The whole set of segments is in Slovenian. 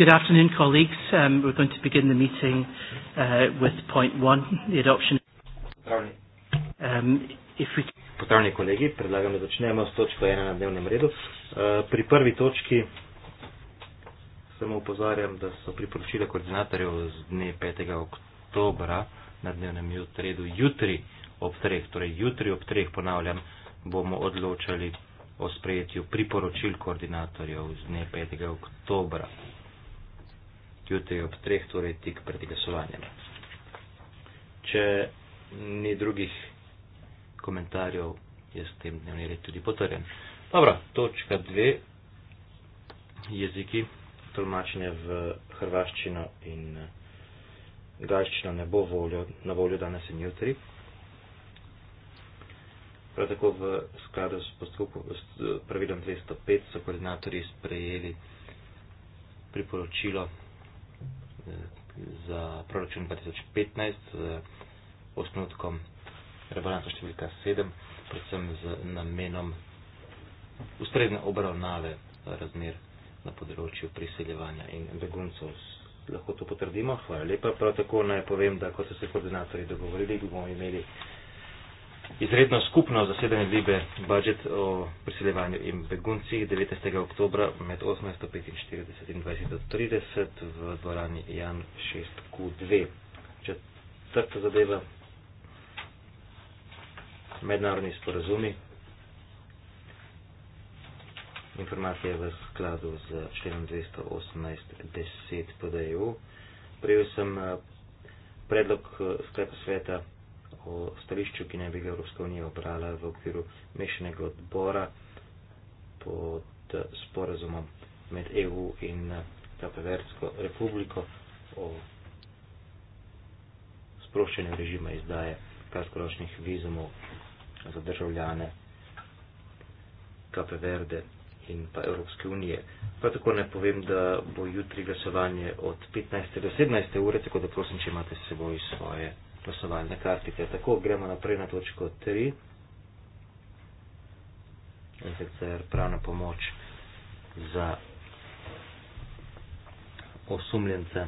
Good afternoon, colleagues. Um, we're going to begin the meeting uh, with point one, the adoption. Um, if we... Potarni kolegi, predlagam, da začnemo s točko ena na dnevnem redu. Uh, pri prvi točki samo upozarjam, da so priporočila koordinatorjev z dne 5. oktobra na dnevnem redu jutri ob treh, torej jutri ob treh ponavljam, bomo odločali o sprejetju priporočil koordinatorjev z dne 5. oktobra jutri ob treh, torej tik pred glasovanjem. Če ni drugih komentarjev, je s tem dnevni red tudi potrjen. Dobro, točka dve, jeziki, tolmačenje v hrvaščino in eh, gaščino ne bo voljo, na voljo danes in jutri. Prav tako v skladu s, postupu, s pravilom 205 so koordinatorji sprejeli priporočilo za proračun 2015 z eh, osnutkom rebalansa številka 7, predvsem z namenom ustrezne obravnave razmer na področju priseljevanja in beguncov. Lahko to potrdimo. Hvala lepa. Prav tako naj povem, da ko so se koordinatorji dogovorili, bomo imeli izredno skupno zasedanje Libe budžet o priseljevanju in beguncih 19. oktobra med 1845 in 20.30 v dvorani Jan 6Q2. Četrta zadeva, mednarodni sporazumi, informacija v skladu z členom 218.10 PDEU. Prijel sem eh, predlog eh, sklepa sveta o stališču, ki naj bi ga Evropska unija obrala v okviru mešanega odbora pod sporazumom med EU in eh, Kapeverdsko republiko o sproščanju režima izdaje kratkoročnih vizumov za državljane Kapeverde in pa Evropske unije. Prav tako ne povem, da bo jutri glasovanje od 15. do 17. ure, tako da prosim, če imate s seboj svoje poslovalne kartice. Tako gremo naprej na točko 3, in sicer pravna pomoč za osumljence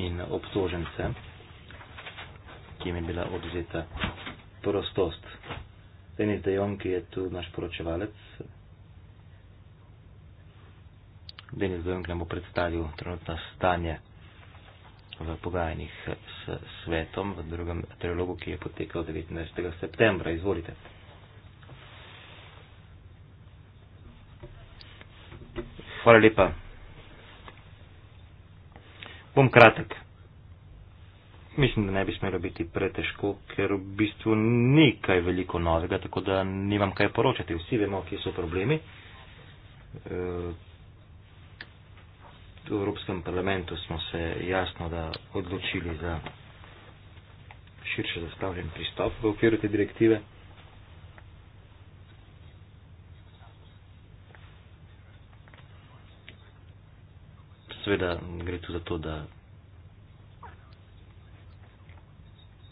in obtožence, ki jim je bila odvzeta prostost. Denis Dejon, ki je tu naš poročevalec, Denis Dojenkle bo predstavil trenutno stanje v pogajanjih s svetom v drugem trilogu, ki je potekal 19. septembra. Izvolite. Hvala lepa. Bom kratek. Mislim, da ne bi smelo biti pretežko, ker v bistvu ni kaj veliko novega, tako da nimam kaj poročati. Vsi vemo, kje so problemi. E, v Evropskem parlamentu smo se jasno da odločili za širše zastavljen pristop v okviru te direktive. Sveda gre tu za to, da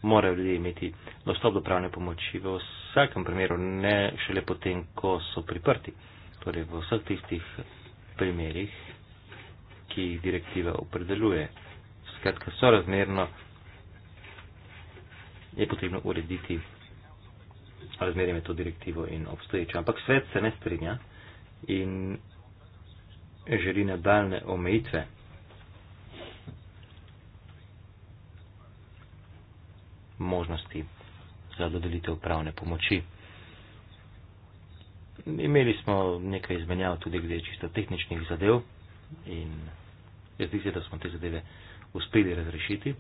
morajo ljudje imeti dostop do pravne pomoči v vsakem primeru, ne šele potem, ko so priprti. Torej v vseh tistih primerih, ki jih direktiva opredeljuje. Skratka, sorazmerno je potrebno urediti razmerje med to direktivo in obstoječo. Ampak svet se ne strinja in želi nadaljne omejitve. možnosti za dodelitev pravne pomoči. Imeli smo nekaj izmenjav tudi glede čisto tehničnih zadev in Zdi se, da smo te zadeve uspeli razrešiti.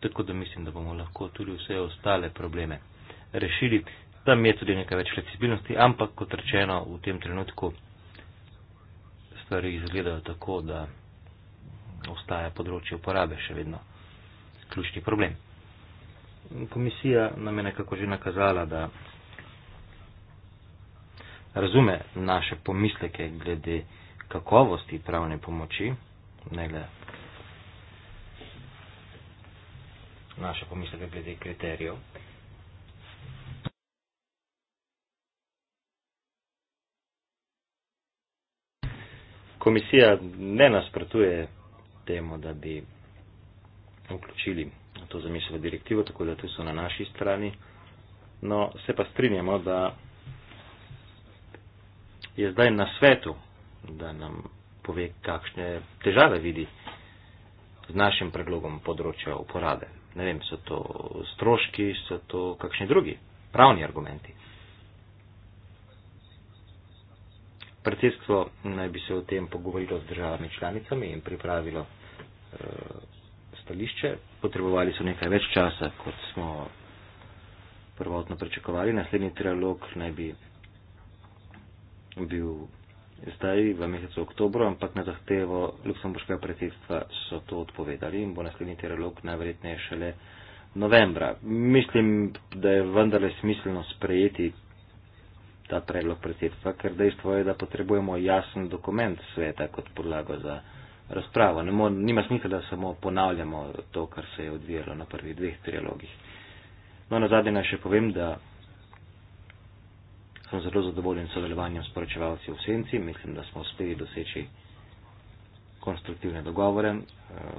Tako da mislim, da bomo lahko tudi vse ostale probleme rešili. Tam je tudi nekaj več fleksibilnosti, ampak kot rečeno, v tem trenutku stvari izgledajo tako, da ostaja področje uporabe še vedno ključni problem. Komisija nam je nekako že nakazala, da razume naše pomisleke glede kakovosti pravne pomoči, ne le naše pomisleke glede kriterijev. Komisija ne nasprotuje temu, da bi vključili to zamisel v direktivo, tako da tu so na naši strani, no se pa strinjamo, da je zdaj na svetu, da nam pove, kakšne težave vidi z našim predlogom področja uporabe. Ne vem, so to stroški, so to kakšni drugi pravni argumenti. Predsedstvo naj bi se o tem pogovorilo z državami članicami in pripravilo e, stališče. Potrebovali so nekaj več časa, kot smo prvotno pričakovali. Naslednji trialog naj bi bil zdaj v mesecu oktobru, ampak na zahtevo luksemburškega predsedstva so to odpovedali in bo naslednji teralog najverjetneje šele novembra. Mislim, da je vendarle smiselno sprejeti ta predlog predsedstva, ker dejstvo je, da potrebujemo jasen dokument sveta kot podlago za razpravo. Nemo, nima smisla, da samo ponavljamo to, kar se je odvijalo na prvih dveh trilogih. No, na zadnje naj še povem, da sem zelo zadovoljen s sodelovanjem s poročevalci v senci. Mislim, da smo uspeli doseči konstruktivne dogovore. Eh,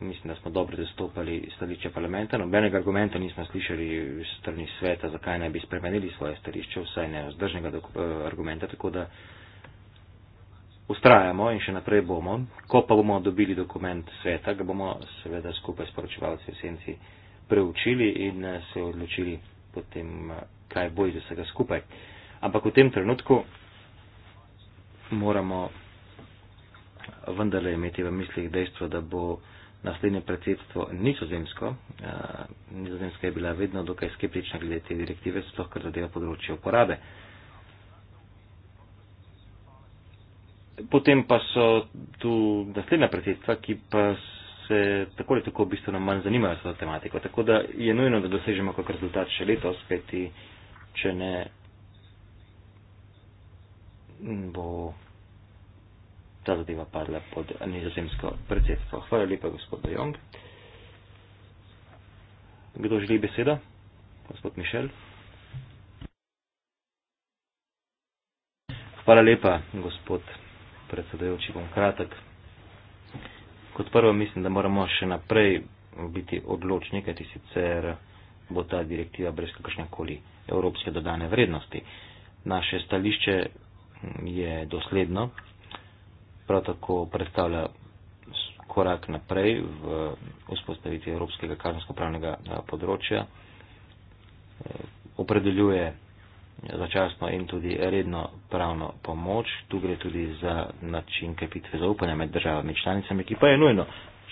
mislim, da smo dobro zastopali stališče parlamenta. Nobenega argumenta nismo slišali strani sveta, zakaj naj bi spremenili svoje stališče, vsaj ne vzdržnega eh, argumenta. Tako da ustrajamo in še naprej bomo. Ko pa bomo dobili dokument sveta, ga bomo seveda skupaj s poročevalci v senci preučili in eh, se odločili potem, kaj bo iz vsega skupaj. Uh, ampak v tem trenutku moramo vendarle imeti v mislih dejstvo, da bo naslednje predsedstvo nizozemsko. Eh, Nizozemska je bila vedno dokaj skeptična glede te direktive, sploh kar zadeva področje uporabe. Potem pa so tu naslednja predsedstva, ki pa se tako ali tako bistveno manj zanimajo za to tematiko. Tako da je nujno, da dosežemo kak rezultat še letos, kajti če ne bo ta zadeva padla pod nizozemsko predsedstvo. Hvala lepa, gospod Dejong. Kdo želi besedo? Gospod Mišel. Hvala lepa, gospod predsedajoči, bom kratek. Kot prvo mislim, da moramo še naprej biti odločni, kajti sicer bo ta direktiva brez kakršne koli evropske dodane vrednosti. Naše stališče je dosledno, prav tako predstavlja korak naprej v vzpostaviti Evropskega kazensko-pravnega eh, področja, eh, opredeljuje začasno in tudi redno pravno pomoč, tu gre tudi za način krepitve zaupanja med državami članicami, ki pa je nujno,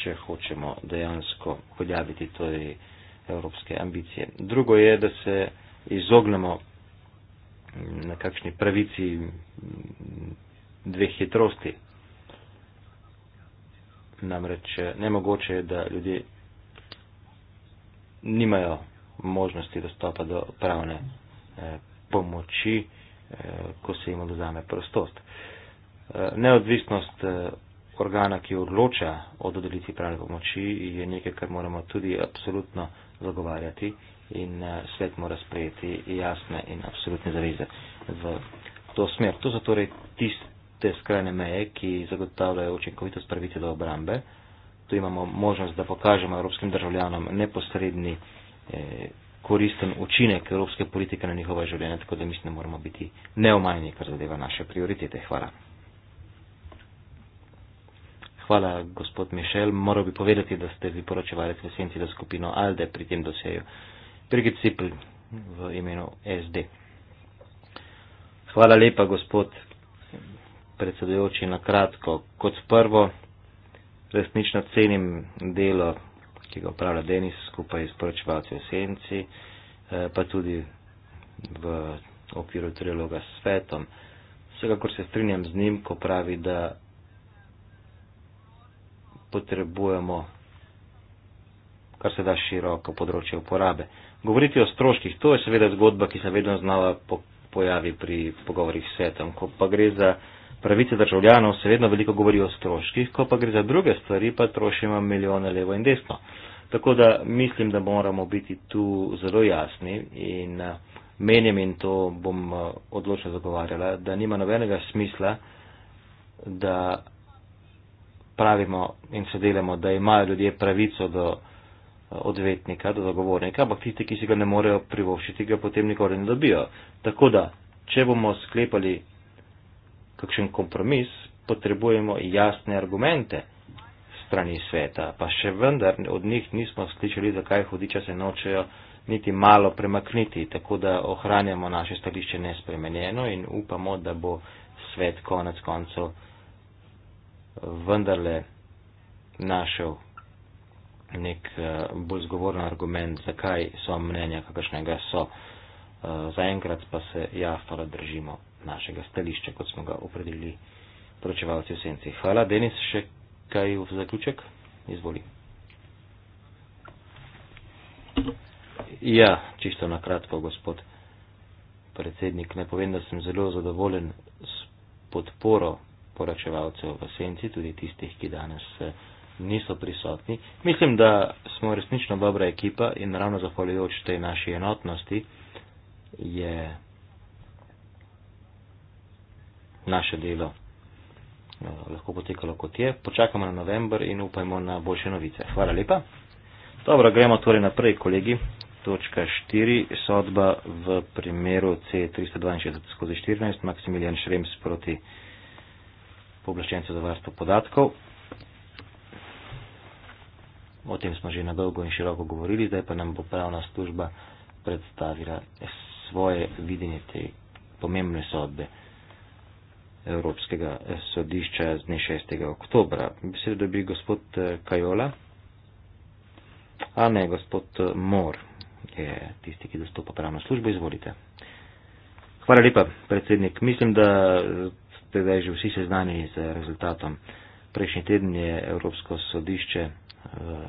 če hočemo dejansko uveljaviti torej evropske ambicije. Drugo je, da se izognemo na kakšni pravici dveh hitrosti. Namreč eh, nemogoče je, da ljudje nimajo možnosti dostopa do pravne eh, pomoči, eh, ko se jim oduzame prostost. Neodvisnost organa, ki odloča o dodelitvi pravne pomoči, je nekaj, kar moramo tudi absolutno zagovarjati in eh, svet mora sprejeti jasne in apsolutne zaveze v to smer. To so torej tiste skrajne meje, ki zagotavljajo učinkovitost pravice do obrambe. Tu imamo možnost, da pokažemo evropskim državljanom neposredni eh, koristen učinek evropske politike na njihova življenja, tako da mislim, da moramo biti neomajni, kar zadeva naše prioritete. Hvala. Hvala, gospod Mišel. Moral bi povedati, da ste vi poročevali v senci za skupino ALDE pri tem dosjeju. Brigi Cipl v imenu SD. Hvala lepa, gospod predsedujoči, na kratko. Kot prvo, resnično cenim delo, ki ga upravlja Denis skupaj s poročevalci v Senci, eh, pa tudi v okviru triloga s svetom. Vsekakor se strinjam z njim, ko pravi, da potrebujemo kar se da široko področje uporabe. Govoriti o stroških, to je seveda zgodba, ki se vedno znala po, pojavi pri pogovorih s svetom. Ko pa gre za pravice državljanov, se vedno veliko govori o stroških, ko pa gre za druge stvari, pa trošimo milijone levo in desno. Tako da mislim, da moramo biti tu zelo jasni in eh, menim in to bom eh, odločno zagovarjala, da nima nobenega smisla, da pravimo in se delamo, da imajo ljudje pravico do odvetnika, do zagovornika, ampak tisti, ki si ga ne morejo privoščiti, ga potem nikoli ne dobijo. Tako da, če bomo sklepali kakšen kompromis, potrebujemo jasne argumente strani sveta, pa še vendar od njih nismo slišali, zakaj hodiča se nočejo niti malo premakniti, tako da ohranjamo naše stališče nespremenjeno in upamo, da bo svet konec koncev vendarle našel nek uh, bolj zgovoren argument, zakaj so mnenja, kakršnega so. Uh, Zaenkrat pa se jasno držimo našega stališča, kot smo ga opredelili poročevalci v senci. Hvala, Denis, še kaj v zaključek? Izvoli. Ja, čisto na kratko, gospod predsednik, ne povem, da sem zelo zadovoljen s podporo poročevalcev v senci, tudi tistih, ki danes. Uh, niso prisotni. Mislim, da smo resnično dobra ekipa in ravno zahvaljujoč tej naši enotnosti je naše delo eh, lahko potekalo kot je. Počakamo na november in upajmo na boljše novice. Hvala lepa. Dobro, gremo torej naprej, kolegi. Točka 4, sodba v primeru C362 skozi 14, Maksimilijan Šrems proti pooblaščencu za varstvo podatkov. O tem smo že na dolgo in široko govorili, zdaj pa nam bo pravna služba predstavila svoje videnje te pomembne sodbe Evropskega eh, sodišča z dne 6. oktober. Besedo dobi gospod eh, Kajola, a ne gospod eh, Mor, je tisti, ki dostopa pravno službo, izvolite. Hvala lepa, predsednik. Mislim, da ste zdaj že vsi seznanjeni z rezultatom. Prejšnji teden je Evropsko sodišče uh,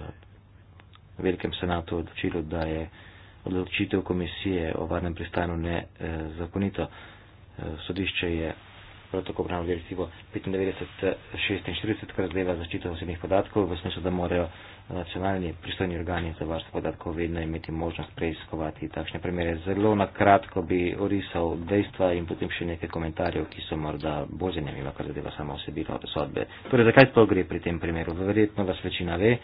velikem senatu odločilo, da je odločitev komisije o varnem pristanu nezakonito. Uh, uh, sodišče je prav tako obravnavali recimo 95-46, kar zadeva zaščito osebnih podatkov, v smislu, da morajo eh, nacionalni pristojni organi za varstvo podatkov vedno imeti možnost preiskovati takšne primere. Zelo na kratko bi orisal dejstva in potem še nekaj komentarjev, ki so morda bolj zanimiva, kar zadeva samo osebino sodbe. Torej, zakaj to gre pri tem primeru? Verjetno vas večina ve,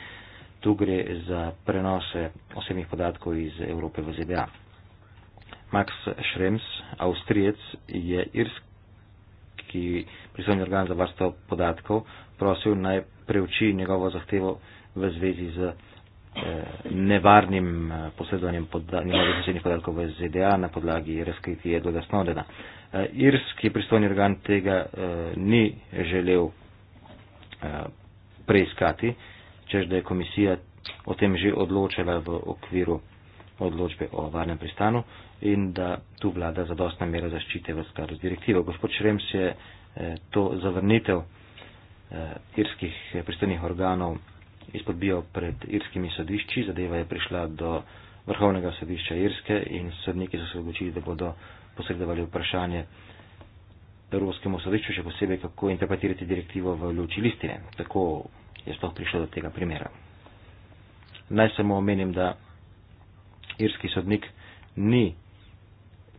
tu gre za prenose osebnih podatkov iz Evrope v ZDA. Max Schrems, avstrijec, je irski ki pristojni organ za varstvo podatkov prosil naj preuči njegovo zahtevo v zvezi z eh, nevarnim eh, posledovanjem njegovih osebnih podatkov v ZDA na podlagi razkritije Edwarda Snowdena. Eh, irski pristojni organ tega ni želel preiskati, čež da je komisija o tem že odločila v okviru odločbe o varnem pristanu in da tu vlada zadostna mera zaščite v skladu z direktivo. Gospod Šrems je eh, to zavrnitev eh, irskih pristojnih organov izpodbijo pred irskimi sodišči. Zadeva je prišla do vrhovnega sodišča Irske in sodniki so se odločili, da bodo posredovali vprašanje Evropskemu sodišču, še posebej kako interpretirati direktivo v luči listine. Tako je sploh prišlo do tega primera. Naj samo omenim, da irski sodnik ni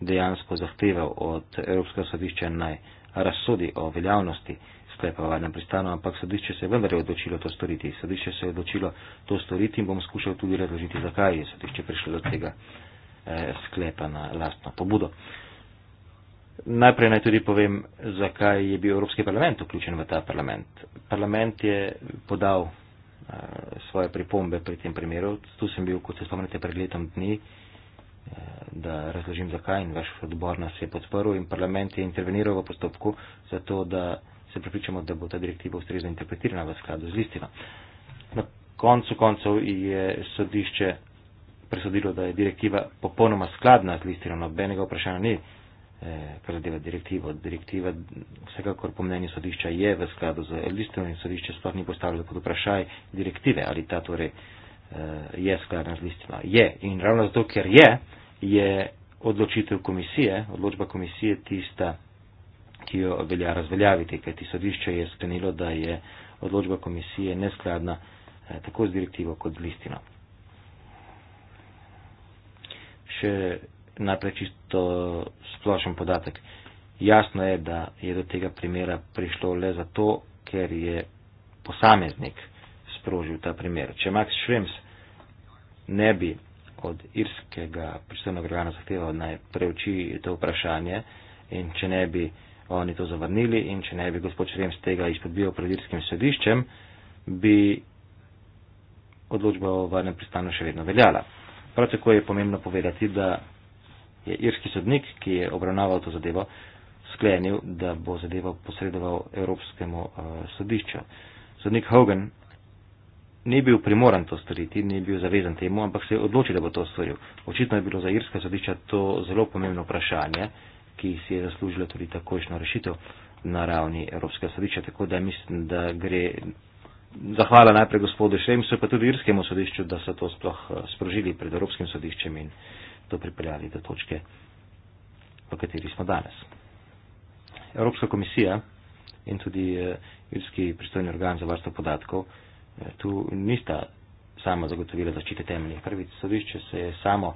dejansko zahteval od Evropskega sodišča naj razsodi o veljavnosti sklepa varnem pristanu, ampak sodišče se je vendar odločilo to storiti. Sodišče se je odločilo to storiti in bom skušal tudi razložiti, zakaj je sodišče prišlo do tega eh, sklepa na lastno pobudo. Najprej naj tudi povem, zakaj je bil Evropski parlament vključen v ta parlament. Parlament je podal eh, svoje pripombe pri tem primeru. Tu sem bil, kot se spomnite, pred letom dni eh, da razložim zakaj in vaš odbor nas je podporil in parlament je interveniral v postopku zato, da se pripričamo, da bo ta direktiva ustrezno interpretirana v skladu z listino. Na koncu koncev je sodišče presodilo, da je direktiva popolnoma skladna z listino, nobenega vprašanja ni, eh, kar zadeva direktivo. Direktiva vsekakor po mnenju sodišča je v skladu z listino in sodišče sploh ni postavilo pod vprašaj direktive ali ta torej. Eh, je skladna z listino. Je. In ravno zato, ker je, je odločitev komisije, odločba komisije tista, ki jo velja razveljaviti, kajti sodišče je sklenilo, da je odločba komisije neskladna eh, tako z direktivo kot z listino. Še najprej čisto splošen podatek. Jasno je, da je do tega primera prišlo le zato, ker je posameznik strožil ta primer. Če Max Schrems ne bi od irskega pristojnega organa zahteval naj preuči to vprašanje in če ne bi oni to zavrnili in če ne bi gospod Schrems tega izpodbil pred irskim sodiščem, bi odločba o varnem pristanu še vedno veljala. Prav tako je pomembno povedati, da je irski sodnik, ki je obravnaval to zadevo, sklenil, da bo zadevo posredoval Evropskemu uh, sodišču. Sodnik Hogan ni bil primoran to storiti, ni bil zavezan temu, ampak se je odločil, da bo to storil. Očitno je bilo za Irska sodišča to zelo pomembno vprašanje, ki si je zaslužilo tudi takojšno rešitev na ravni Evropskega sodišča, tako da mislim, da gre zahvala najprej gospodu Šremsu, pa tudi Irskemu sodišču, da so to sploh eh, sprožili pred Evropskim sodiščem in to pripeljali do točke, v kateri smo danes. Evropska komisija in tudi eh, Irski pristojni organ za varstvo podatkov Tu nista sama zagotovila zaščite temeljnih pravic. Sodišče se je samo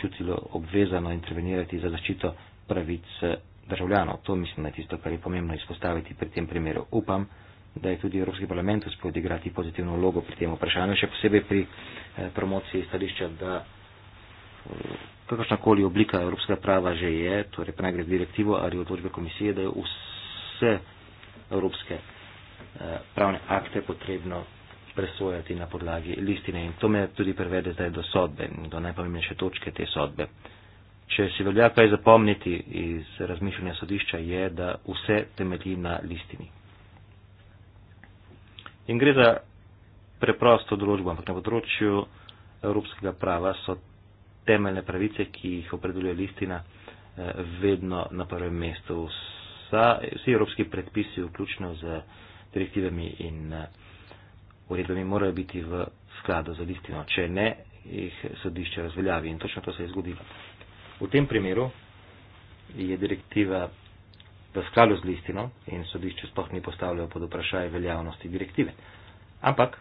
čutilo obvezano intervenirati za zaščito pravic eh, državljanov. To mislim, da je tisto, kar je pomembno izpostaviti pri tem primeru. Upam, da je tudi Evropski parlament uspel odigrati pozitivno vlogo pri tem vprašanju, še posebej pri eh, promociji stališča, da eh, kakršnakoli oblika evropskega prava že je, torej pa najgre direktivo ali odločbe komisije, da je vse evropske pravne akte potrebno presojati na podlagi listine in to me tudi prevede zdaj do sodbe in do najpomembnejše točke te sodbe. Če si velja kaj zapomniti iz razmišljanja sodišča, je, da vse temelji na listini. In gre za preprosto določbo, ampak na področju evropskega prava so temeljne pravice, ki jih opredeljuje listina, eh, vedno na prvem mestu. Vsa, vsi evropski predpisi, vključno z direktivami in eh, uredbe mi morajo biti v skladu z listino. Če ne, jih sodišče razveljavi in točno to se je zgodilo. V tem primeru je direktiva v skladu z listino in sodišče sploh ni postavljalo pod vprašaj veljavnosti direktive. Ampak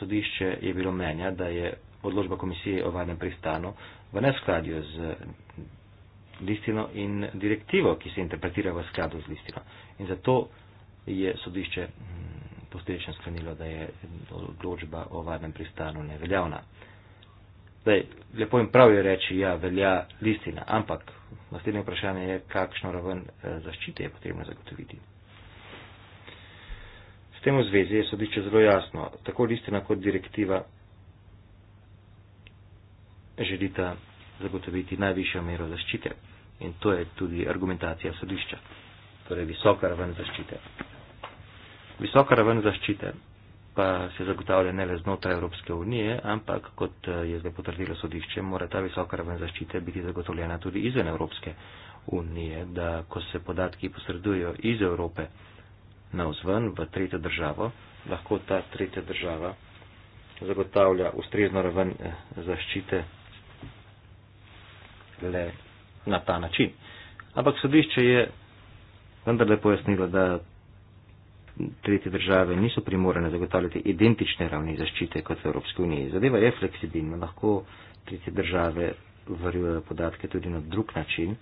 sodišče je bilo mnenja, da je odločba komisije o varnem pristanu v neskladju z listino in direktivo, ki se interpretira v skladu z listino. In zato je sodišče posledično sklenilo, da je odločba o varnem pristanu neveljavna. Zdaj, lepo in prav je reči, ja, velja listina, ampak naslednje vprašanje je, kakšno raven eh, zaščite je potrebno zagotoviti. S tem v zvezi je sodišče zelo jasno, tako listina kot direktiva želita zagotoviti najvišjo mero zaščite in to je tudi argumentacija sodišča, torej visoka raven zaščite. Visoka raven zaščite pa se zagotavlja ne le znotraj Evropske unije, ampak, kot eh, je zdaj potrdilo sodišče, mora ta visoka raven zaščite biti zagotovljena tudi izven Evropske unije, da ko se podatki posredujo iz Evrope na vzven v tretjo državo, lahko ta tretja država zagotavlja ustrezno raven eh, zaščite le na ta način. Ampak sodišče je vendarle pojasnilo, da tretje države niso primorene zagotavljati identične ravni zaščite kot v Evropski uniji. Zadeva je fleksibilna, lahko tretje države varjujejo podatke tudi na drug način eh,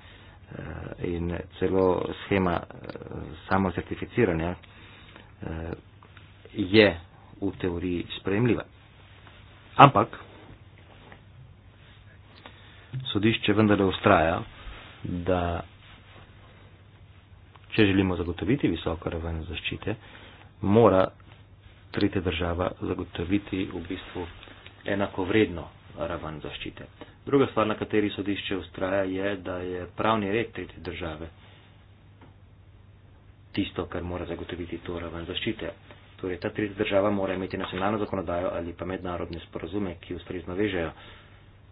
in celo schema eh, samozertificiranja eh, je v teoriji sprejemljiva. Ampak sodišče vendarle ustraja, da če želimo zagotoviti visoko raven zaščite, mora tretja država zagotoviti v bistvu enakovredno raven zaščite. Druga stvar, na kateri sodišče ustraja, je, da je pravni red tretje države tisto, kar mora zagotoviti to raven zaščite. Torej, ta tretja država mora imeti nacionalno zakonodajo ali pa mednarodne sporozume, ki ustrezno vežejo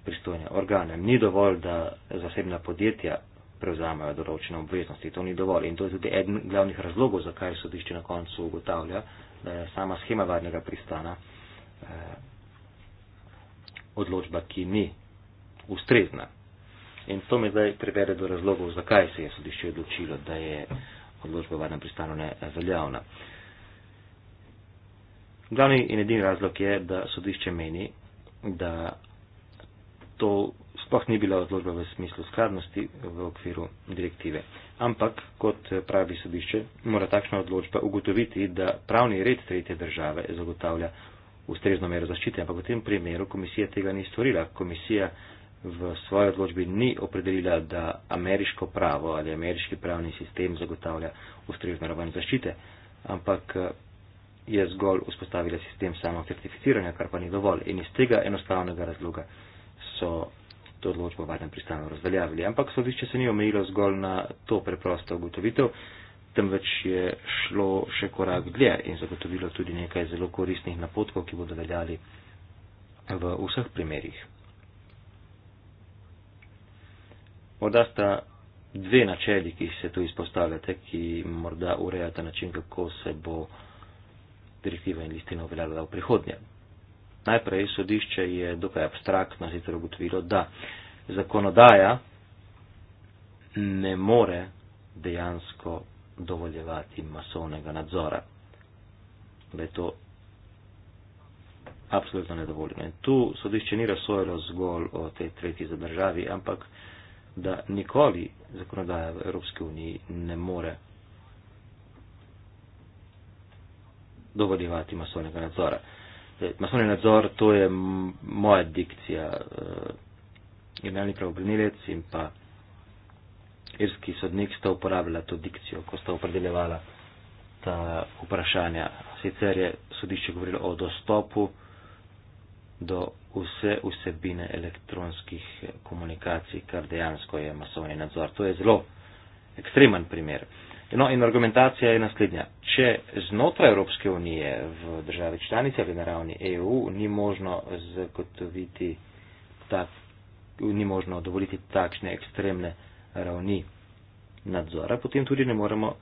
pristojne organe. Ni dovolj, da zasebna podjetja prevzamejo določene obveznosti. To ni dovolj in to je tudi eden glavnih razlogov, zakaj sodišče na koncu ugotavlja, da je sama schema varnega pristana eh, odločba, ki ni ustrezna. In to me zdaj prevede do razlogov, zakaj se je sodišče odločilo, da je odločba o varnem pristanu neveljavna. Eh, Glavni in edini razlog je, da sodišče meni, da to sploh ni bila odložba v smislu skladnosti v okviru direktive. Ampak, kot pravi sodišče, mora takšna odložba ugotoviti, da pravni red tretje države zagotavlja ustrezno mero zaščite. Ampak v tem primeru komisija tega ni storila. Komisija v svoji odločbi ni opredelila, da ameriško pravo ali ameriški pravni sistem zagotavlja ustrezno raven zaščite, ampak je zgolj vzpostavila sistem samo certificiranja, kar pa ni dovolj. In iz tega enostavnega razloga so to odločbo varnem pristanu razveljavili. Ampak sodišče se ni omejilo zgolj na to preprosto ugotovitev, temveč je šlo še korak dlje in zagotovilo tudi nekaj zelo koristnih napotkov, ki bodo veljali v vseh primerjih. Morda sta dve načeli, ki se tu izpostavljate, ki morda urejata način, kako se bo direktiva in listina uveljavila v prihodnje. Najprej sodišče je dokaj abstraktno sicer ugotovilo, da zakonodaja ne more dejansko dovoljevati masovnega nadzora. Da je to absolutno nedovoljeno. Tu sodišče ni razsojalo zgolj o tej tretji zadržavi, ampak da nikoli zakonodaja v Evropski uniji ne more dovoljevati masovnega nadzora masovni nadzor, to je moja dikcija. Eh, generalni pravobranilec in pa irski sodnik sta uporabljala to dikcijo, ko sta opredeljevala ta vprašanja. Sicer je sodišče govorilo o dostopu do vse vsebine elektronskih komunikacij, kar dejansko je masovni nadzor. To je zelo ekstremen primer. Uh, No in argumentacija je naslednja. Če znotraj Evropske unije v državi članice ali na ravni EU ni možno zagotoviti tak, ni možno dovoliti takšne ekstremne ravni nadzora, potem tudi ne moremo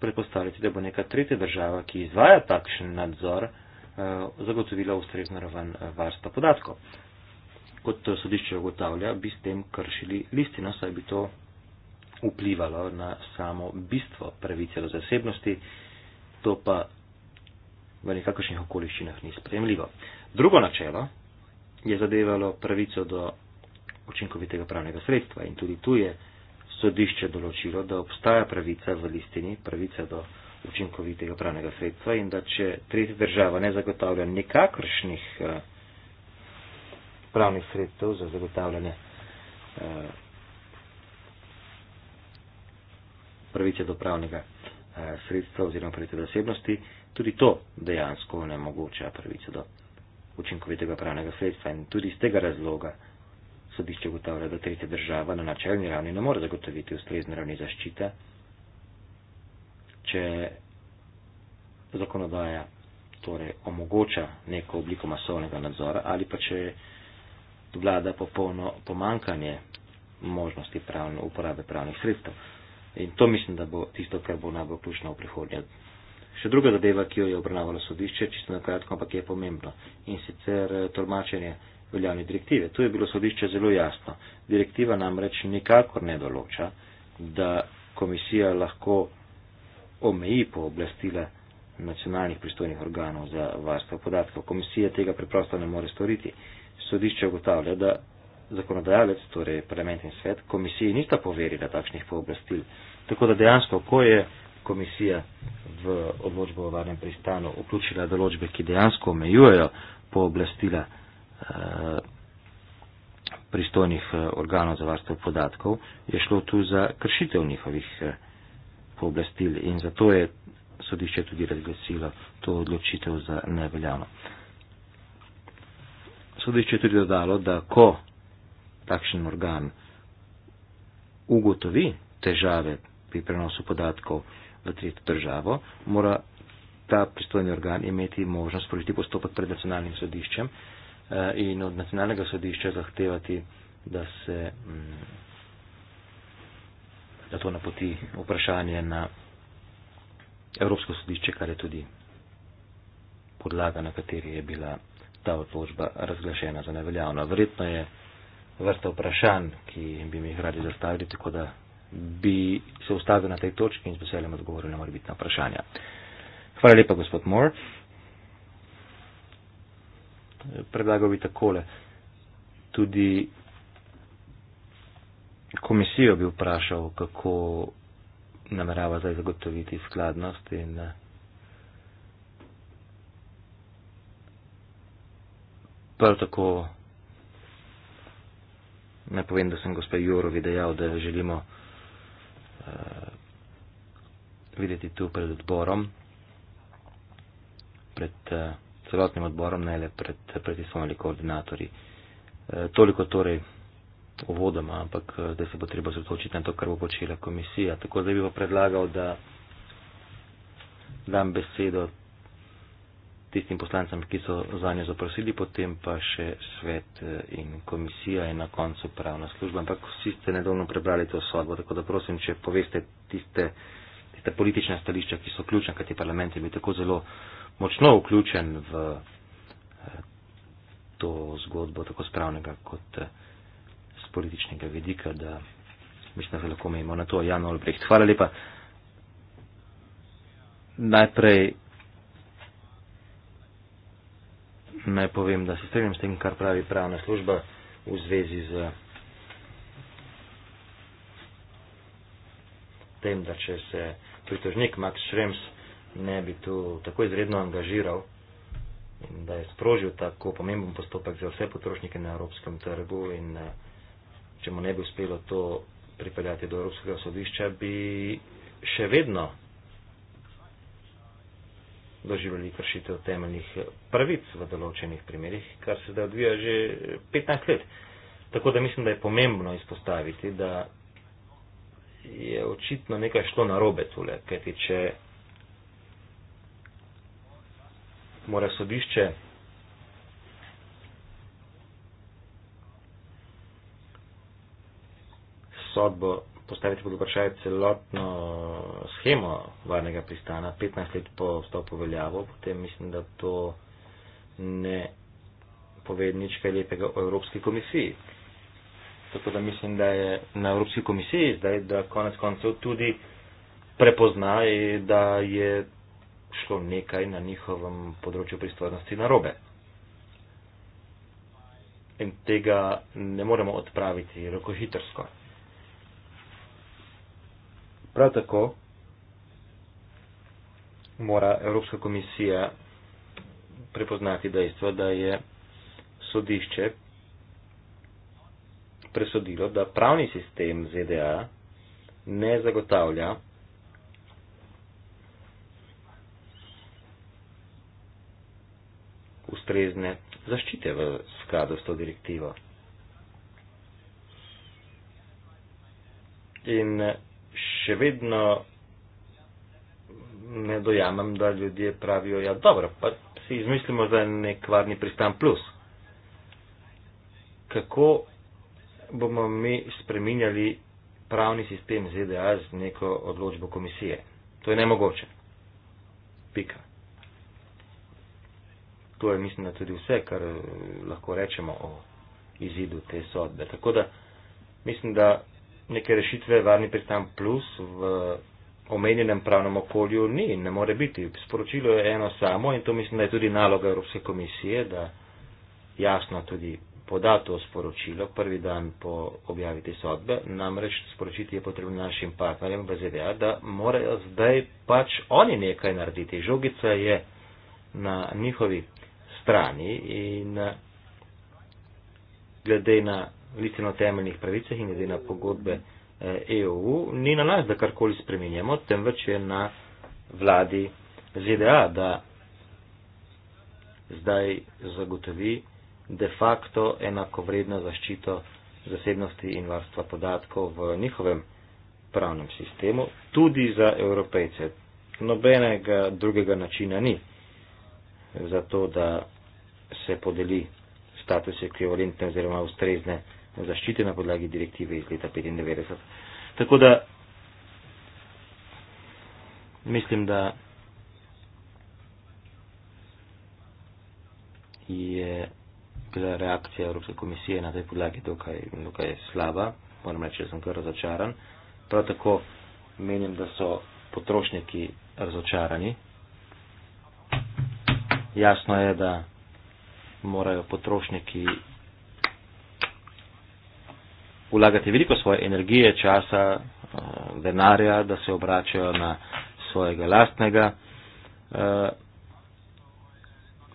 predpostavljati, da bo neka tretja država, ki izvaja takšen nadzor, eh, zagotovila ustrezno raven eh, varstva podatkov. Kot eh, sodišče ugotavlja, bi s tem kršili listino, saj bi to vplivalo na samo bistvo pravice do zasebnosti, to pa v nekakšnih okoliščinah ni sprejemljivo. Drugo načelo je zadevalo pravico do učinkovitega pravnega sredstva in tudi tu je sodišče določilo, da obstaja pravica v listini, pravica do učinkovitega pravnega sredstva in da če tretja država ne zagotavlja nekakršnih eh, pravnih sredstev za zagotavljanje eh, pravice do pravnega eh, sredstva oziroma pravice do osebnosti, tudi to dejansko onemogoča pravice do učinkovitega pravnega sredstva. In tudi iz tega razloga sodišče ugotavlja, da tretja država na načelni ravni ne more zagotoviti ustrezne ravni zaščite, če zakonodaja torej omogoča neko obliko masovnega nadzora ali pa če vlada popolno pomankanje možnosti pravne, uporabe pravnih sredstev. In to mislim, da bo tisto, kar bo najbolj ključno v prihodnje. Še druga zadeva, ki jo je obravnavalo sodišče, čisto na kratko, ampak je pomembno. In sicer eh, tolmačenje veljavne direktive. Tu je bilo sodišče zelo jasno. Direktiva namreč nikakor ne določa, da komisija lahko omeji pooblastila nacionalnih pristojnih organov za varstvo podatkov. Komisija tega preprosto ne more storiti. Sodišče ugotavlja, da zakonodajalec, torej parlament in svet, komisiji nista poverila takšnih pooblastil. Tako da dejansko, ko je komisija v odločbo o varnem pristanu vključila določbe, ki dejansko omejujejo pooblastila eh, pristojnih eh, organov za varstvo podatkov, je šlo tu za kršitev njihovih eh, pooblastil in zato je sodišče tudi razglasilo to odločitev za neveljavno. Sodišče je tudi dodalo, da ko takšen organ ugotovi težave pri prenosu podatkov v tretjo državo, mora ta pristojni organ imeti možnost sprožiti postopek pred nacionalnim sodiščem eh, in od nacionalnega sodišča zahtevati, da se mm, da to napoti vprašanje na Evropsko sodišče, kar je tudi podlaga, na kateri je bila ta odločba razglašena za neveljavno. Verjetno je vrsta vprašanj, ki bi mi jih radi zastavili, tako da bi se ustavil na tej točki in z veseljem odgovoril na morbitna vprašanja. Hvala lepa, gospod Moore. Predlagal bi takole. Tudi komisijo bi vprašal, kako namerava zdaj zagotoviti skladnost in prav tako Naj povem, da sem gospe Jurovi dejal, da želimo uh, videti tu pred odborom, pred uh, celotnim odborom, ne le pred, pred izvonili koordinatorji. E, toliko torej uvodoma, ampak da se bo treba zrotočiti na to, kar bo počela komisija. Tako da bi pa predlagal, da dam besedo tistim poslancem, ki so za njo zaprosili, potem pa še svet eh, in komisija in na koncu pravna služba. Ampak vsi ste nedolno prebrali to sodbo, tako da prosim, če poveste tiste, tiste politične stališča, ki so ključne, kajti parlament je bil tako zelo močno vključen v eh, to zgodbo, tako z pravnega kot z eh, političnega vidika, da mislim, da se lahko mejimo na to. Jan Olbrecht, hvala lepa. Najprej naj povem, da se strinjam s tem, kar pravi pravna služba v zvezi z tem, da če se pritožnik Max Schrems ne bi tu tako izredno angažiral in da je sprožil tako pomemben postopek za vse potrošnike na evropskem trgu in eh, če mu ne bi uspelo to pripeljati do Evropskega sodišča, bi še vedno doživljali kršitev temeljnih pravic v določenih primerjih, kar se da odvija že 15 let. Tako da mislim, da je pomembno izpostaviti, da je očitno nekaj šlo na robe tule, kajti če mora sodišče sodbo postaviti pod vprašanje celotno schemo varnega pristana 15 let po vstopu veljavo, potem mislim, da to ne pove nič kaj lepega o Evropski komisiji. Tako da mislim, da je na Evropski komisiji zdaj, da konec koncev tudi prepozna, da je šlo nekaj na njihovem področju pristojnosti narobe. In tega ne moremo odpraviti rokohitrsko. Prav tako mora Evropska komisija prepoznati dejstvo, da je sodišče presodilo, da pravni sistem ZDA ne zagotavlja ustrezne zaščite v skladu s to direktivo. In še vedno ne dojamem, da ljudje pravijo, ja dobro, pa si izmislimo za nek varni pristan plus. Kako bomo mi spreminjali pravni sistem ZDA z neko odločbo komisije? To je nemogoče. Pika. To je, mislim, da tudi vse, kar eh, lahko rečemo o izidu te sodbe. Tako da mislim, da neke rešitve varni pristan plus v omenjenem pravnem okolju ni in ne more biti. Sporočilo je eno samo in to mislim, da je tudi naloga Evropske komisije, da jasno tudi poda to sporočilo prvi dan po objaviti sodbe, namreč sporočiti je potrebno našim partnerjem v ZDA, da morajo zdaj pač oni nekaj narediti. Žogica je na njihovi strani in eh, glede na listino temeljnih pravicah in glede na pogodbe EU, eh, e ni na nas, da karkoli spremenjamo, temveč je na vladi ZDA, da zdaj zagotovi de facto enakovredno zaščito zasebnosti in varstva podatkov v njihovem pravnem sistemu, tudi za evropejce. Nobenega drugega načina ni za to, da se podeli statusi ekvivalentne oziroma ustrezne zaščite na podlagi direktive iz leta 1995. Tako da mislim, da je bila reakcija Evropske komisije na tej podlagi dokaj, dokaj slaba. Moram reči, da sem kar razočaran. Prav tako menim, da so potrošniki razočarani. Jasno je, da morajo potrošniki vlagate veliko svoje energije, časa, eh, denarja, da se obračajo na svojega lastnega eh,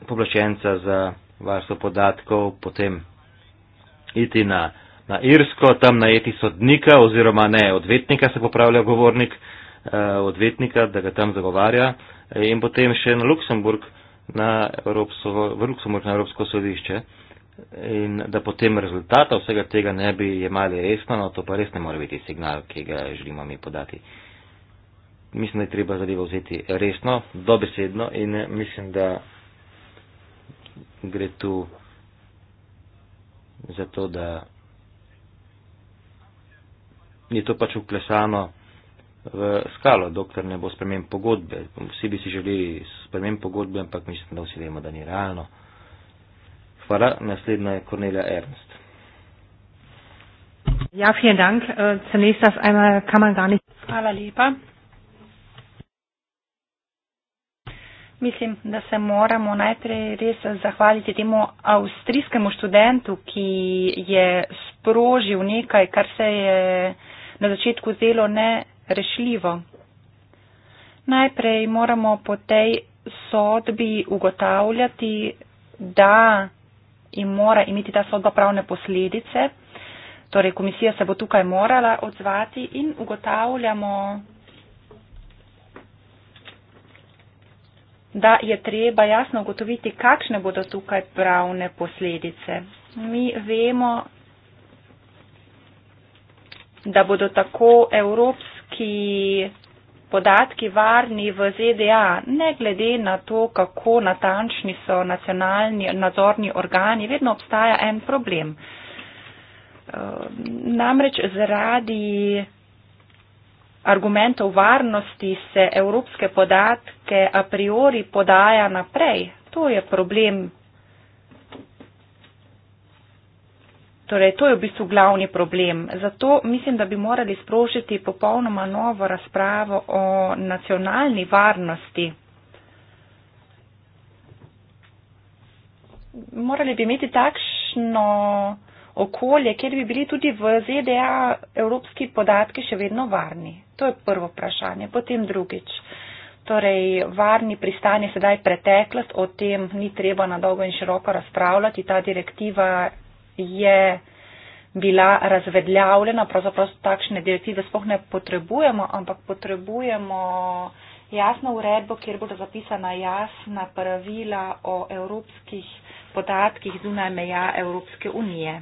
poblaščenca za varstvo podatkov, potem iti na, na Irsko, tam najeti sodnika oziroma ne odvetnika, se popravlja govornik eh, odvetnika, da ga tam zagovarja in potem še na Luksemburg, na Evropsko, v Luksemburg na Evropsko sodišče in da potem rezultata vsega tega ne bi jemali resno, no to pa res ne more biti signal, ki ga želimo mi podati. Mislim, da je treba zadevo vzeti resno, dobesedno in eh, mislim, da gre tu za to, da je to pač uklesano v skalo, dokler ne bo spremen pogodbe. Vsi bi si želeli spremen pogodbe, ampak mislim, da vsi vemo, da ni realno. Hvala. Naslednja je Kornelija Ernst. Ja, vielen Dank. Äh, zunächst das einmal kann man gar nicht. Hvala lepa. Mislim, da se moramo najprej res zahvaliti temu avstrijskemu študentu, ki je sprožil nekaj, kar se je na začetku zdelo nerešljivo. Najprej moramo po tej sodbi ugotavljati, da in mora imeti ta sodba pravne posledice. Torej, komisija se bo tukaj morala odzvati in ugotavljamo, da je treba jasno ugotoviti, kakšne bodo tukaj pravne posledice. Mi vemo, da bodo tako evropski podatki varni v ZDA, ne glede na to, kako natančni so nacionalni nadzorni organi, vedno obstaja en problem. Eh, namreč zaradi argumentov varnosti se evropske podatke a priori podaja naprej. To je problem Torej, to je v bistvu glavni problem. Zato mislim, da bi morali sprožiti popolnoma novo razpravo o nacionalni varnosti. Morali bi imeti takšno okolje, kjer bi bili tudi v ZDA evropski podatki še vedno varni. To je prvo vprašanje. Potem drugič. Torej, varni pristanje sedaj preteklost, o tem ni treba na dolgo in široko razpravljati. Ta direktiva je bila razvedljavljena, pravzaprav takšne direktive spoh ne potrebujemo, ampak potrebujemo jasno uredbo, kjer bodo zapisana jasna pravila o evropskih podatkih zunaj meja Evropske unije.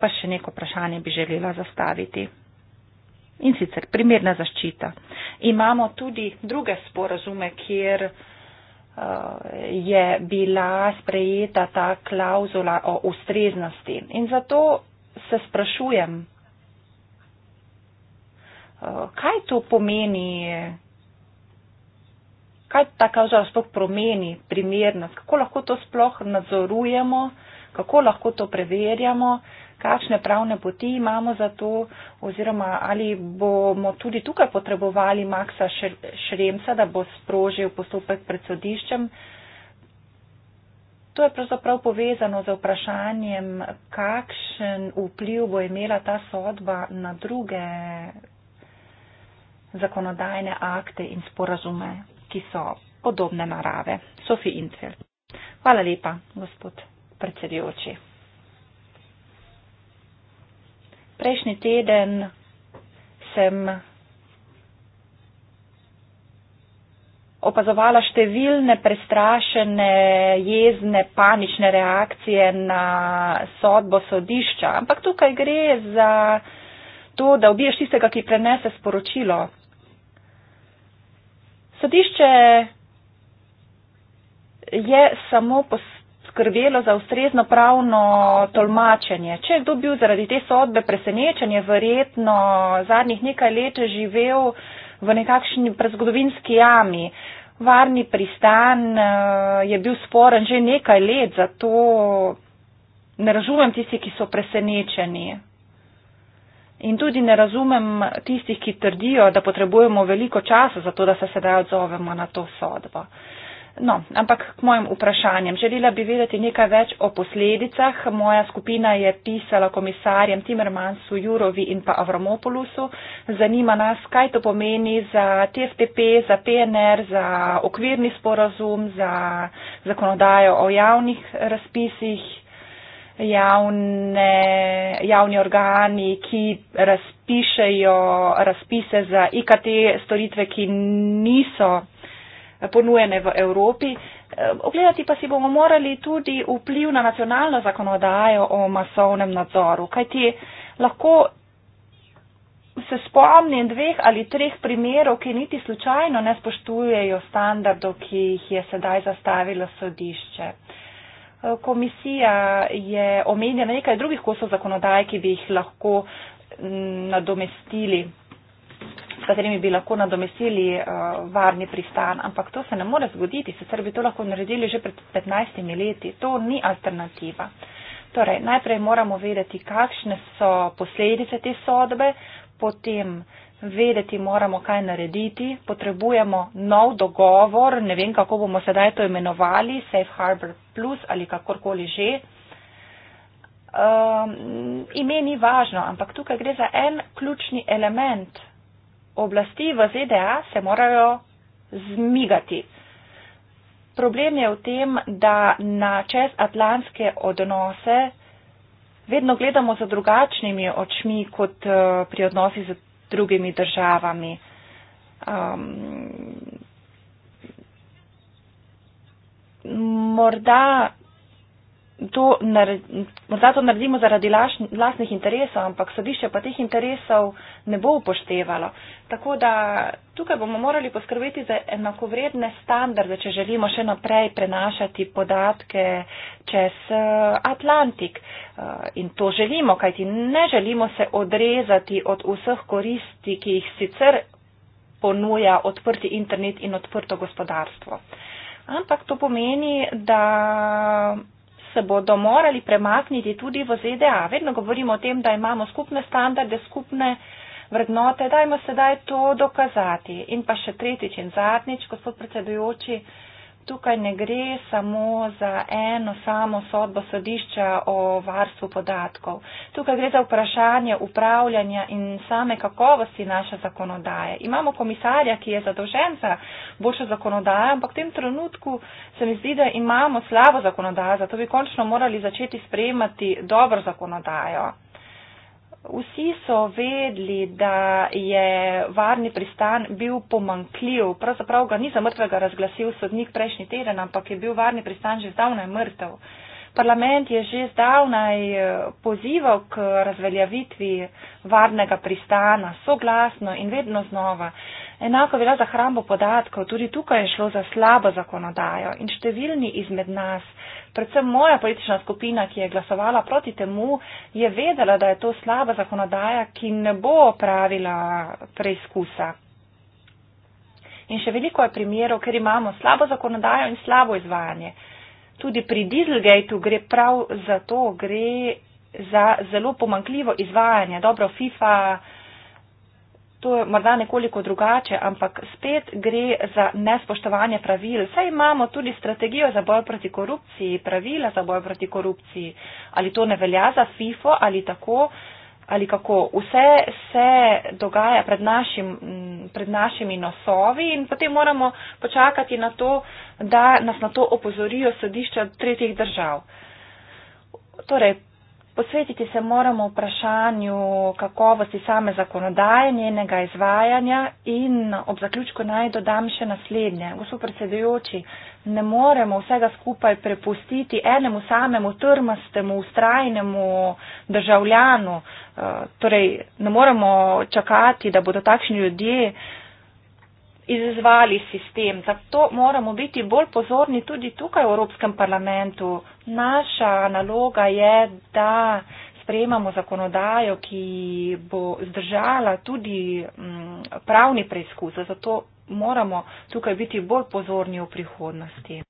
Pa še neko vprašanje bi želela zastaviti. In sicer primerna zaščita. Imamo tudi druge sporazume, kjer je bila sprejeta ta klauzula o ustreznosti. In zato se sprašujem, kaj to pomeni, kaj ta klauzula sploh promeni primernost, kako lahko to sploh nadzorujemo, kako lahko to preverjamo. Uh, kakšne pravne poti imamo za to oziroma ali bomo tudi tukaj potrebovali Maksa Šremca, da bo sprožil postopek pred sodiščem. To je pravzaprav povezano z vprašanjem, kakšen vpliv bo imela ta sodba na druge zakonodajne akte in sporazume, ki so podobne narave. Sofi Intfeld. Hvala lepa, gospod predsedujoči. prejšnji teden sem opazovala številne prestrašene, jezne, panične reakcije na sodbo sodišča. Ampak tukaj gre za to, da ubiješ tistega, ki prenese sporočilo. Sodišče je samo postavljeno poskrbelo za ustrezno pravno tolmačenje. Če je kdo bil zaradi te sodbe presenečen, je verjetno zadnjih nekaj let živel v nekakšni prezgodovinski jami. Varni pristan eh, je bil sporen že nekaj let, zato ne razumem tisti, ki so presenečeni. In tudi ne razumem tistih, ki trdijo, da potrebujemo veliko časa za to, da se sedaj odzovemo na to sodbo. No, ampak k mojim vprašanjem. Želela bi vedeti nekaj več o posledicah. Moja skupina je pisala komisarjem Timmermansu, Jurovi in pa Avramopolusu. Zanima nas, kaj to pomeni za TFTP, za PNR, za okvirni sporazum, za zakonodajo o javnih razpisih, javne, javni organi, ki razpišejo razpise za IKT storitve, ki niso ponujene v Evropi. Eh, ogledati pa si bomo morali tudi vpliv na nacionalno zakonodajo o masovnem nadzoru, kajti lahko se spomnim dveh ali treh primerov, ki niti slučajno ne spoštujejo standardov, ki jih je sedaj zastavilo sodišče. Eh, komisija je omenjena nekaj drugih kosov zakonodaj, ki bi jih lahko mm, nadomestili s katerimi bi lahko nadomestili uh, varni pristan. Ampak to se ne more zgoditi, sicer bi to lahko naredili že pred 15 leti. To ni alternativa. Torej, najprej moramo vedeti, kakšne so posledice te sodbe, potem vedeti moramo, kaj narediti, potrebujemo nov dogovor, ne vem, kako bomo sedaj to imenovali, Safe Harbor Plus ali kakorkoli že. Um, ime ni važno, ampak tukaj gre za en ključni element oblasti v ZDA se morajo zmigati. Problem je v tem, da na čezatlantske odnose vedno gledamo za drugačnimi očmi kot eh, pri odnosi z drugimi državami. Um, morda to naredi, morda to naredimo zaradi laš, lasnih interesov, ampak sodišče pa teh interesov ne bo upoštevalo. Tako da tukaj bomo morali poskrbeti za enakovredne standarde, če želimo še naprej prenašati podatke čez eh, Atlantik. Eh, in to želimo, kajti ne želimo se odrezati od vseh koristi, ki jih sicer ponuja odprti internet in odprto gospodarstvo. Ampak to pomeni, da se bodo morali premakniti tudi v ZDA. Vedno govorimo o tem, da imamo skupne standarde, skupne vrednote. Dajmo sedaj to dokazati. In pa še tretjič in zadnjič, gospod predsedujoči, tukaj ne gre samo za eno samo sodbo sodišča o varstvu podatkov. Tukaj gre za vprašanje upravljanja in same kakovosti naše zakonodaje. Imamo komisarja, ki je zadolžen za boljšo zakonodajo, ampak v tem trenutku se mi zdi, da imamo slabo zakonodajo, zato bi končno morali začeti sprejemati dobro zakonodajo. Vsi so vedli, da je varni pristan bil pomankljiv. Pravzaprav ga ni za mrtvega razglasil sodnik prejšnji teden, ampak je bil varni pristan že zdavnaj mrtev. Uh, Parlament je že zdavnaj eh, pozival k razveljavitvi varnega pristana, soglasno in vedno znova. Enako velja za hrambo podatkov, tudi tukaj je šlo za slabo zakonodajo in številni izmed nas, predvsem moja politična skupina, ki je glasovala proti temu, je vedela, da je to slaba zakonodaja, ki ne bo opravila preizkusa. In še veliko je primerov, ker imamo slabo zakonodajo in slabo izvajanje tudi pri Dieselgateu gre prav za to, gre za zelo pomankljivo izvajanje. Dobro, FIFA, to je morda nekoliko drugače, ampak spet gre za nespoštovanje pravil. Saj imamo tudi strategijo za boj proti korupciji, pravila za boj proti korupciji. Ali to ne velja za FIFA ali tako, ali kako. Vse se dogaja pred, našim, pred našimi nosovi in potem moramo počakati na to, da nas na to opozorijo sodišča tretjih držav. Torej, Posvetiti se moramo vprašanju kakovosti same zakonodaje, njenega izvajanja in ob zaključku naj dodam še naslednje. Gospod predsedujoči, ne moremo vsega skupaj prepustiti enemu samemu trmastemu, ustrajnemu državljanu. Eh, torej, ne moremo čakati, da bodo takšni ljudje izzvali sistem. Zato moramo biti bolj pozorni tudi tukaj v Evropskem parlamentu. Naša naloga je, da sprejemamo zakonodajo, ki bo zdržala tudi mm, pravni preizkus. Zato moramo tukaj biti bolj pozorni v prihodnosti.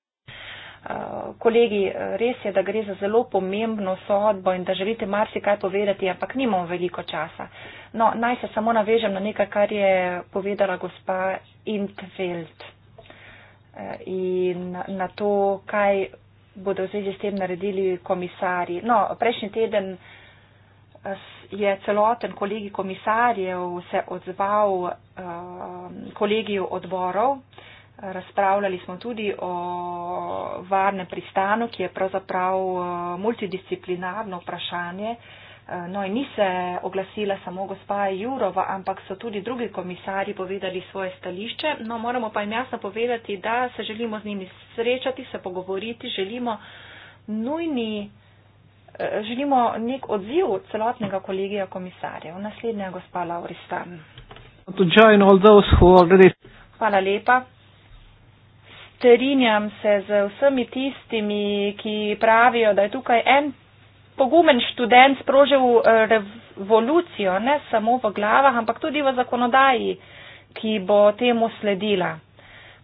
Eh, kolegi, eh, res je, da gre za zelo pomembno sodbo in da želite marsikaj povedati, ampak nimamo veliko časa. No, naj se samo navežem na nekaj, kar je povedala gospa Intveld eh, in na to, kaj bodo v zvezi s tem naredili komisarji. No, prejšnji teden je celoten kolegi komisarjev se odzval kolegiju odborov. Razpravljali smo tudi o varnem pristanu, ki je pravzaprav eh, multidisciplinarno vprašanje. Eh, no in ni se oglasila samo gospa Jurova, ampak so tudi drugi komisari povedali svoje stališče. No, moramo pa jim jasno povedati, da se želimo z njimi srečati, se pogovoriti, želimo nujni, eh, želimo nek odziv celotnega kolegija komisarjev. Naslednja je gospa Lauristan. Hvala lepa strinjam se z vsemi tistimi, ki pravijo, da je tukaj en pogumen študent sprožil eh, revolucijo, ne samo v glavah, ampak tudi v zakonodaji, ki bo temu sledila.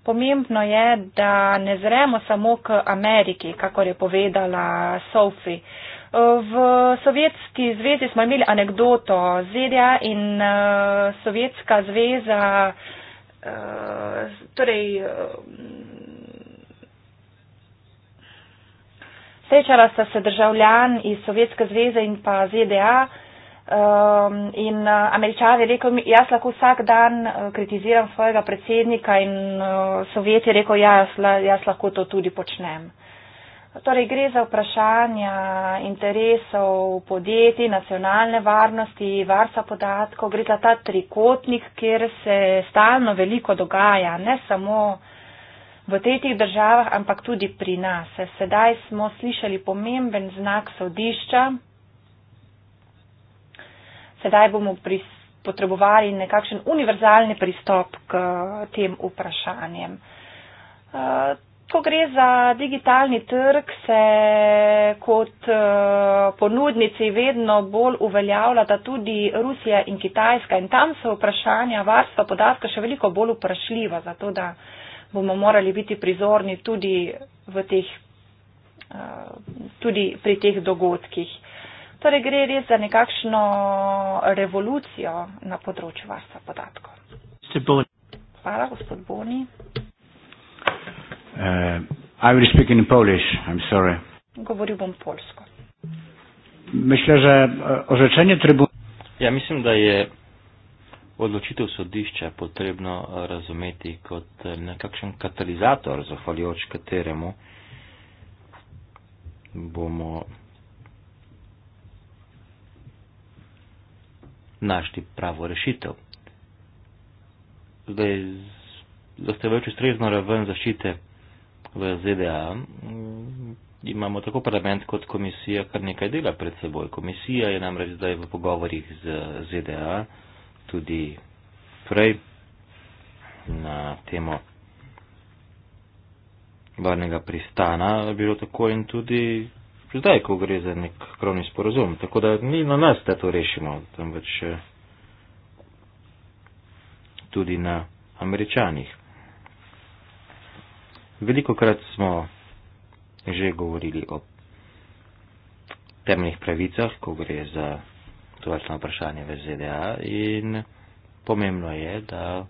Pomembno je, da ne zremo samo k Ameriki, kako je povedala Sophie. V Sovjetski zvezi smo imeli anegdoto ZDA in eh, Sovjetska zveza, eh, torej Srečala sta se državljan iz Sovjetske zveze in pa ZDA um, in uh, američan je rekel, jaz lahko vsak dan uh, kritiziram svojega predsednika in uh, Sovjet je rekel, ja, jaz, jaz lahko to tudi počnem. Torej gre za vprašanja interesov podjetij, nacionalne varnosti, varsa podatkov, gre za ta trikotnik, kjer se stalno veliko dogaja, ne samo v tretjih državah, ampak tudi pri nas. Sedaj smo slišali pomemben znak sodišča. Sedaj bomo potrebovali nekakšen univerzalni pristop k tem vprašanjem. Eh, ko gre za digitalni trg, se kot eh, ponudnici vedno bolj uveljavljata tudi Rusija in Kitajska in tam so vprašanja varstva podatka še veliko bolj vprašljiva. Zato, bomo morali biti prizorni tudi, teh, eh, tudi pri teh dogodkih. Torej gre res za nekakšno revolucijo na področju varstva podatkov. Hvala, gospod Boni. Uh, Govoril bom polsko. Myślę, że e, orzeczenie trybunału. Ja myślę, że je odločitev sodišča je potrebno razumeti kot nekakšen katalizator, zahvaljujoč kateremu bomo našli pravo rešitev. Zdaj, da ste več ustrezno raven zaščite v ZDA, imamo tako parlament kot komisija kar nekaj dela pred seboj. Komisija je namreč zdaj v pogovorih z ZDA, tudi prej na temo varnega pristana bilo tako in tudi zdaj, ko gre za nek krovni sporozum. Tako da ni na nas, da to rešimo, temveč eh, tudi na američanih. Veliko krat smo že govorili o temeljnih pravicah, ko gre za tovrstno vprašanje v ZDA in pomembno je, da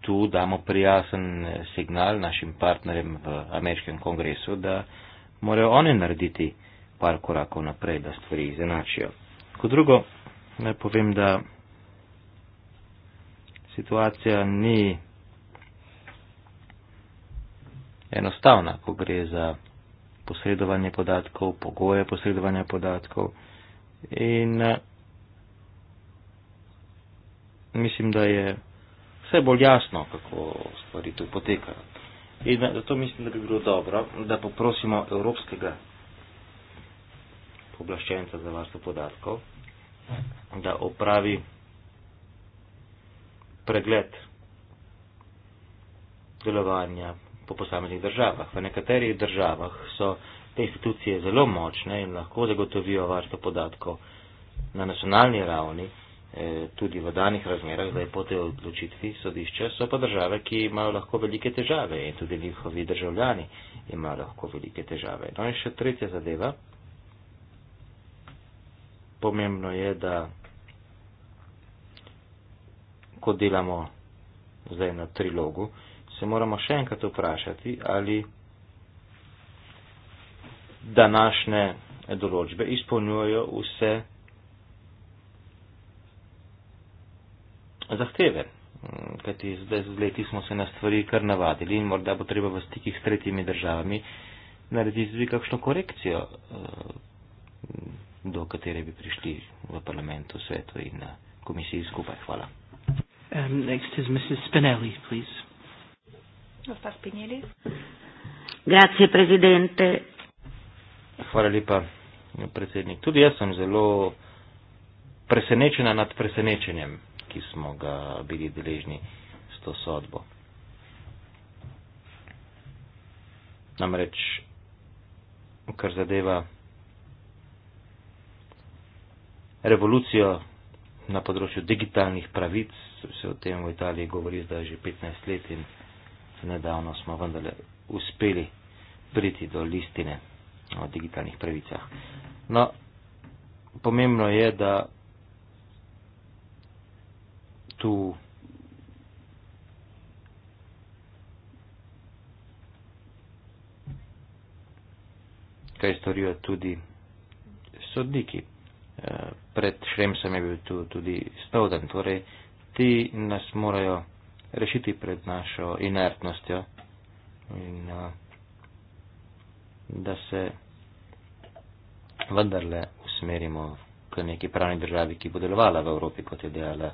tu damo prijazen signal našim partnerjem v ameriškem kongresu, da morajo oni narediti par korakov naprej, da stvari izenačijo. Kot drugo, naj povem, da situacija ni enostavna, ko gre za posredovanje podatkov, pogoje posredovanja podatkov. In eh, mislim, da je vse bolj jasno, kako stvari tu potekajo. In eh, zato mislim, da bi bilo dobro, da poprosimo evropskega poblaščenca za varstvo podatkov, da opravi pregled delovanja, po posameznih državah. V nekaterih državah so te institucije zelo močne in lahko zagotovijo varstvo podatkov na nacionalni ravni, eh, tudi v danih razmerah, zdaj po tej odločitvi sodišča, so pa države, ki imajo lahko velike težave in tudi njihovi državljani imajo lahko velike težave. No in še tretja zadeva. Pomembno je, da ko delamo zdaj na trilogu, se moramo še enkrat vprašati, ali današnje določbe izpolnjujejo vse zahteve. Kajti zdaj z leti smo se na stvari kar navadili in morda bo treba v stikih s tretjimi državami narediti tudi kakšno korekcijo, eh, do katere bi prišli v parlamentu, svetu in na komisiji skupaj. Hvala. Um, next is Mrs. Spinelli, please. Grazie presidente. Hvala lepa, predsednik. Tudi jaz sem zelo presenečena nad presenečenjem, ki smo ga bili deležni s to sodbo. Namreč, kar zadeva revolucijo na področju digitalnih pravic, se o tem v Italiji govori zdaj že 15 let in nedavno smo vendarle uspeli priti do listine o digitalnih pravicah. No, pomembno je, da tu kaj storijo tudi sodniki. Eh, pred Šremsem je bil tu tudi Stoden, torej ti nas morajo rešiti pred našo inertnostjo in da se vendarle usmerimo k neki pravni državi, ki bo delovala v Evropi, kot je dejala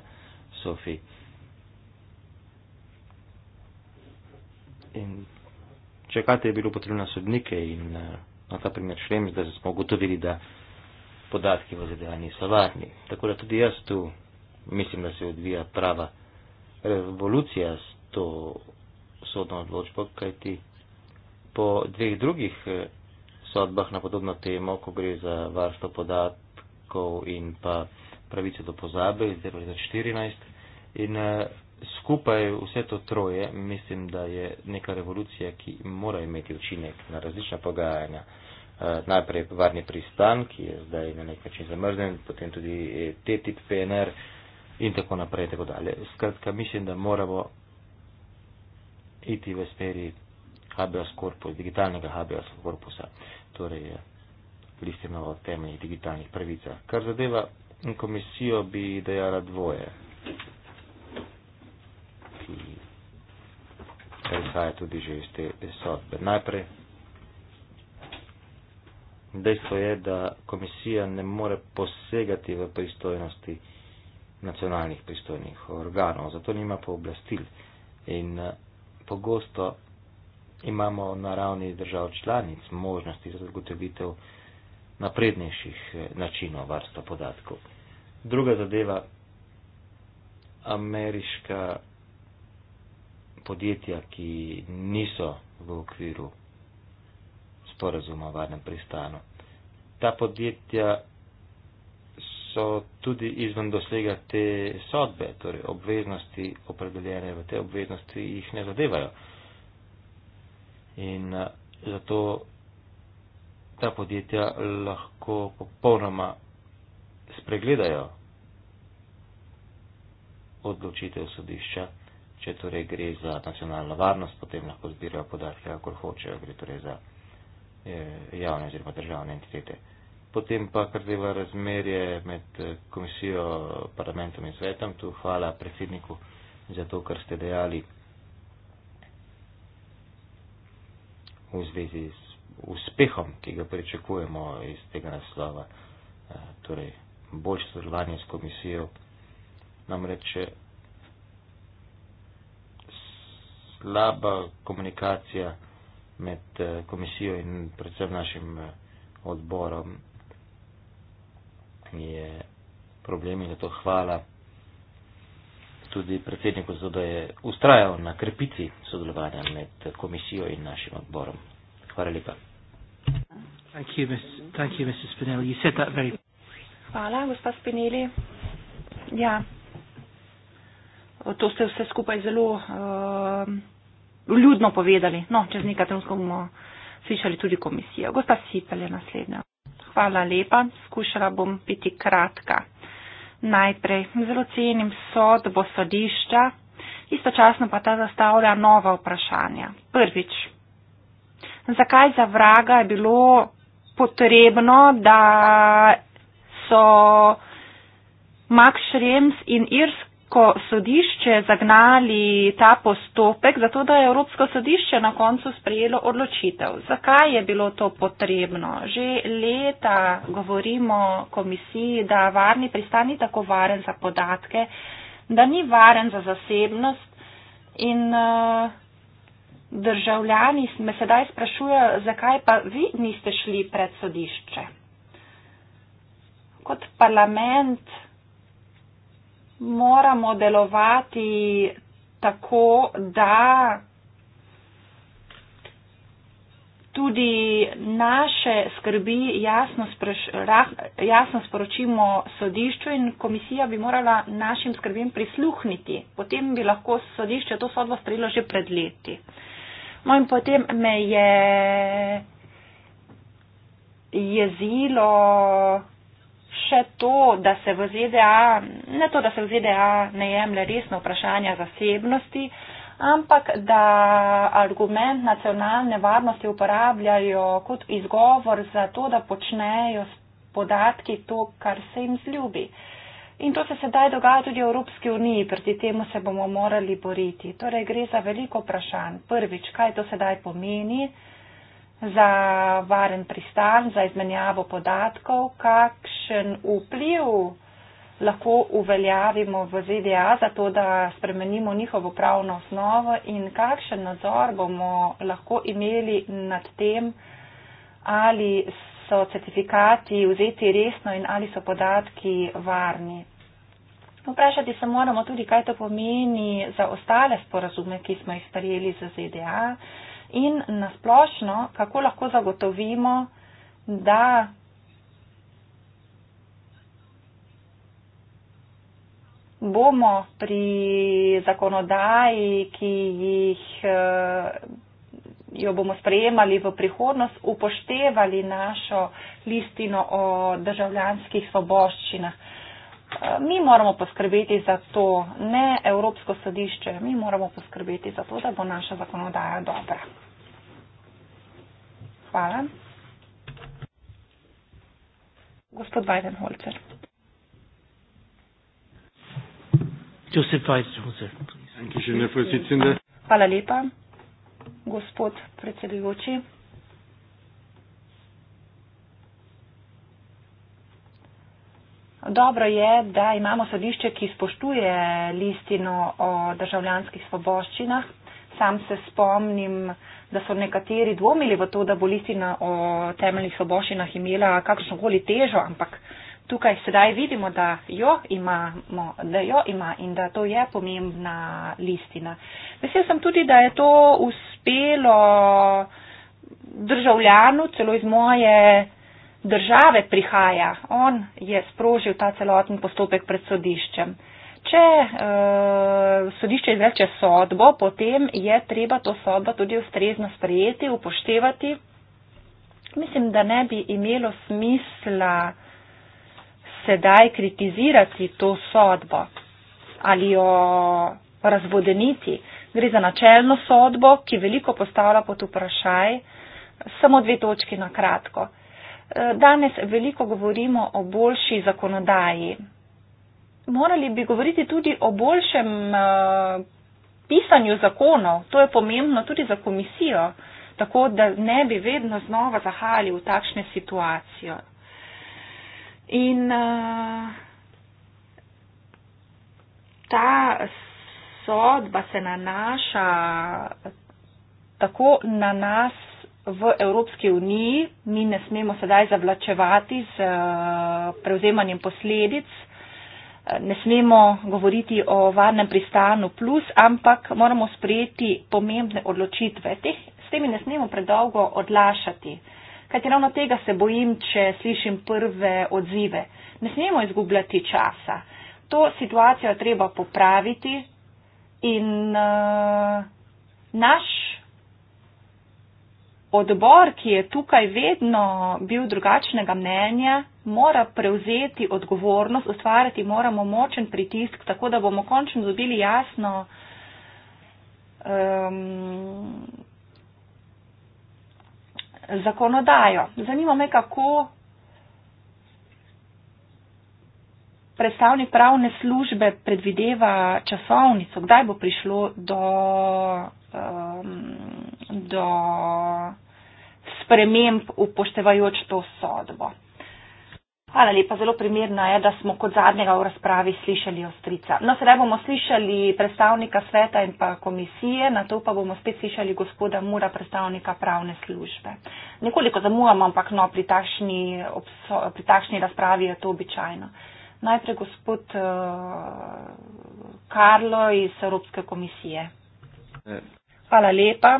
Sofi. In čakati je bilo potrebno sodnike in na ta primer šlem, da smo ugotovili, da podatki v ZDA niso varni. Tako da tudi jaz tu mislim, da se odvija prava revolucija s to sodno odločbo, kajti po dveh drugih eh, sodbah na podobno temo, ko gre za varstvo podatkov in pa pravice do pozabe iz 2014 in eh, skupaj vse to troje, mislim, da je neka revolucija, ki mora imeti učinek na različna pogajanja. Eh, najprej varni pristan, ki je zdaj na nek način zamrznen, potem tudi TTIP PNR, in tako naprej, tako dalje. Skratka, mislim, da moramo iti v smeri HBS korpus, digitalnega HBS korpusa, torej eh, listino o temeljih digitalnih pravicah. Kar zadeva komisijo, bi dejala dvoje, ki prihaja tudi že iz te sodbe. Najprej, dejstvo je, da komisija ne more posegati v pristojnosti nacionalnih pristojnih organov, zato nima pooblastil in eh, pogosto imamo na ravni držav članic možnosti za zagotovitev naprednejših eh, načinov varstva podatkov. Druga zadeva, ameriška podjetja, ki niso v okviru sporazuma o varnem pristanu. Ta podjetja so tudi izven dosega te sodbe, torej obveznosti opredeljene v te obveznosti jih ne zadevajo. In eh, zato ta podjetja lahko popolnoma spregledajo odločitev sodišča, če torej gre za nacionalno varnost, potem lahko zbirajo podatke, kako hočejo, gre torej za eh, javne oziroma državne entitete. Potem pa, kar zdaj v razmerje med eh, komisijo, parlamentom in svetom, tu hvala predsedniku za to, kar ste dejali v zvezi z uspehom, ki ga pričakujemo iz tega naslova, eh, torej boljše sodelovanje s komisijo. Namreč eh, slaba komunikacija med komisijo in predvsem našim odborom mi je problem in zato hvala tudi predsedniku, zato da je ustrajal na krepitvi sodelovanja med komisijo in našim odborom. Hvala lepa. Hvala, gospa Spinelli. Ja, to ste vse skupaj zelo uh, eh, ljudno povedali. No, čez nekaj trenutkov bomo slišali tudi komisijo. Gospa Sipel je naslednja. Hvala lepa, skušala bom biti kratka. Najprej zelo cenim sodbo sodišča, istočasno pa ta zastavlja nova vprašanja. Prvič, zakaj za vraga je bilo potrebno, da so Max Schrems in Irsk Evropsko sodišče zagnali ta postopek, zato da je Evropsko sodišče na koncu sprejelo odločitev. Zakaj je bilo to potrebno? Že leta govorimo komisiji, da varni pristan ni tako varen za podatke, da ni varen za zasebnost in uh, državljani me sedaj sprašujejo, zakaj pa vi niste šli pred sodišče. Kot parlament moramo delovati tako, da tudi naše skrbi jasno, spraš, rah, jasno sporočimo sodišču in komisija bi morala našim skrbim prisluhniti. Potem bi lahko sodišče to sodbo sprejelo že pred leti. No in potem me je jezilo mogoče to, da se v ZDA, ne to, da se v ZDA ne jemlje resno vprašanja zasebnosti, ampak da argument nacionalne varnosti uporabljajo kot izgovor za to, da počnejo s podatki to, kar se jim zljubi. In to se sedaj dogaja tudi v Evropski uniji, proti temu se bomo morali boriti. Torej gre za veliko vprašanj. Prvič, kaj to sedaj pomeni? za varen pristan, za izmenjavo podatkov, kakšen vpliv lahko uveljavimo v ZDA za to, da spremenimo njihovo pravno osnovo in kakšen nadzor bomo lahko imeli nad tem, ali so certifikati vzeti resno in ali so podatki varni. Vprašati se moramo tudi, kaj to pomeni za ostale sporazume, ki smo jih sprejeli za ZDA in nasplošno, kako lahko zagotovimo, da bomo pri zakonodaji, ki jih, eh, jo bomo sprejemali v prihodnost, upoštevali našo listino o državljanskih svoboščinah mi moramo poskrbeti za to, ne Evropsko sodišče, mi moramo poskrbeti za to, da bo naša zakonodaja dobra. Hvala. Gospod Weidenholzer. Hvala lepa, gospod predsedujoči. Dobro je, da imamo sodišče, ki spoštuje listino o državljanskih svoboščinah. Sam se spomnim, da so nekateri dvomili v to, da bo listina o temeljnih svoboščinah imela kakšno koli težo, ampak tukaj sedaj vidimo, da jo, imamo, da jo ima in da to je pomembna listina. Vesel sem tudi, da je to uspelo državljanu, celo iz moje države prihaja, on je sprožil ta celoten postopek pred sodiščem. Če uh, sodišče izreče sodbo, potem je treba to sodbo tudi ustrezno sprejeti, upoštevati. Mislim, da ne bi imelo smisla sedaj kritizirati to sodbo ali jo razvodeniti. Gre za načelno sodbo, ki veliko postavlja pod vprašaj. Samo dve točki na kratko. Danes veliko govorimo o boljši zakonodaji. Morali bi govoriti tudi o boljšem eh, pisanju zakonov. To je pomembno tudi za komisijo, tako da ne bi vedno znova zahajali v takšne situacije. In eh, ta sodba se nanaša tako na nas v Evropski uniji mi ne smemo sedaj zavlačevati z eh, prevzemanjem posledic, eh, ne smemo govoriti o varnem pristanu plus, ampak moramo sprejeti pomembne odločitve. Teh, s temi ne smemo predolgo odlašati. Kajti ravno tega se bojim, če slišim prve odzive. Ne smemo izgubljati časa. To situacijo je treba popraviti in uh, naš odbor, ki je tukaj vedno bil drugačnega mnenja, mora prevzeti odgovornost, ustvarjati moramo močen pritisk, tako da bomo končno dobili jasno, um, zakonodajo. Zanima me, kako predstavnik pravne službe predvideva časovnico, kdaj bo prišlo do um, do sprememb upoštevajoč to sodbo. Hvala lepa, zelo primerna je, da smo kot zadnjega v razpravi slišali ostrica. No, sedaj bomo slišali predstavnika sveta in pa komisije, na to pa bomo spet slišali gospoda Mura, predstavnika pravne službe. Nekoliko zamujamo, ampak no, pri, takšni obso, pri takšni razpravi je to običajno. Najprej gospod eh, Karlo iz Evropske komisije. Eh. Hvala lepa.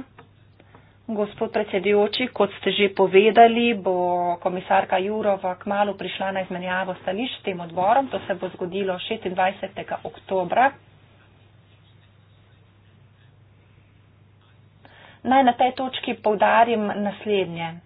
Gospod predsedujoči, kot ste že povedali, bo komisarka Jurova kmalo prišla na izmenjavo stališč s tem odborom. To se bo zgodilo 26. oktobra. Naj na tej točki povdarim naslednje.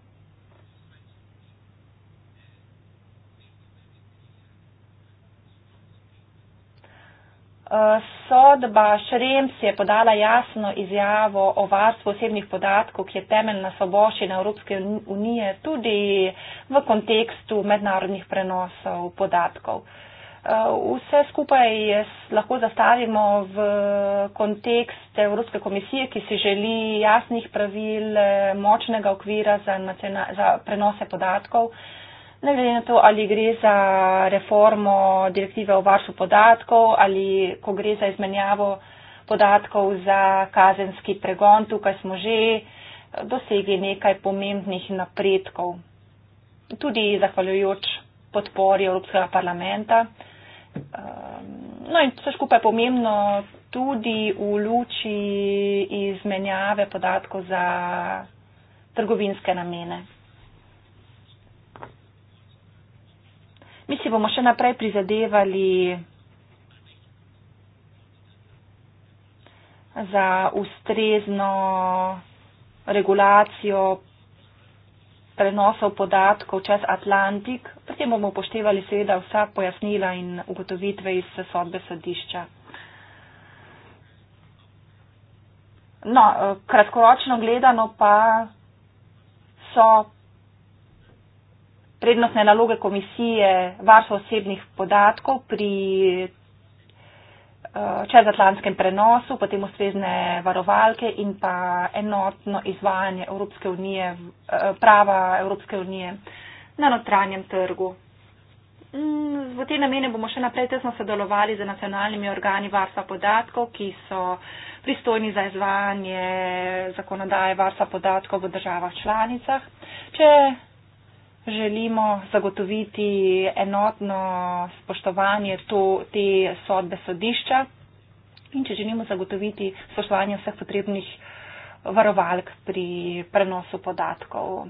Eh, sodba Šrems je podala jasno izjavo o varstvu osebnih podatkov, ki je temeljna svoboščina Evropske unije tudi v kontekstu mednarodnih prenosov podatkov. Eh, vse skupaj lahko zastavimo v kontekst Evropske komisije, ki si želi jasnih pravil, eh, močnega okvira za, za prenose podatkov ne glede na to, ali gre za reformo direktive o varstvu podatkov ali ko gre za izmenjavo podatkov za kazenski pregon, tukaj smo že dosegli nekaj pomembnih napredkov. Tudi zahvaljujoč podpori Evropskega parlamenta. Ehm, no in vse skupaj pomembno tudi v luči izmenjave podatkov za trgovinske namene. Mi si bomo še naprej prizadevali za ustrezno regulacijo prenosov podatkov čez Atlantik. Pri tem bomo upoštevali seveda vsa pojasnila in ugotovitve iz sodbe sodišča. No, eh, kratkoročno gledano pa so prednostne naloge komisije varstva osebnih podatkov pri eh, čezatlantskem prenosu, potem ustrezne varovalke in pa enotno izvajanje Evropske unije, eh, prava Evropske unije na notranjem trgu. Mm, v te namene bomo še naprej tesno sodelovali z nacionalnimi organi varstva podatkov, ki so pristojni za izvajanje zakonodaje varstva podatkov v državah članicah. Če želimo zagotoviti enotno spoštovanje to, te sodbe sodišča in če želimo zagotoviti spoštovanje vseh potrebnih varovalk pri prenosu podatkov.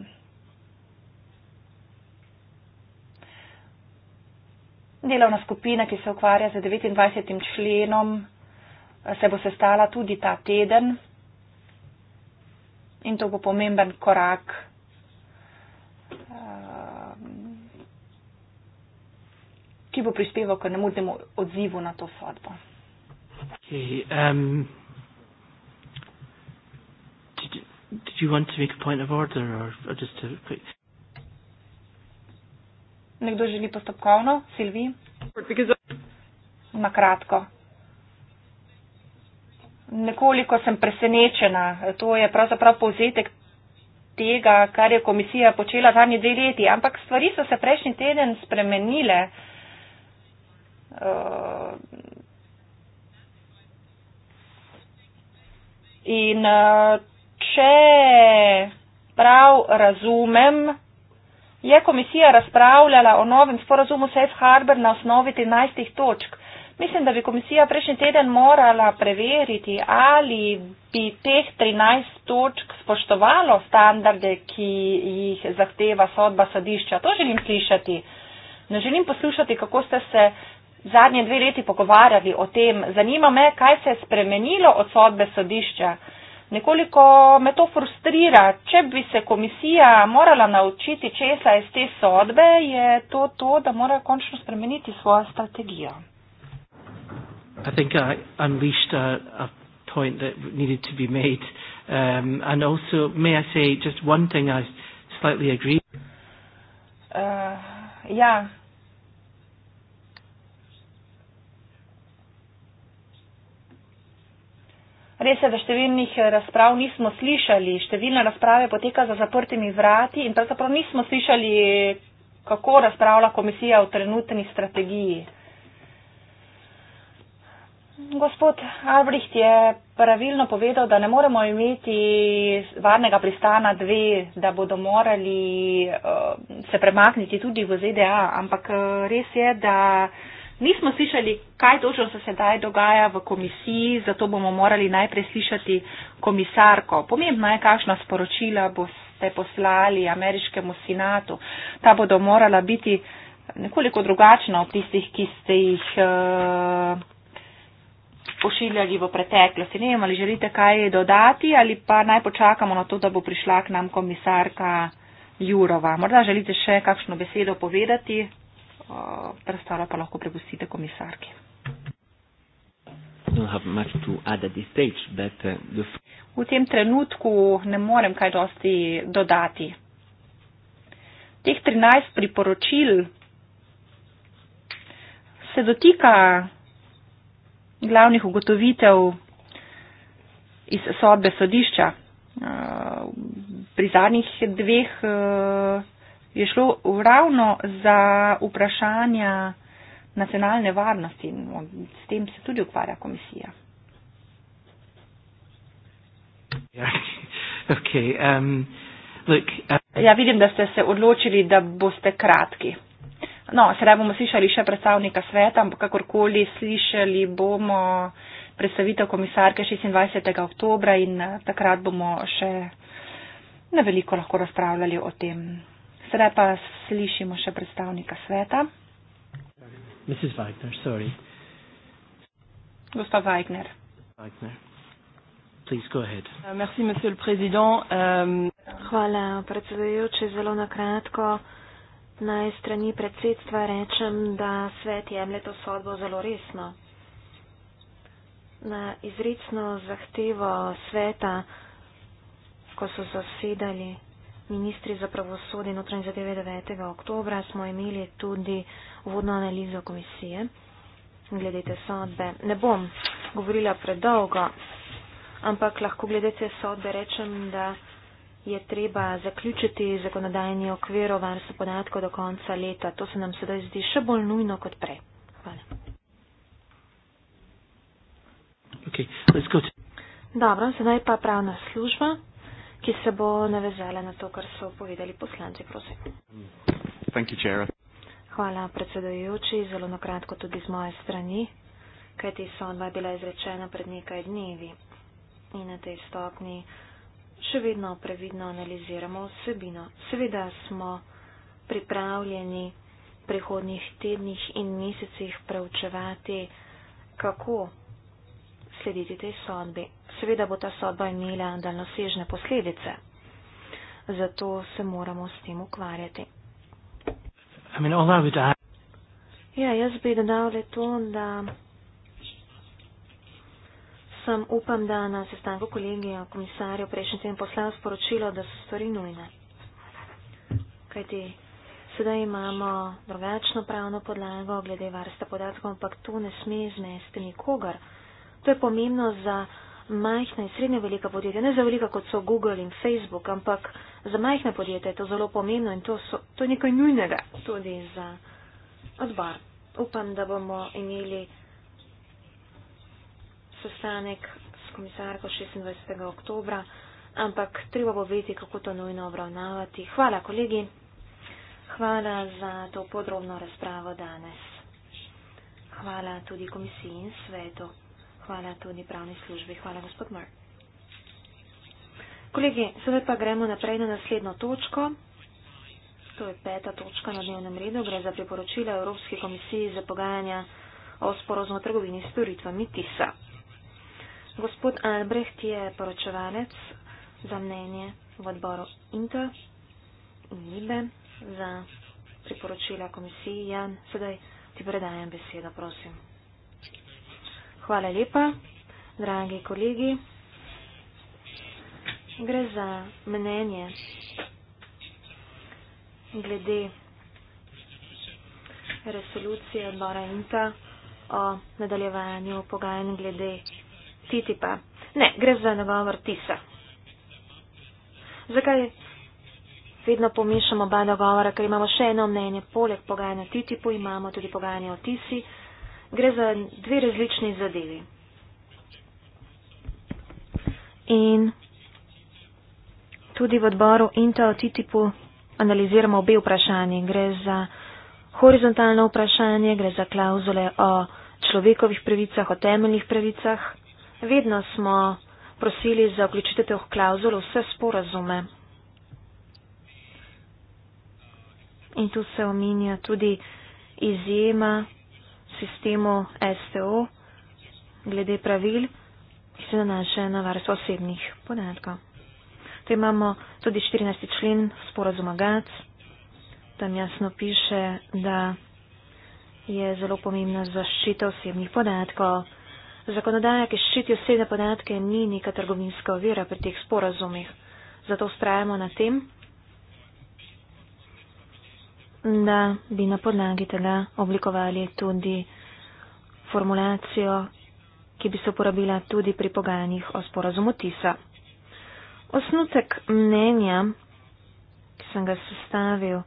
Delovna skupina, ki se ukvarja z 29. členom, se bo sestala tudi ta teden in to bo pomemben korak ki bo prispeval k nemudnemu odzivu na to sodbo. Okay, um, did, did you want to make a point of order or, or just a quick... Nekdo želi postopkovno? Silvi? Na kratko. Nekoliko sem presenečena. To je pravzaprav povzetek tega, kar je komisija počela zadnji dve leti. Ampak stvari so se prejšnji teden spremenile. Uh, in uh, če prav razumem, je komisija razpravljala o novem sporazumu Safe Harbor na osnovi 13 točk. Mislim, da bi komisija prejšnji teden morala preveriti, ali bi teh 13 točk spoštovalo standarde, ki jih zahteva sodba sodišča. To želim slišati. Ne želim poslušati, kako ste se. Uh, zadnje dve leti pogovarjali o tem. Zanima me, kaj se je spremenilo od sodbe sodišča. Nekoliko me to frustrira. Če bi se komisija morala naučiti česa iz te sodbe, je to to, da mora končno spremeniti svojo strategijo. I think I unleashed a, a point that needed to be made. Um, and also, may I say just one thing I slightly agree? Uh, yeah. Ja, Res je, da številnih eh, razprav nismo slišali. Številne razprave poteka za zaprtimi vrati in pravzaprav nismo slišali, kako razpravlja komisija o trenutni strategiji. Gospod Albrecht je pravilno povedal, da ne moremo imeti varnega pristana dve, da bodo morali uh, se premakniti tudi v ZDA, ampak uh, res je, da uh, Nismo slišali, kaj točno se sedaj dogaja v komisiji, zato bomo morali najprej slišati komisarko. Pomembno je, kakšna sporočila boste poslali ameriškemu senatu. Ta bodo morala biti nekoliko drugačna od tistih, ki ste jih uh, pošiljali v preteklosti. Ne vem, ali želite kaj dodati ali pa naj počakamo na to, da bo prišla k nam komisarka Jurova. Morda želite še kakšno besedo povedati? Eh, predstavlja pa lahko pregostite komisarki. Uh, v tem trenutku ne morem kaj dosti dodati. Teh 13 priporočil se dotika glavnih ugotovitev iz sodbe sodišča. Eh, pri zadnjih dveh eh, je šlo ravno za vprašanja nacionalne varnosti in s tem se tudi ukvarja komisija. Ja, okay, um, look, uh, ja, vidim, da ste se odločili, da boste kratki. No, sedaj bomo slišali še predstavnika sveta, ampak kakorkoli slišali bomo predstavitev komisarke 26. oktobra in uh, takrat bomo še na veliko lahko razpravljali o tem Sedaj pa slišimo še predstavnika sveta. Mrs. Wagner, sorry. Gospod Wagner. Wagner. Please go ahead. Uh, merci, monsieur le président. Um, Hvala, predsedujoči, zelo na kratko. Naj strani predsedstva rečem, da svet jemlje to sodbo zelo resno. Na izrecno zahtevo sveta, ko so zasedali ministri za pravosodje in notranje zadeve 9. oktobra smo imeli tudi uvodno analizo komisije glede te sodbe. Ne bom govorila predolgo, ampak lahko glede te sodbe rečem, da je treba zaključiti zakonodajni okvir o varstvu podatkov do konca leta. To se nam sedaj zdi še bolj nujno kot prej. Hvala. Okay, Dobro, sedaj pa pravna služba ki se bo navezala na to, kar so povedali poslanci. Prosim. Hvala, predsedojoči. Zelo nakratko tudi z moje strani, kajti sodba je bila izrečena pred nekaj dnevi in na tej stopni še vedno previdno analiziramo vsebino. Seveda smo pripravljeni prihodnih tednih in mesecih preučevati, kako slediti tej sodbi seveda bo ta sodba imela daljnosežne posledice. Zato se moramo s tem ukvarjati. I mean, I... Ja, jaz bi dodal le to, da sem upam, da na sestanku kolegija komisarja prejšnji teden poslal sporočilo, da so stvari nujne. Kajti sedaj imamo drugačno pravno podlago glede varstva podatkov, ampak to ne sme zmesti nikogar. To je pomembno za majhna in srednja velika podjetja, ne za velika kot so Google in Facebook, ampak za majhna podjetja je to zelo pomembno in to, so, to je nekaj nujnega tudi za odbor. Upam, da bomo imeli sestanek s komisarko 26. oktobra, ampak treba bo vedeti, kako to nujno obravnavati. Hvala, kolegi. Hvala za to podrobno razpravo danes. Hvala tudi komisiji in svetu. Hvala tudi pravni službi. Hvala, gospod Mar. Kolegi, sedaj pa gremo naprej na naslednjo točko. To je peta točka na dnevnem redu. Gre za priporočila Evropske komisije za pogajanja o sporozumu trgovini s storitvami TISA. Gospod Albrecht je poročevalec za mnenje v odboru INTA in IBE za priporočila komisiji. Jan, sedaj ti predajam besedo, prosim. Hvala lepa, dragi kolegi. Gre za mnenje glede resolucije odbora INTA o nadaljevanju pogajanj glede TTIP-a. Ne, gre za dogovor TISA. Zakaj vedno pomišljamo oba dogovora, ker imamo še eno mnenje, poleg pogajanja TTIP-u imamo tudi pogajanje o TISI gre za dve različni zadevi. In tudi v odboru Intel TTIP-u analiziramo obe vprašanji. Gre za horizontalno vprašanje, gre za klauzule o človekovih pravicah, o temeljnih pravicah. Vedno smo prosili za vključitev teh klauzul v vse sporazume. In tu se omenja tudi izjema sistemu STO glede pravil, ki se nanašajo na varstvo osebnih podatkov. Tu imamo tudi 14. člen sporozuma GAC. Tam jasno piše, da je zelo pomembna zaščita osebnih podatkov. Zakonodaja, ki ščiti osebne podatke, ni neka trgovinska ovira pri teh sporazumih. Zato ustrajamo na tem, da bi na podlagi tega oblikovali tudi formulacijo, ki bi se uporabila tudi pri pogajanjih o sporazumu TISA. Osnutek mnenja, ki sem ga sestavil,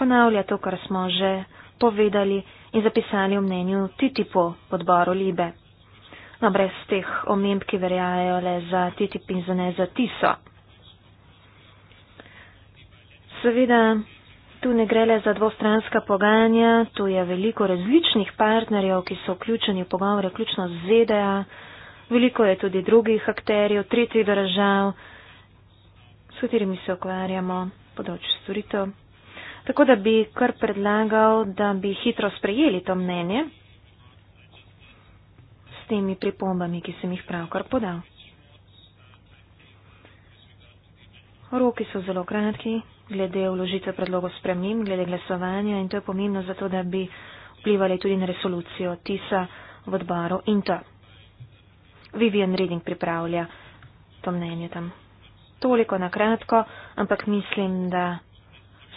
ponavlja to, kar smo že povedali in zapisali v mnenju TTIP podboru Libe. No, brez teh omemb, ki verjajo le za TTIP in za ne za TISO. Seveda, tu ne gre le za dvostranska pogajanja, tu je veliko različnih partnerjev, ki so vključeni v pogovore, vključno z ZDA, veliko je tudi drugih akterjev, tretjih držav, s katerimi se okvarjamo področje storitev. Tako da bi kar predlagal, da bi hitro sprejeli to mnenje s temi pripombami, ki sem jih pravkar podal. Roki so zelo kratki, glede vložitve predlogov spremnim, glede glasovanja in to je pomembno zato, da bi vplivali tudi na resolucijo TISA v odboru in to. Vivian Reading pripravlja to mnenje tam. Toliko na kratko, ampak mislim, da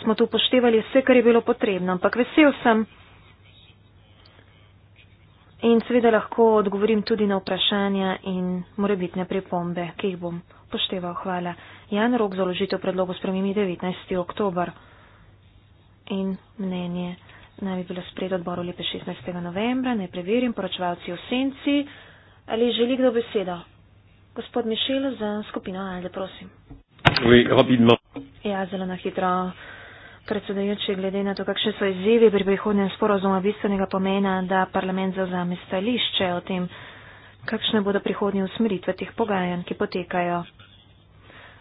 smo tu upoštevali vse, kar je bilo potrebno, ampak vesel sem in seveda lahko odgovorim tudi na vprašanja in morebitne pripombe, ki jih bom pošteval. Hvala. Jan Rok za ložitev predlogu spremimi 19. oktober in mnenje naj bi bilo spred odboru lepe 16. novembra. Naj preverim poročevalci v senci. Ali želi kdo besedo? Gospod Mišel za skupino Alde, prosim. Oui, ja, zelo na hitro predsedajoči, glede na to, kakšne so izzivi pri prihodnem sporozumu, bistvenega pomena, da parlament zauzame stališče o tem, kakšne bodo prihodnje usmeritve teh pogajanj, ki potekajo.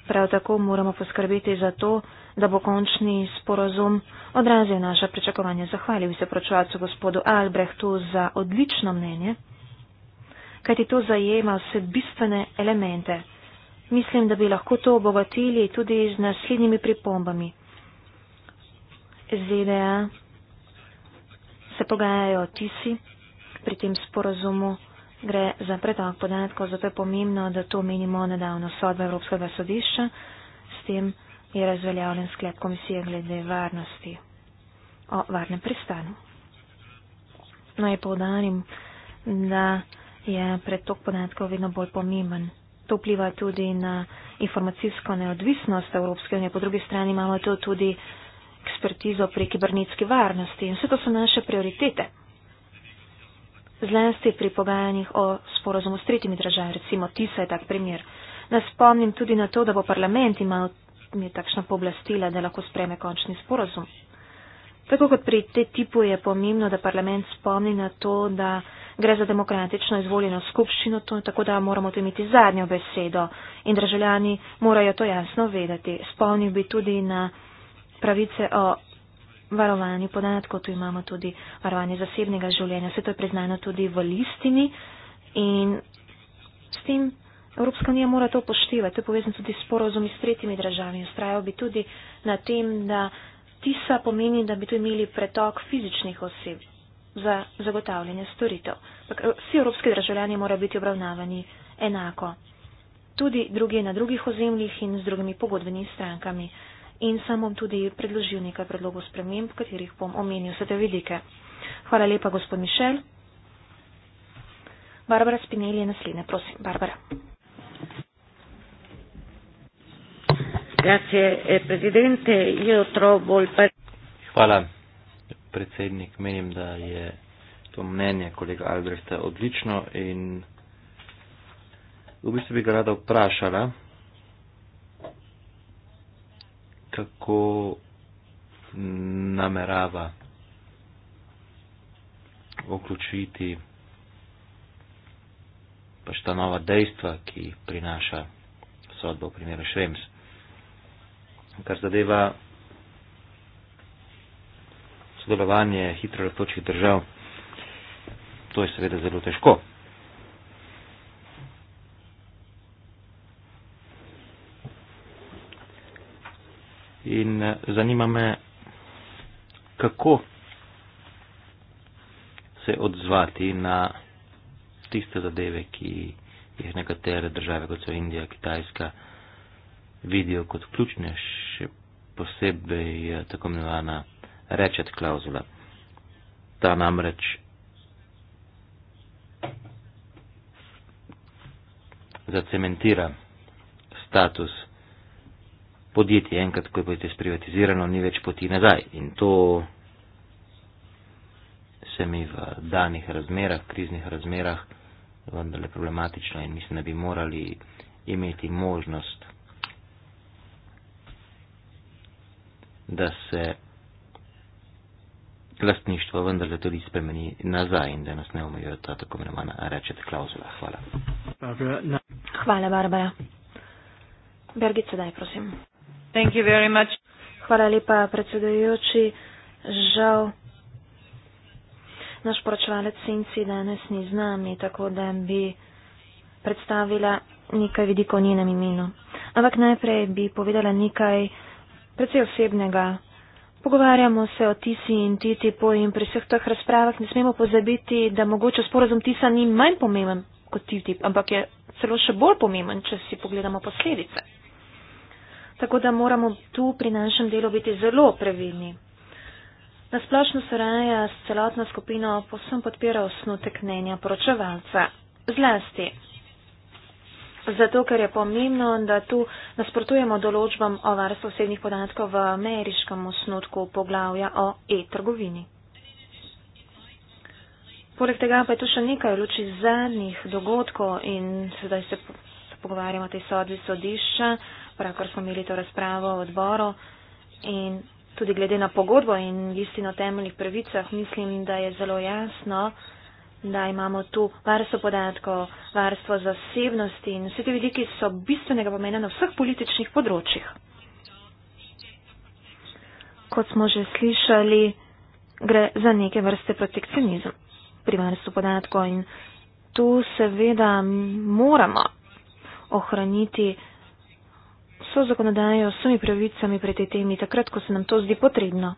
Prav tako moramo poskrbeti za to, da bo končni sporozum odrazil naše pričakovanje. Zahvalil bi se pročovalcu gospodu Albrehtu za odlično mnenje, kajti to zajema vse bistvene elemente. Mislim, da bi lahko to obogatili tudi z naslednjimi pripombami. ZDA se pogajajo ti si, pri tem sporozumu gre za pretok podatkov, zato je pomembno, da to menimo nedavno sodbo Evropskega sodišča, s tem je razveljavljen sklep komisije glede varnosti o varnem pristanu. Naj no, povdarim, da je pretok podatkov vedno bolj pomemben. To vpliva tudi na informacijsko neodvisnost Evropske unije. Po drugi strani imamo to tudi ekspertizo pri kibernetski varnosti in vse to so naše prioritete. Zlasti pri pogajanjih o sporozumu s tretjimi državami, recimo TISA je tak primer. Nas spomnim tudi na to, da bo parlament imel mi takšna pooblastila, da lahko spreme končni sporozum. Tako kot pri te tipu je pomembno, da parlament spomni na to, da gre za demokratično izvoljeno skupščino, to, tako da moramo tu imeti zadnjo besedo in državljani morajo to jasno vedeti. Spomnil bi tudi na pravice o varovanju podatkov, tu imamo tudi varovanje zasebnega življenja. Vse to je priznano tudi v listini in s tem Evropska unija mora to poštevati. To je povezano tudi s sporozumi s tretjimi državami. Ustrajal bi tudi na tem, da TISA pomeni, da bi tu imeli pretok fizičnih oseb za zagotavljanje storitev. Vsi evropski državljani morajo biti obravnavani enako. Tudi drugi na drugih ozemljih in z drugimi pogodbenimi strankami in sem vam tudi predložil nekaj predlogov sprememb, katerih bom omenil vse te vidike. Hvala lepa, gospod Mišel. Barbara Spinelli je naslednja, prosim. Barbara. Eh, Hvala, predsednik. Menim, da je to mnenje kolega Albrehta odlično in v bistvu bi ga rada vprašala. kako namerava vključiti pač ta nova dejstva, ki prinaša sodbo v primeru Šrems. Kar zadeva sodelovanje hitro razločih držav, to je seveda zelo težko. in eh, zanima me, kako se odzvati na tiste zadeve, ki jih nekatere države, kot so Indija, Kitajska, vidijo kot ključne, še posebej eh, tako imenovana rečet klauzula. Ta namreč zacementira status podjetje, enkrat, ko je podjetje sprivatizirano, ni več poti nazaj. In to se mi v danih razmerah, kriznih razmerah, vendarle problematično in mislim, da bi morali imeti možnost, da se lastništvo vendarle tudi spremeni nazaj in da nas ne omejuje ta tako imenovana rečet klauzula. Hvala. Hvala, Barbara. Bergit, sedaj, prosim. Hvala lepa, predsedujoči. Žal, naš poročevalec Sinci danes ni z nami, tako da bi predstavila nekaj vidikov njenem imenu. Ampak najprej bi povedala nekaj predvsej osebnega. Pogovarjamo se o Tisi in TTIP-u in pri vseh teh razpravah ne smemo pozabiti, da mogoče sporazum Tisa ni manj pomemben kot TTIP, ampak je celo še bolj pomemben, če si pogledamo posledice. Tako da moramo tu pri našem delu biti zelo previdni. Nasplošno se raja s celotno skupino posem podpira osnutek mnenja poročevalca. Zlasti. Zato, ker je pomembno, da tu nasprotujemo določbam o varstvu osebnih podatkov v ameriškem osnutku poglavja o e-trgovini. Poleg tega pa je tu še nekaj luči zadnjih dogodkov in sedaj se pogovarjamo o tej sodbi sodišča. So pravkar smo imeli to razpravo v odboru in tudi glede na pogodbo in listino temeljih pravicah, mislim, da je zelo jasno, da imamo tu varstvo podatkov, varstvo zasebnosti in vse te vidiki so bistvenega pomena na vseh političnih področjih. Kot smo že slišali, gre za neke vrste protekcionizem pri varstvu podatkov in tu seveda moramo ohraniti vso zakonodajo, s vsemi pravicami pred te temi, takrat, ko se nam to zdi potrebno.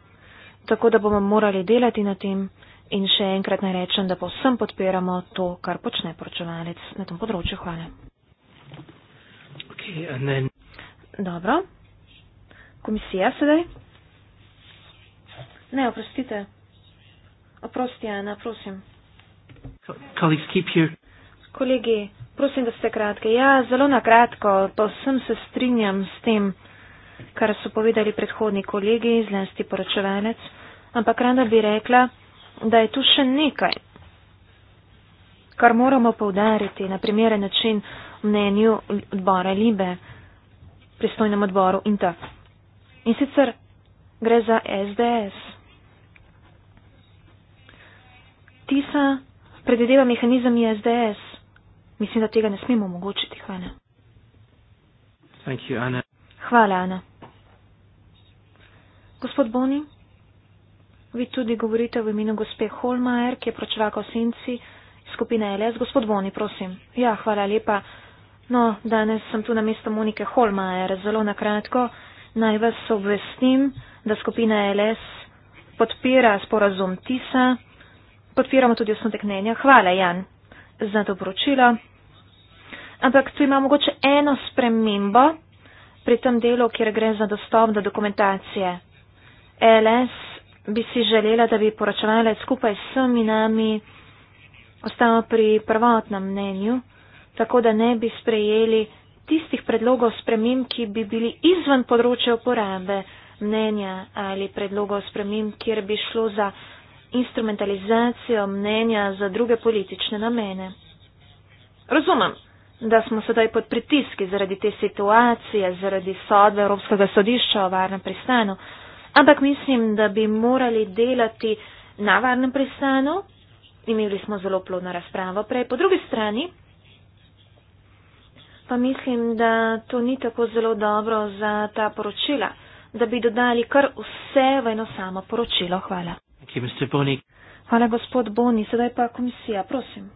Tako da bomo morali delati na tem in še enkrat naj rečem, da povsem podpiramo to, kar počne poročevalec na tom področju. Hvala. Okay, then... Dobro. Komisija sedaj? Ne, oprostite. Oprosti, Ana, prosim. Kolegi, Prosim, da ste kratki. Ja, zelo na kratko, pa vsem se strinjam s tem, kar so povedali predhodni kolegi, zlasti poročevalec, ampak rada bi rekla, da je tu še nekaj, kar moramo povdariti na primeren način mnenju odbora Libe, pristojnem odboru in ta. In sicer gre za SDS. Tisa predvideva mehanizem SDS. Mislim, da tega ne smemo omogočiti. Hvala. You, Anna. Hvala, Ana. Gospod Boni, vi tudi govorite v imenu gospe Holmajer, ki je pročevaka v senci skupine LS. Gospod Boni, prosim. Ja, hvala lepa. No, danes sem tu na mesto Monike Holmajer. Zelo na kratko naj vas obvestim, da skupina LS podpira sporazum TISA. Podpiramo tudi osnotek mnenja. Hvala, Jan za dobročila. Ampak tu ima mogoče eno spremembo pri tem delu, kjer gre za dostop do dokumentacije. LS bi si želela, da bi poročevala skupaj s vsemi nami ostalo pri prvotnem mnenju, tako da ne bi sprejeli tistih predlogov spremim, ki bi bili izven področja uporabe mnenja ali predlogov spremim, kjer bi šlo za instrumentalizacijo mnenja za druge politične namene. Razumem, da smo sedaj pod pritiski zaradi te situacije, zaradi sodbe Evropskega sodišča o varnem pristanu, ampak mislim, da bi morali delati na varnem pristanu. Imeli smo zelo plodno razpravo prej. Po drugi strani pa mislim, da to ni tako zelo dobro za ta poročila, da bi dodali kar vse v eno samo poročilo. Hvala. Hvala, gospod Boni. Sedaj pa komisija, prosim.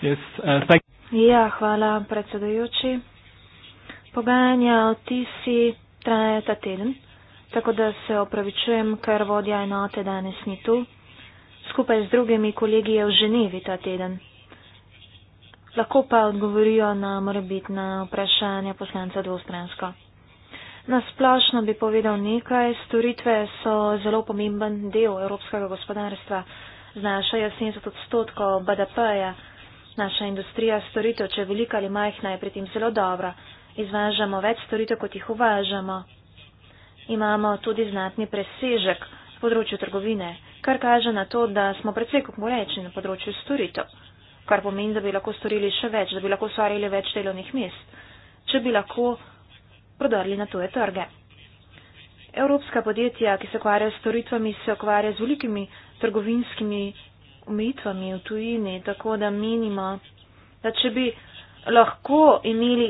Yes, uh, ja, hvala, predsedujoči. Pogajanja o TISI traje ta teden, tako da se opravičujem, ker vodja enote danes ni tu. Skupaj z drugimi kolegi je v Ženevi ta teden. Lahko pa odgovorijo na morebitna vprašanja poslanca dvostransko. Nasplošno bi povedal nekaj, storitve so zelo pomemben del evropskega gospodarstva, znašajo 70 odstotkov BDP-ja. Naša industrija storitev, če velika ali majhna, je pri tem zelo dobra. Izvažamo več storitev, kot jih uvažamo. Imamo tudi znatni presežek v področju trgovine, kar kaže na to, da smo predvsej, kako reči, na področju storitev, kar pomeni, da bi lahko storili še več, da bi lahko ustvarili več delovnih mest. Če bi lahko prodrli na tuje trge. Evropska podjetja, ki se ukvarjajo s storitvami, se ukvarjajo z velikimi trgovinskimi umitvami v tujini, tako da menimo, da če bi lahko imeli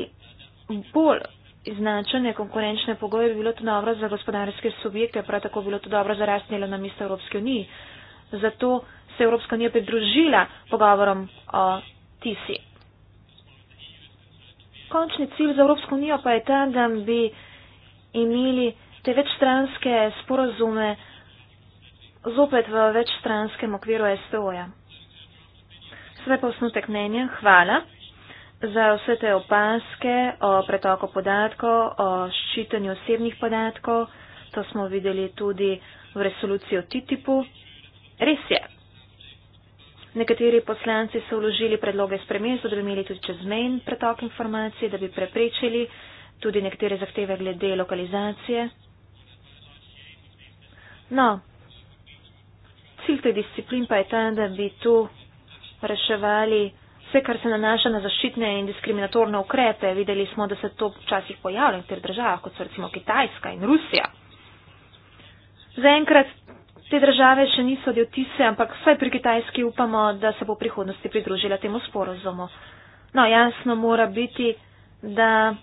bolj iznačene konkurenčne pogoje, bi bilo to dobro za gospodarske subjekte, prav tako bi bilo to dobro za rastnjelo na mesto Evropske unije. Zato se je Evropska unija pridružila pogovorom o TISI končni cilj za Evropsko unijo pa je ta, da bi imeli te večstranske sporozume zopet v večstranskem okviru STO-ja. Sve pa osnutek mnenja, hvala za vse te opaske o pretoku podatkov, o ščitanju osebnih podatkov, to smo videli tudi v resoluciji o TTIP-u. Res je. Nekateri poslanci so vložili predloge spremen, so dobili tudi čezmejn pretok informacij, da bi preprečili tudi nekatere zahteve glede lokalizacije. No, cilj te disciplin pa je ta, da bi tu reševali vse, kar se nanaša na zaščitne in diskriminatorne ukrepe. Videli smo, da se to včasih pojavlja v teh državah, kot so recimo Kitajska in Rusija. Zaenkrat Te države še niso del tise, ampak vsaj pri Kitajski upamo, da se bo v prihodnosti pridružila temu sporozumu. No, jasno mora biti, da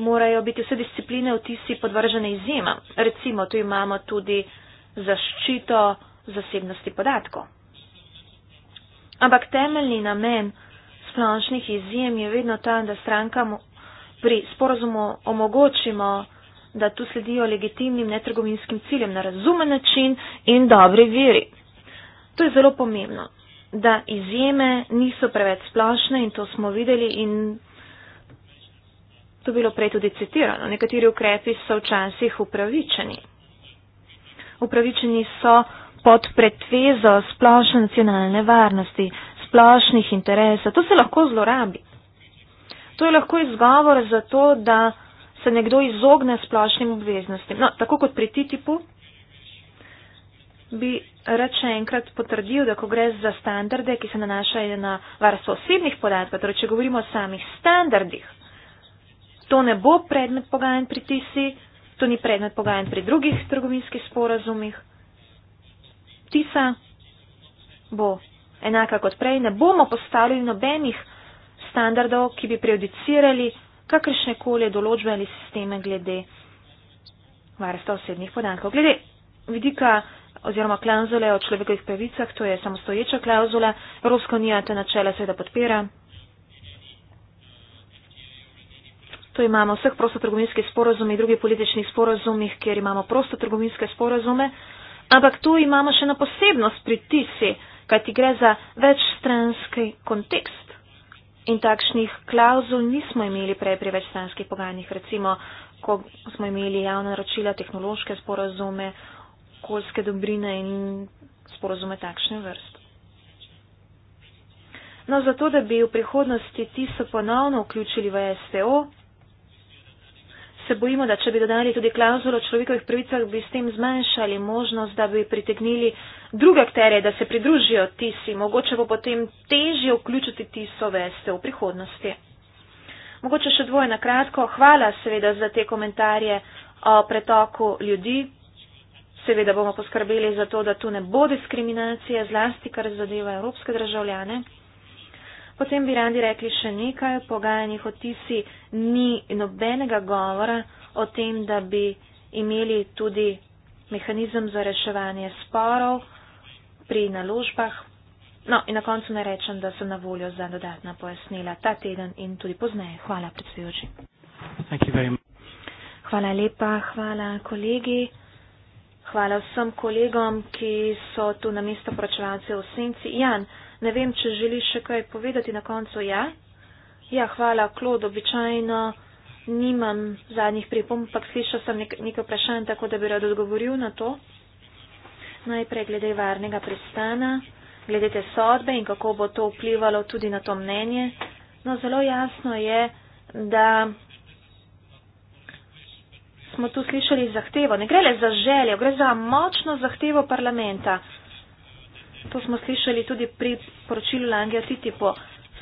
morajo biti vse discipline v tisi podvržene izjema. Recimo, tu imamo tudi zaščito zasebnosti podatkov. Ampak temeljni namen splošnih izjem je vedno ta, da strankam pri sporozumu omogočimo, da tu sledijo legitimnim netrgovinskim ciljem na razumen način in dobri veri. To je zelo pomembno, da izjeme niso preveč splošne in to smo videli in to bilo prej tudi citirano. Nekateri ukrepi so včasih upravičeni. Upravičeni so pod pretvezo splošne nacionalne varnosti, splošnih interesov. To se lahko zlorabi. To je lahko izgovor za to, da se nekdo izogne splošnim obveznostim. No, tako kot pri TTIP-u bi rad še enkrat potrdil, da ko gre za standarde, ki se nanašajo na varstvo osebnih podatkov, torej če govorimo o samih standardih, to ne bo predmet pogajanj pri TISI, to ni predmet pogajanj pri drugih trgovinskih sporazumih. TISA bo enaka kot prej, ne bomo postavili nobenih standardov, ki bi prejudicirali kakršne koli določbe ali sisteme glede varstva osebnih podankov. Glede vidika oziroma klauzule o človekovih pravicah, to je samostoječa klauzula, Evropska unija te načela seveda podpira. To imamo vseh prostotrgovinskih sporozumih, drugih političnih sporozumih, kjer imamo prostotrgovinske sporozume, ampak tu imamo še na posebnost pritisi, kajti gre za večstranski kontekst. In takšnih klauzul nismo imeli prej pri večstranskih pogajanjih, recimo, ko smo imeli javna naročila, tehnološke sporozume, okoljske dobrine in sporozume takšne vrste. No, zato, da bi v prihodnosti ti se ponovno vključili v STO, se bojimo, da če bi dodali tudi klauzulo o človekovih pravicah, bi s tem zmanjšali možnost, da bi pritegnili druge akterje, da se pridružijo tisi. Mogoče bo potem težje vključiti tiso veste v prihodnosti. Mogoče še dvoje na kratko. Hvala seveda za te komentarje o pretoku ljudi. Seveda bomo poskrbeli za to, da tu ne bo diskriminacije, zlasti kar zadeva evropske državljane. Potem bi radi rekli še nekaj o pogajanjih o tisi. Ni nobenega govora o tem, da bi imeli tudi mehanizem za reševanje sporov pri naložbah. No, in na koncu ne rečem, da so na voljo za dodatna pojasnila ta teden in tudi pozneje. Hvala, predsedujoči. Hvala lepa, hvala kolegi. Hvala vsem kolegom, ki so tu na mesto poročevalcev v Senci. Jan, Ne vem, če želiš še kaj povedati na koncu. Ja, ja hvala, Klod, običajno nimam zadnjih pripomb, ampak slišal sem nek, nekaj vprašanj, tako da bi rad odgovoril na to. Najprej glede varnega pristana, glede te sodbe in kako bo to vplivalo tudi na to mnenje. No, zelo jasno je, da smo tu slišali zahtevo. Ne gre le za željo, gre za močno zahtevo parlamenta. To smo slišali tudi pri poročilu Langija Titipo.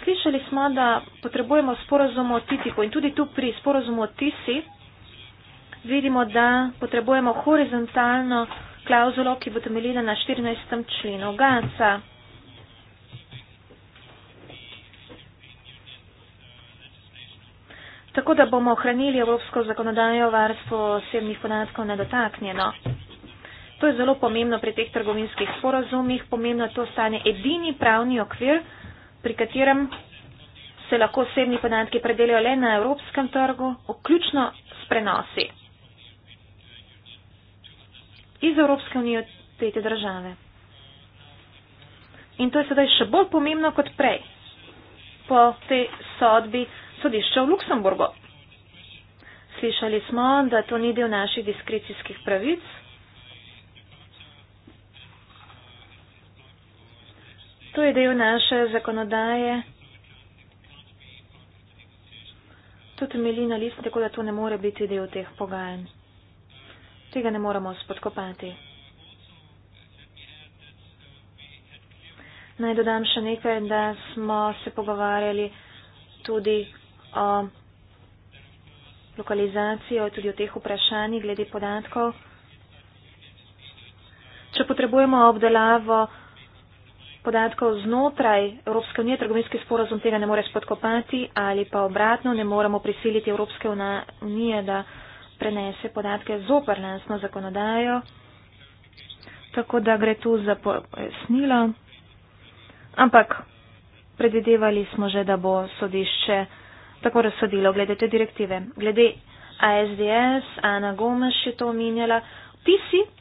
Slišali smo, da potrebujemo sporozum o Titipo in tudi tu pri sporozumu o Tisi vidimo, da potrebujemo horizontalno klauzulo, ki bo temeljila na 14. členu Gaza. Tako da bomo ohranili evropsko zakonodajo varstvo osebnih podatkov nedotaknjeno. To je zelo pomembno pri teh trgovinskih sporazumih, pomembno je to stanje edini pravni okvir, pri katerem se lahko osebni podatki predelijo le na evropskem trgu, vključno s prenosi iz Evropske unije v tretje države. In to je sedaj še bolj pomembno kot prej po tej sodbi sodišča v Luksemburgu. Slišali smo, da to ni del naših diskrecijskih pravic, To je del naše zakonodaje. To temelji na listi, tako da to ne more biti del teh pogajanj. Tega ne moramo spodkopati. Naj dodam še nekaj, da smo se pogovarjali tudi o lokalizaciji, tudi o teh vprašanjih glede podatkov. Če potrebujemo obdelavo podatkov znotraj Evropske unije, trgovinski sporazum tega ne more spodkopati ali pa obratno, ne moremo prisiliti Evropske unije, da prenese podatke zopr nasno zakonodajo. Tako da gre tu za pojasnilo. Ampak predvidevali smo že, da bo sodišče tako razsodilo glede te direktive. Glede ASDS, Ana Gomes je to omenjala. Ti si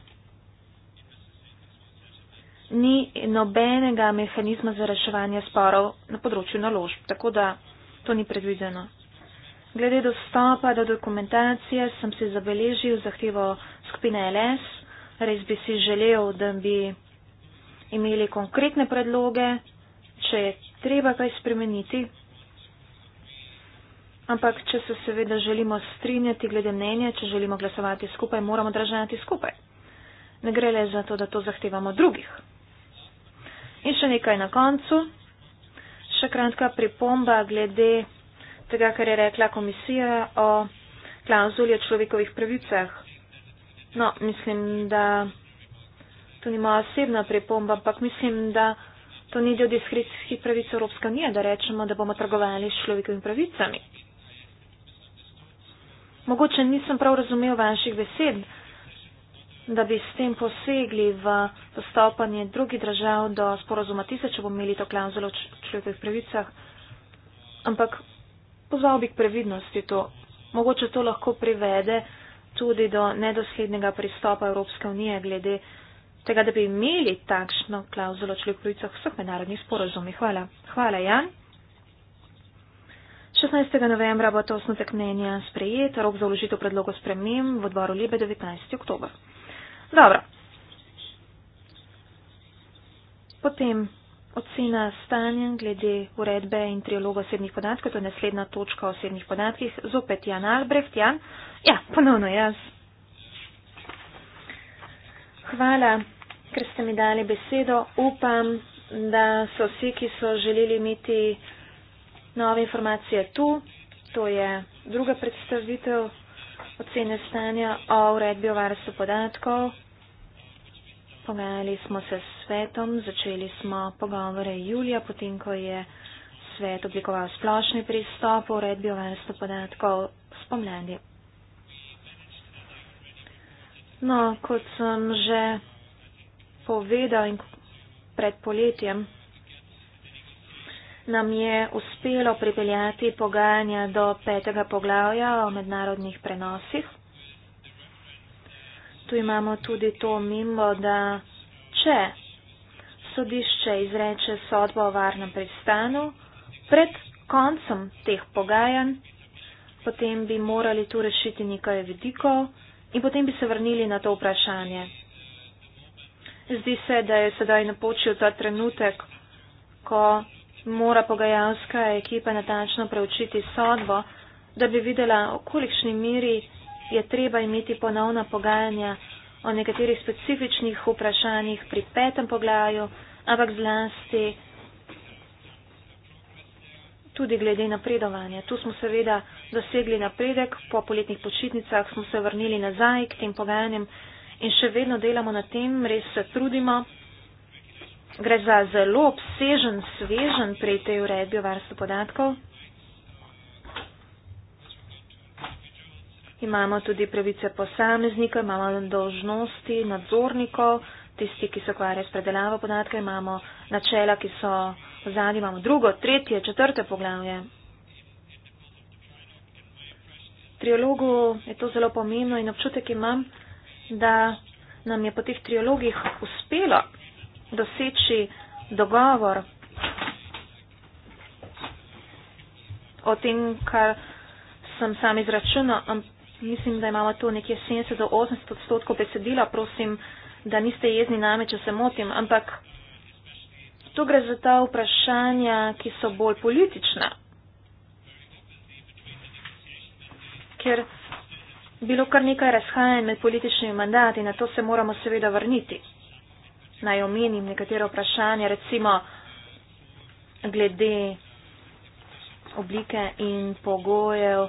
ni nobenega mehanizma za reševanje sporov na področju naložb, tako da to ni predvideno. Glede dostopa do dokumentacije sem si zabeležil zahtevo skupine LS. Res bi si želel, da bi imeli konkretne predloge, če je treba kaj spremeniti. Ampak, če se seveda želimo strinjati glede mnenja, če želimo glasovati skupaj, moramo držati skupaj. Ne gre le za to, da to zahtevamo drugih. In še nekaj na koncu. Še kratka pripomba glede tega, kar je rekla komisija o klauzuli o človekovih pravicah. No, mislim, da to ni moja osebna pripomba, ampak mislim, da to ni del diskrecijskih pravic Evropske unije, da rečemo, da bomo trgovali s človekovimi pravicami. Mogoče nisem prav razumel vaših besed da bi s tem posegli v dostopanje drugih držav do sporozuma tiste, če bomo imeli to klauzulo o človekovih pravicah. Ampak pozval bi k previdnosti to. Mogoče to lahko privede tudi do nedoslednega pristopa Evropske unije glede tega, da bi imeli takšno klauzulo o človekovih pravicah v vseh mednarodnih sporozumih. Hvala. Hvala, Jan. 16. novembra bo to osnotek mnenja sprejet, rok za uložitev predlogo sprememb v odboru Libe 19. oktober. Dobro. Potem ocena stanja glede uredbe in trialoga osebnih podatkov, to je naslednja točka o osebnih podatkih. Zopet Jan Albrecht, Jan. Ja, ponovno jaz. Hvala, ker ste mi dali besedo. Upam, da so vsi, ki so želeli imeti nove informacije tu. To je druga predstavitev ocene stanja o uredbi o varstvu podatkov. Pogajali smo se s svetom, začeli smo pogovore julija, potem ko je svet oblikoval splošni pristop o uredbi o varstvu podatkov spomladi. No, kot sem že povedal in pred poletjem, nam je uspelo pripeljati pogajanja do petega poglavja o mednarodnih prenosih. Tu imamo tudi to mimo, da če sodišče izreče sodbo o varnem pristanu, pred koncem teh pogajanj, potem bi morali tu rešiti nekaj vidikov in potem bi se vrnili na to vprašanje. Zdi se, da je sedaj napočil ta trenutek, ko mora pogajalska ekipa natančno preučiti sodbo, da bi videla, v kolikšni miri je treba imeti ponovna pogajanja o nekaterih specifičnih vprašanjih pri petem poglavju, ampak zlasti tudi glede napredovanja. Tu smo seveda dosegli napredek, po poletnih počitnicah smo se vrnili nazaj k tem pogajanjem in še vedno delamo na tem, res se trudimo gre za zelo obsežen svežen pri tej uredbi o varstvu podatkov. Imamo tudi pravice posameznikov, imamo dožnosti nadzornikov, tisti, ki se ukvarjajo s predelavo podatka, imamo načela, ki so zadnji, imamo drugo, tretje, četrte poglavje. Triologu je to zelo pomembno in občutek imam, da nam je po teh triologih uspelo doseči dogovor o tem, kar sem sam izračunal. Mislim, da imamo tu nekje 70 do 80 odstotkov besedila. Prosim, da niste jezni name, če se motim. Ampak tu gre za ta vprašanja, ki so bolj politična. Ker bilo kar nekaj razhajanj med političnimi mandati, na to se moramo seveda vrniti naj omenim nekatero vprašanje, recimo glede oblike in pogojev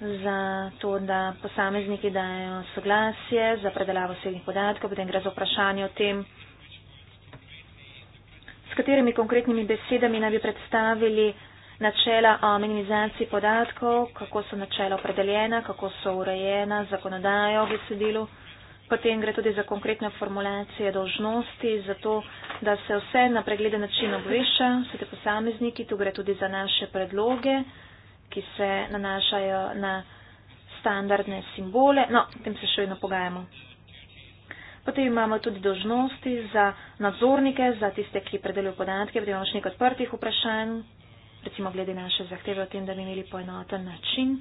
za to, da posamezniki dajo soglasje za predelavo osebnih podatkov, potem gre za vprašanje o tem, s katerimi konkretnimi besedami naj bi predstavili načela o minimizaciji podatkov, kako so načela opredeljena, kako so urejena zakonodajo v besedilu. Potem gre tudi za konkretne formulacije dožnosti, zato da se vse na pregleden način obvešča, vse te posamezniki, tu gre tudi za naše predloge, ki se nanašajo na standardne simbole. No, o tem se še vedno pogajamo. Potem imamo tudi dožnosti za nadzornike, za tiste, ki predelujo podatke, potem imamo še nekaj odprtih vprašanj, recimo glede naše zahteve o tem, da bi imeli poenoten način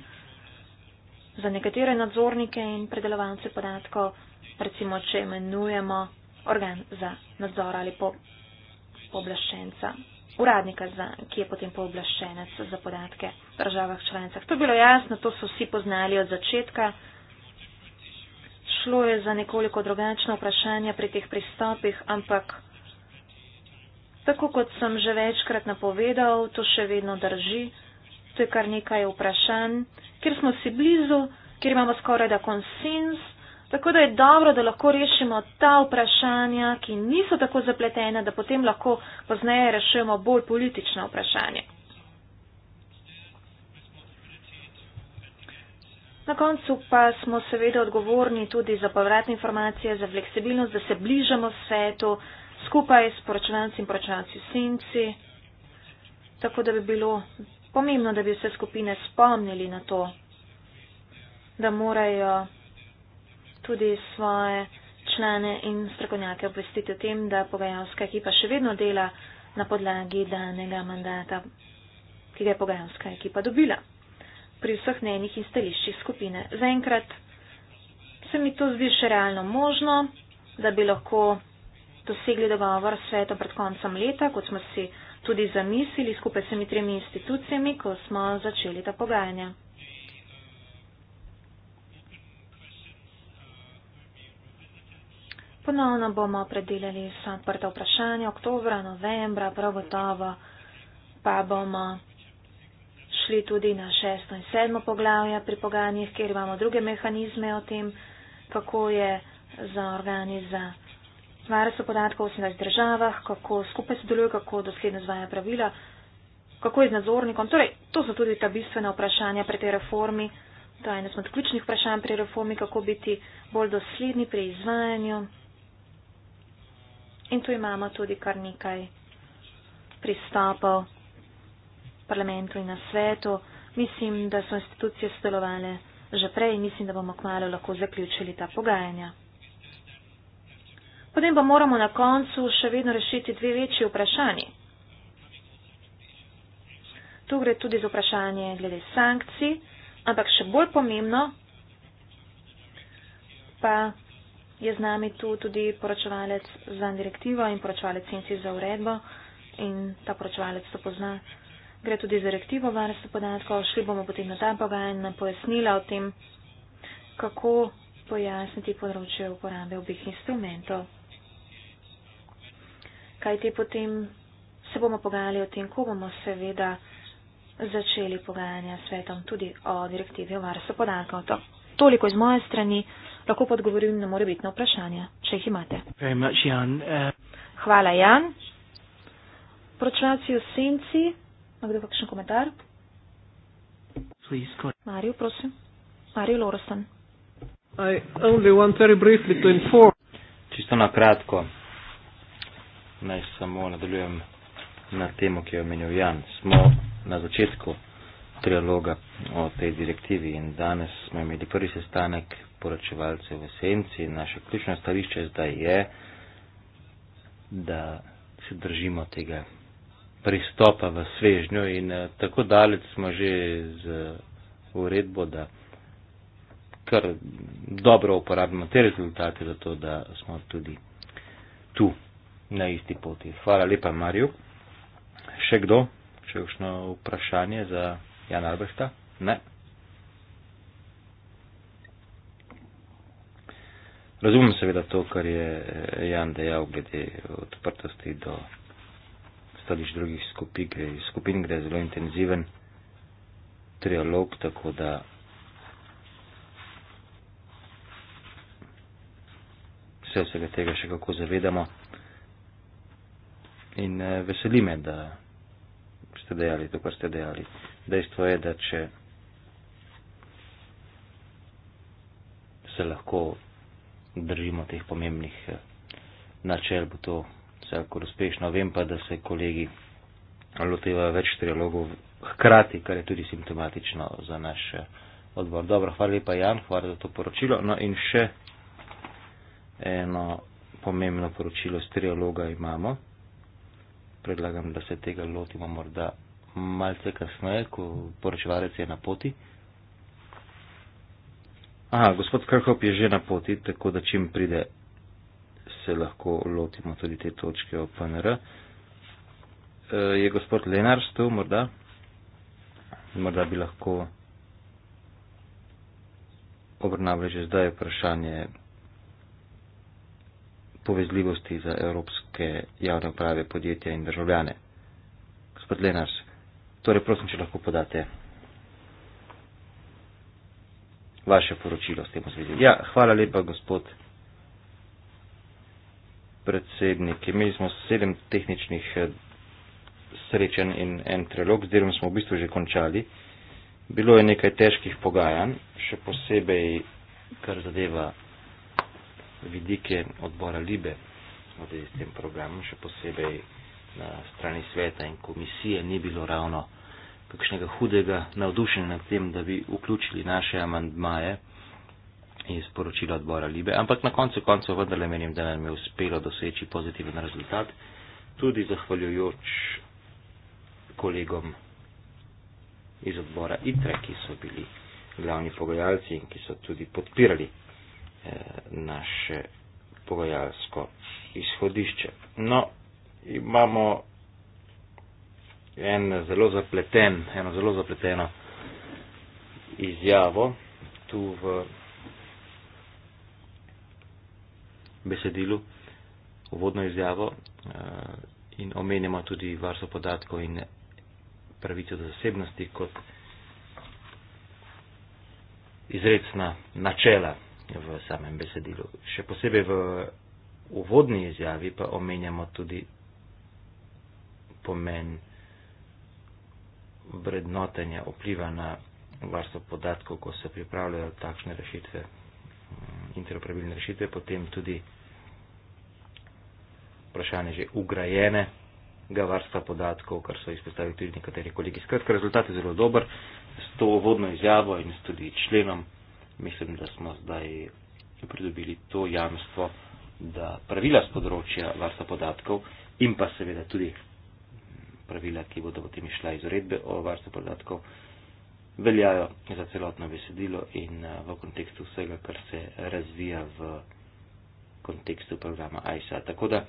za nekatere nadzornike in predelovalce podatkov recimo če imenujemo organ za nadzor ali po, pooblaščenca, uradnika, za, ki je potem pooblaščenec za podatke v državah članicah. To je bilo jasno, to so vsi poznali od začetka. Šlo je za nekoliko drugačno vprašanje pri teh pristopih, ampak tako kot sem že večkrat napovedal, to še vedno drži. To je kar nekaj vprašanj, kjer smo si blizu, kjer imamo skoraj da konsens, Tako da je dobro, da lahko rešimo ta vprašanja, ki niso tako zapletena, da potem lahko pozneje rešujemo bolj politična vprašanja. Na koncu pa smo seveda odgovorni tudi za povratne informacije, za fleksibilnost, da se bližamo svetu skupaj s poročevalci in poročevalci Sinci. Tako da bi bilo pomembno, da bi vse skupine spomnili na to, da morajo tudi svoje člane in strokovnjake obvestiti o tem, da pogajalska ekipa še vedno dela na podlagi danega mandata, ki ga je pogajalska ekipa dobila pri vseh njenih in stališčih skupine. Zaenkrat se mi to zdi še realno možno, da bi lahko dosegli dogovor s svetom pred koncem leta, kot smo si tudi zamislili skupaj s temi tremi institucijami, ko smo začeli ta pogajanja. Ponovno bomo predelali vsa odprta vprašanja oktobra, novembra, prav gotovo pa bomo šli tudi na šesto in sedmo poglavje pri pogajanjih, kjer imamo druge mehanizme o tem, kako je za organi za varstvo podatkov v 18 državah, kako skupaj sodeluje, kako dosledno zvaja pravila, kako je z nadzornikom. Torej, to so tudi ta bistvena vprašanja pri tej reformi. To je eno od ključnih vprašanj pri reformi, kako biti bolj dosledni pri izvajanju in tu imamo tudi kar nekaj pristopov parlamentu in na svetu. Mislim, da so institucije sodelovale že prej in mislim, da bomo kmalo lahko zaključili ta pogajanja. Potem pa moramo na koncu še vedno rešiti dve večji vprašanji. Tu gre tudi za vprašanje glede sankcij, ampak še bolj pomembno pa Je z nami tu tudi poročevalec za direktivo in poročevalec Censi za uredbo in ta poročevalec to pozna. Gre tudi za direktivo varnosti podatkov. Šli bomo potem na ta pogajanj na pojasnila o tem, kako pojasniti področje uporabe obih instrumentov. Kaj te potem se bomo pogajali o tem, ko bomo seveda začeli pogajanja s svetom tudi o direktivi o varstvu podatkov. To, toliko iz moje strani lahko pa odgovorim na morebitno vprašanje, če jih imate. Much, Jan. Uh... Hvala, Jan. Pročnaci v senci, ima kdo kakšen komentar? Please, Mario, prosim. Mario Lorosan. I only want very briefly to inform. Čisto na kratko, naj samo nadaljujem na temo, ki je omenil Jan. Smo na začetku trialoga o tej direktivi in danes smo imeli prvi sestanek poročevalce v esenci. Naše ključno stališče zdaj je, da se držimo tega pristopa v svežnju in eh, tako daleč smo že z uredbo, da kar dobro uporabimo te rezultate, zato da smo tudi tu na isti poti. Hvala lepa, Marju. Še kdo? Še kakšno vprašanje za Jan Albrehta? Ne. Razumem seveda to, kar je eh, Jan dejal glede odprtosti do stališ drugih skupin, gre, skupin, gre zelo intenziven trialog, tako da vse vsega tega še kako zavedamo. In eh, veseli me, da ste dejali to, kar ste dejali. Dejstvo je, da če se lahko držimo teh pomembnih eh, načel, bo to vsekakor uspešno. Vem pa, da se kolegi lotevajo več trialogov hkrati, kar je tudi simptomatično za naš eh, odbor. Dobro, hvala lepa Jan, hvala za to poročilo. No in še eno pomembno poročilo z trialoga imamo. Predlagam, da se tega lotimo morda malce kasneje, ko poročevalec je na poti. Aha, gospod Krhop je že na poti, tako da čim pride, se lahko lotimo tudi te točke o PNR. E, je gospod Lenars tu, morda? Morda bi lahko obrnavali že zdaj vprašanje povezljivosti za evropske javne uprave, podjetja in državljane. Gospod Lenars, torej prosim, če lahko podate vaše poročilo s tem zvezi. Ja, hvala lepa, gospod predsednik. Imeli smo sedem tehničnih eh, srečen in en trilog, z delom smo v bistvu že končali. Bilo je nekaj težkih pogajanj, še posebej, kar zadeva vidike odbora Libe v zvezi s tem programom, še posebej na strani sveta in komisije ni bilo ravno kakšnega hudega navdušenja nad tem, da bi vključili naše amandmaje iz poročila odbora Libe, ampak na koncu konca vendarle menim, da nam je uspelo doseči pozitiven rezultat, tudi zahvaljujoč kolegom iz odbora ITRE, ki so bili glavni pogajalci in ki so tudi podpirali eh, naše pogajalsko izhodišče. No, imamo en zelo zapleten, eno zelo zapleteno izjavo tu v besedilu, uvodno izjavo eh, in omenjamo tudi varstvo podatkov in pravico do zasebnosti kot izredna načela v samem besedilu. Še posebej v uvodni izjavi pa omenjamo tudi pomen vrednotenja vpliva na varstvo podatkov, ko se pripravljajo takšne rešitve, mm, interoperabilne rešitve, potem tudi vprašanje že ugrajene ga varstva podatkov, kar so izpostavili tudi nekateri kolegi. Skratka, rezultat je zelo dober. S to vodno izjavo in s tudi členom mislim, da smo zdaj pridobili to jamstvo, da pravila z področja varstva podatkov in pa seveda tudi pravila, ki bodo potem išla iz uredbe o varstvu podatkov, veljajo za celotno besedilo in eh, v kontekstu vsega, kar se razvija v kontekstu programa AISA. Tako da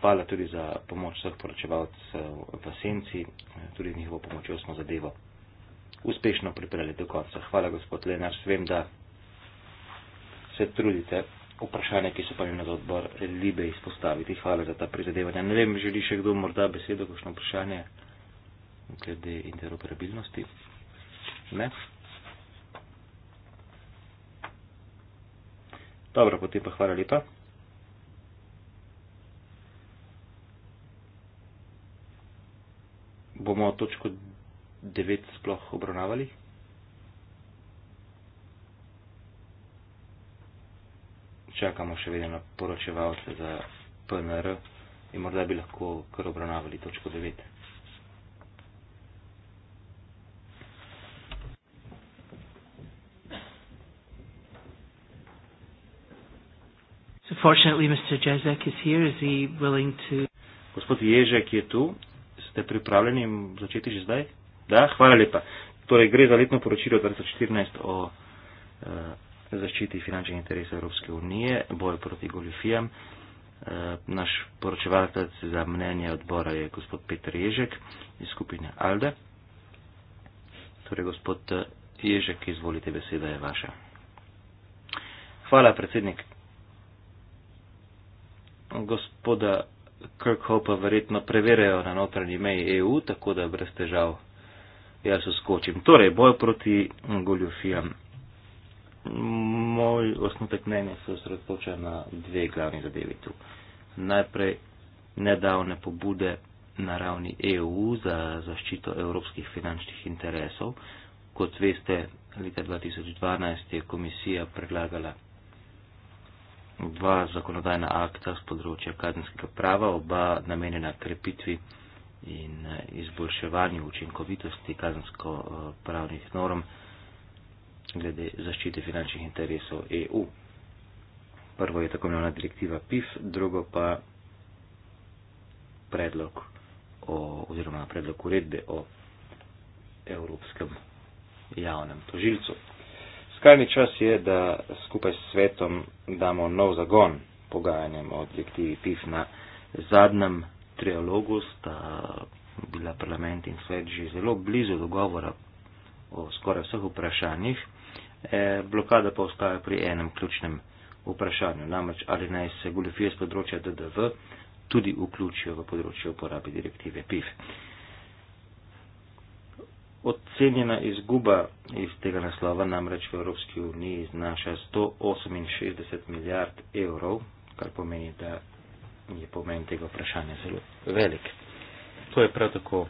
hvala tudi za pomoč vseh poročevalcev v Senci, eh, tudi njihovo pomočjo smo zadevo uspešno pripravili do konca. Hvala gospod Lenar, vem, da se trudite vprašanja, ki so pa jim na odbor Libe izpostaviti. Hvala za ta prizadevanja. Ne vem, želi še kdo morda besedo, kakšno vprašanje glede interoperabilnosti? Ne? Dobro, potem pa hvala lepa. Bomo točko 9 sploh obravnavali? čakamo še vedno na poročevalce za PNR in morda bi lahko kar obravnavali točko 9. Gospod Ježek je tu, ste pripravljeni začeti že zdaj? Da, hvala lepa. Torej gre za letno poročilo 2014 o. Uh, zaščiti finančnih interesov Evropske unije, boj proti goljofijam. E, naš poročevalec za mnenje odbora je gospod Petr Ježek iz skupine Alde. Torej, gospod Ježek, izvolite, beseda je vaša. Hvala, predsednik. Gospoda Kirkhopa verjetno preverjajo na notranji meji EU, tako da brez težav jaz uskočim. Torej, boj proti goljofijam moj osnutek mnenja se osredotoča na dve glavni zadevi tu. Najprej nedavne pobude na ravni EU za zaščito evropskih finančnih interesov. Kot veste, leta 2012 je komisija predlagala dva zakonodajna akta z področja kazenskega prava, oba namenjena krepitvi in eh, izboljševanju učinkovitosti kazensko-pravnih eh, norm glede zaščite finančnih interesov EU. Prvo je tako imenovana direktiva PIF, drugo pa predlog o, oziroma predlog uredbe o Evropskem javnem tožilcu. Skrajni čas je, da skupaj s svetom damo nov zagon pogajanjem o direktivi PIF. Na zadnjem trialogu sta bila parlament in svet že zelo blizu dogovora o skoraj vseh vprašanjih eh, blokada pa ostaja pri enem ključnem vprašanju, namreč ali naj se goljofije z področja DDV tudi vključijo v področje uporabe direktive PIF. Ocenjena izguba iz tega naslova namreč v Evropski uniji znaša 168 milijard evrov, kar pomeni, da je pomen tega vprašanja zelo velik. To je prav tako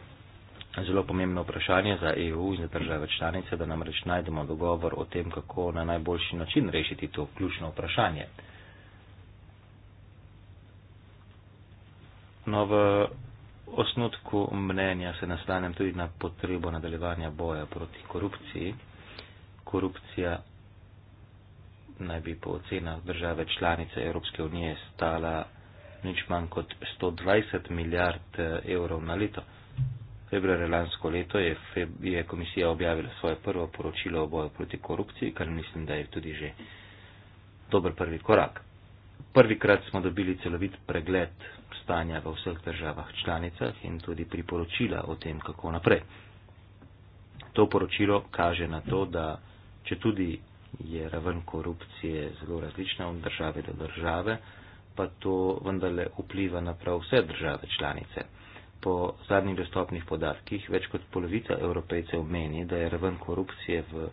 zelo pomembno vprašanje za EU in za države članice, da namreč najdemo dogovor o tem, kako na najboljši način rešiti to ključno vprašanje. No, v osnutku mnenja se nastanem tudi na potrebo nadaljevanja boja proti korupciji. Korupcija naj bi po ocenah države članice Evropske unije stala nič manj kot 120 milijard eh, evrov na leto. Februarja lansko leto je, feb, je komisija objavila svoje prvo poročilo o boju proti korupciji, kar mislim, da je tudi že dober prvi korak. Prvikrat smo dobili celovit pregled stanja v vseh državah članicah in tudi priporočila o tem, kako naprej. To poročilo kaže na to, da če tudi je raven korupcije zelo različna od države do države, pa to vendarle vpliva na prav vse države članice. Po zadnjih dostopnih podatkih več kot polovica evropejcev meni, da je raven korupcije v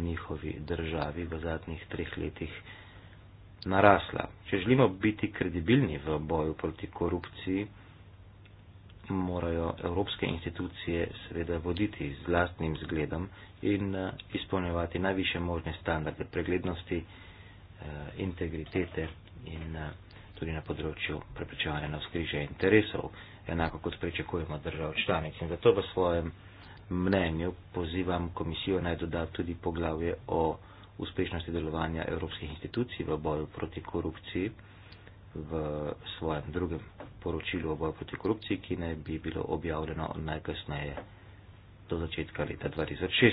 njihovi državi v zadnjih treh letih narasla. Če želimo biti kredibilni v boju proti korupciji, morajo evropske institucije seveda voditi z lastnim zgledom in eh, izpolnjevati najviše možne standarde preglednosti, eh, integritete in eh, tudi na področju preprečevanja navskrižja interesov enako kot pričakujemo držav članic. In zato v svojem mnenju pozivam komisijo naj doda tudi poglavje o uspešnosti delovanja evropskih institucij v boju proti korupciji v svojem drugem poročilu o boju proti korupciji, ki naj bi bilo objavljeno najkasneje do začetka leta 2016.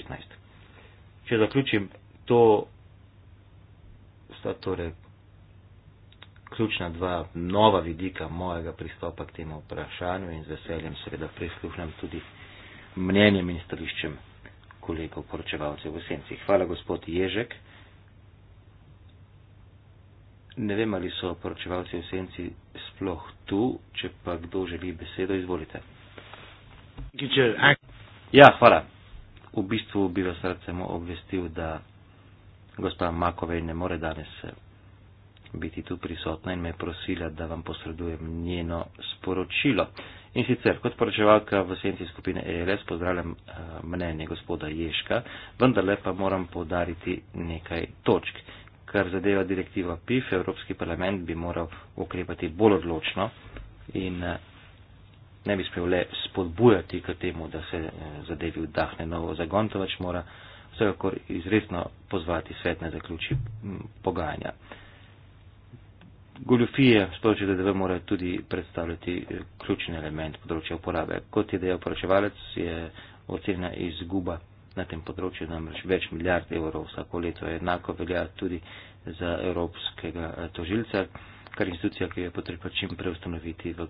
Če zaključim, to sta torej ključna dva nova vidika mojega pristopa k temu vprašanju in z veseljem seveda prisluhnem tudi mnenjem in stališčem kolegov poročevalcev v Senci. Hvala, gospod Ježek. Ne vem, ali so poročevalci v Senci sploh tu, če pa kdo želi besedo, izvolite. Ja, hvala. V bistvu bi vas rad samo obvestil, da gospa Makovej ne more danes biti tu prisotna in me prosila, da vam posredujem njeno sporočilo. In sicer kot poročevalka v senci skupine ELS pozdravljam eh, mnenje gospoda Ješka, vendar lepa moram podariti nekaj točk. Kar zadeva direktiva PIF, Evropski parlament bi moral ukrepati bolj odločno in eh, ne bi smel le spodbujati k temu, da se eh, zadevi vdahne novo zagon, to več mora vsekakor izredno pozvati svet na zaključi pogajanja. Goljofije spoločite, da mora tudi predstavljati eh, ključen element področja uporabe. Kot je dejal poročevalec, je ocena izguba na tem področju namreč več milijard evrov vsako leto. Enako velja tudi za evropskega eh, tožilca, kar institucija, ki je potrebno čim preustanoviti v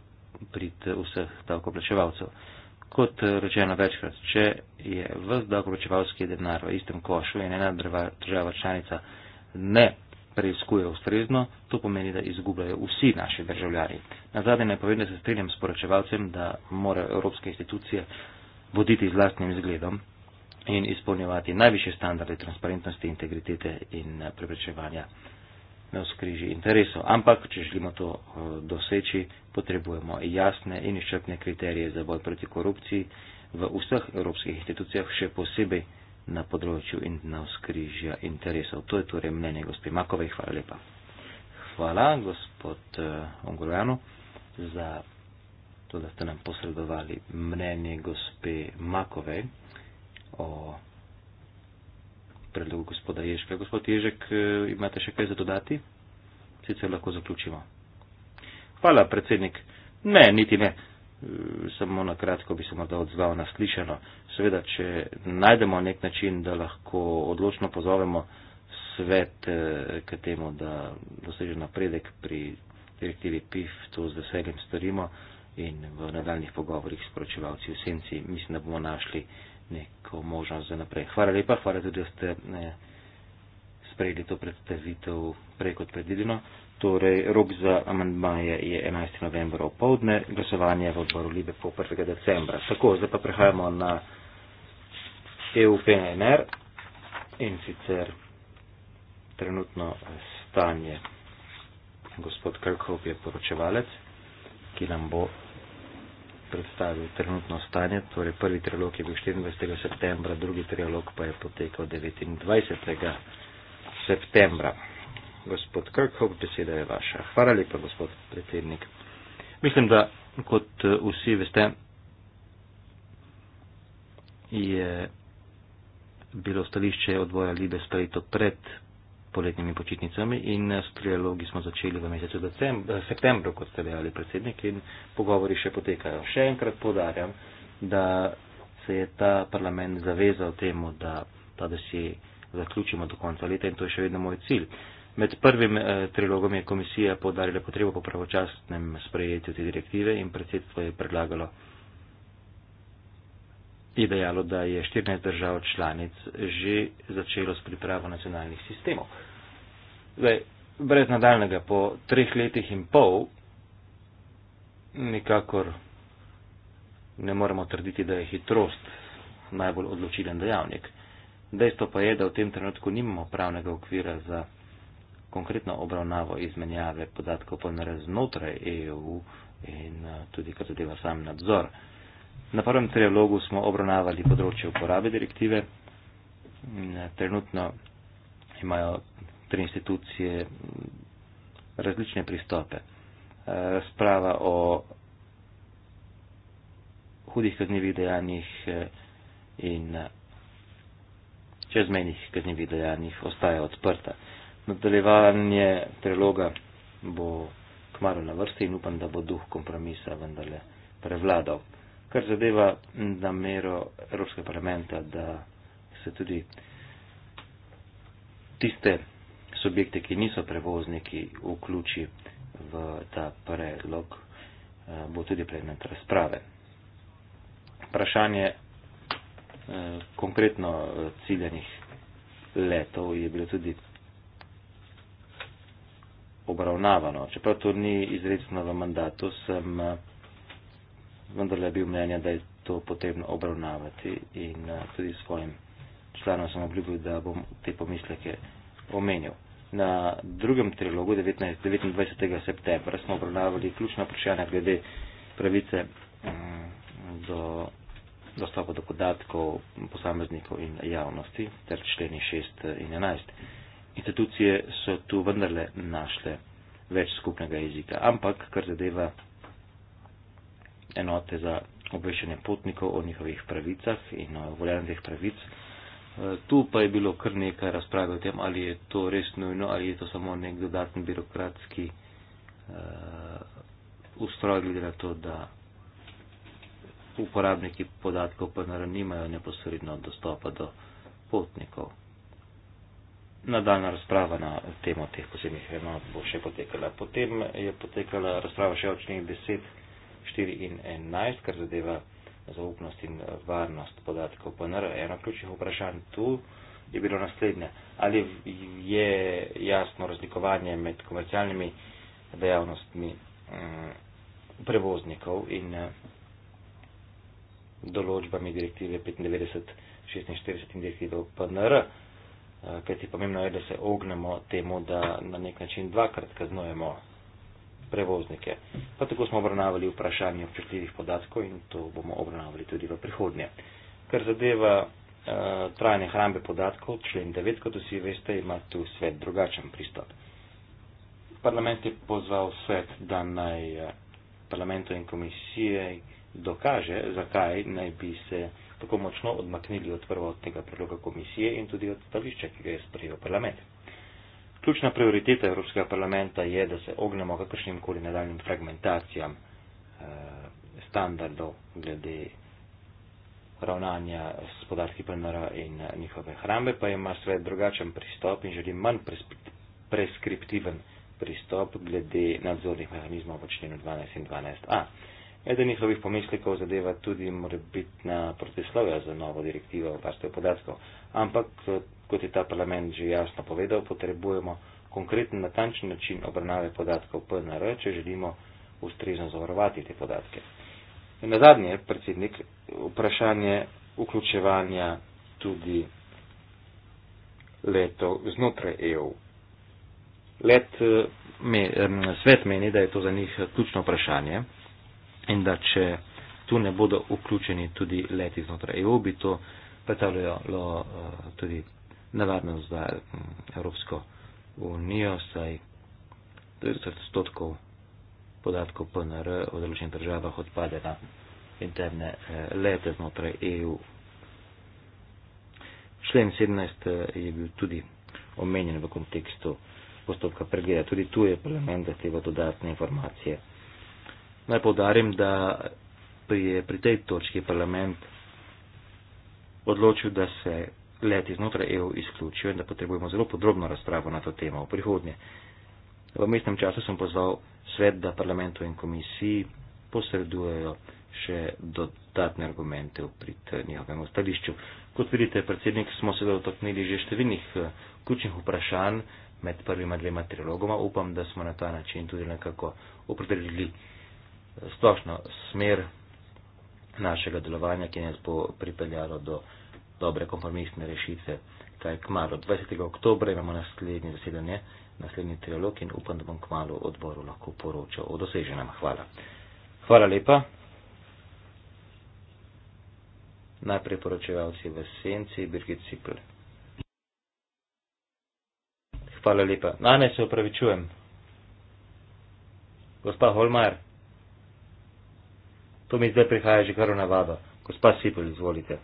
prid eh, vseh davkoplačevalcev. Kot rečeno večkrat, če je vz davkoplačevalski denar v istem košu in ena država članica ne preiskuje ustrezno, to pomeni, da izgubljajo vsi naši državljani. Na zadnje naj povem, da se strinjam s poročevalcem, da morajo evropske institucije voditi z vlastnim zgledom in izpolnjevati najviše standarde transparentnosti, integritete in eh, preprečevanja neuskriži interesov. Ampak, če želimo to eh, doseči, potrebujemo jasne in izčrpne kriterije za boj proti korupciji v vseh evropskih institucijah, še posebej na področju in na skrižja interesov. To je torej mnenje gospe Makovej. Hvala lepa. Hvala, gospod eh, Ongorjano, za to, da ste nam posredovali mnenje gospe Makovej o predlogu gospoda Ježka. Gospod Ježek, eh, imate še kaj za dodati? Sicer lahko zaključimo. Hvala, predsednik. Ne, niti ne. Eh, samo na kratko bi se morda odzval na slišano. Seveda, če najdemo nek način, da lahko odločno pozovemo svet eh, k temu, da doseže napredek pri direktivi PIF, to z veseljem storimo in v nadaljnih pogovorih s poročevalci v senci mislim, da bomo našli neko možnost za naprej. Hvala lepa, hvala tudi, da ste ne, eh, sprejeli to predstavitev prej kot predvideno torej rok za amandmaje je 11. novembra v povdne, glasovanje v odboru Libe po 1. decembra. Tako, zdaj pa prehajamo na EUPNR in sicer trenutno eh, stanje. Gospod Krkov je poročevalec, ki nam bo predstavil trenutno stanje. Torej, prvi trilog je bil 24. septembra, drugi trilog pa je potekal 29. septembra gospod Krkhov, beseda je vaša. Hvala lepa, gospod predsednik. Mislim, da kot eh, vsi veste, je bilo stališče odvoja Libe sprejeto pred poletnimi počitnicami in eh, s trialogi smo začeli v mesecu eh, septembru, kot ste dejali predsednik, in pogovori še potekajo. Še enkrat podarjam, da se je ta parlament zavezal temu, da, da si zaključimo do konca leta in to je še vedno moj cilj. Uh, Med prvim eh, trilogom je komisija povdarila potrebo po pravočasnem sprejetju te direktive in predsedstvo je predlagalo, je dejalo, da je 14 držav članic že začelo s pripravo nacionalnih sistemov. Zdaj, brez nadaljnega, po treh letih in pol nikakor ne moremo trditi, da je hitrost najbolj odločilen dejavnik. Dejstvo pa je, da v tem trenutku nimamo pravnega okvira za konkretno obravnavo izmenjave podatkov PNR znotraj EU in eh, tudi kar zadeva sam nadzor. Na prvem trialogu smo obravnavali področje uporabe direktive. Eh, trenutno imajo tri institucije mm, različne pristope. Eh, razprava o hudih kaznjivih dejanjih in čezmenjih kaznjivih dejanjih ostaja odprta. Nadaljevanje preloga bo kmalo na vrsti in upam, da bo duh kompromisa vendarle prevladal. Kar zadeva namero Evropskega parlamenta, da se tudi tiste subjekte, ki niso prevozniki, vključi v ta predlog, eh, bo tudi predmet razprave. Vprašanje eh, konkretno eh, ciljenih letov je bilo tudi obravnavano. Čeprav to ni izredno v mandatu, sem eh, vendarle bil mnenja, da je to potrebno obravnavati in eh, tudi svojim članom sem obljubil, da bom te pomisleke omenil. Na drugem trilogu 19, 29. septembra smo obravnavali ključna vprašanja glede pravice mm, do dostopa do podatkov posameznikov in javnosti ter členi 6 in 11 institucije so tu vendarle našle več skupnega jezika. Ampak, kar zadeva enote za obveščanje potnikov o njihovih pravicah in o voljanju teh pravic, eh, tu pa je bilo kar nekaj razprave o tem, ali je to res nujno, ali je to samo nek dodatni birokratski uh, ustroj, glede na to, da uporabniki podatkov pa naravno nimajo neposredno dostopa do potnikov nadaljna razprava na temo teh posebnih enot bo še potekala. Potem je potekala razprava še o členih 10, 4 in 11, kar zadeva zaupnost in varnost podatkov PNR. Eno ključnih vprašanj tu je bilo naslednje. Ali je jasno razlikovanje med komercialnimi dejavnostmi mm, prevoznikov in eh, določbami direktive 95, 46 in direktive PNR? kajti pomembno je, da se ognemo temu, da na nek način dvakrat kaznujemo prevoznike. Pa tako smo obravnavali vprašanje občutljivih podatkov in to bomo obravnavali tudi v prihodnje. Kar zadeva uh, trajanje hrambe podatkov, člen 9, kot vsi veste, ima tu svet drugačen pristop. Parlament je pozval svet, da naj eh, parlamentu in komisije, dokaže, zakaj naj bi se tako močno odmaknili od prvotnega predloga komisije in tudi od stališča, ki ga je sprejel parlament. Ključna prioriteta Evropskega parlamenta je, da se ognemo kakršnim koli nadaljnim fragmentacijam eh, standardov glede ravnanja s podatki PNR in eh, njihove hrambe, pa ima svet drugačen pristop in želi manj preskriptiven pristop glede nadzornih mehanizmov v členu 12 in 12a eden njihovih pomislekov zadeva tudi morebitna protislovja za novo direktivo o varstvu podatkov. Ampak, kot je ta parlament že jasno povedal, potrebujemo konkreten, natančen način obravnave podatkov PNR, če želimo ustrezno zavarovati te podatke. In na zadnje, predsednik, vprašanje vključevanja tudi leto znotraj EU. Let, eh, me, svet meni, da je to za njih ključno vprašanje in da če tu ne bodo vključeni tudi leti znotraj EU, bi to predstavljalo eh, tudi nevarnost za mm, Evropsko unijo, saj 30 odstotkov podatkov PNR v določenih državah odpade na interne eh, lete znotraj EU. Člen 17 eh, je bil tudi omenjen v kontekstu postopka pregleda. Tudi tu je parlament zahteval dodatne informacije. Naj podarim, da je pri tej točki parlament odločil, da se leti znotraj EU izključijo in da potrebujemo zelo podrobno razpravo na to temo v prihodnje. V mestnem času sem pozval svet, da parlamentu in komisiji posredujejo še dodatne argumente v prid njihovemu stališču. Kot vidite, predsednik, smo se dotaknili že številnih eh, ključnih vprašanj med prvima dvema trilogoma. Upam, da smo na ta način tudi nekako opredelili splošno smer našega delovanja, ki nas bo pripeljalo do dobre kompromisne rešitve, kaj k malu. 20. oktober imamo naslednje zasedanje, naslednji trialog in upam, da bom k malu odboru lahko poročal o doseženem. Hvala. Hvala lepa. Najprej poročevalci v senci, Birgit Cipl. Hvala lepa. Na ne se opravičujem. Gospa Holmar. To mi zdaj prihaja že kar navado. Gospa Sipelj, izvolite.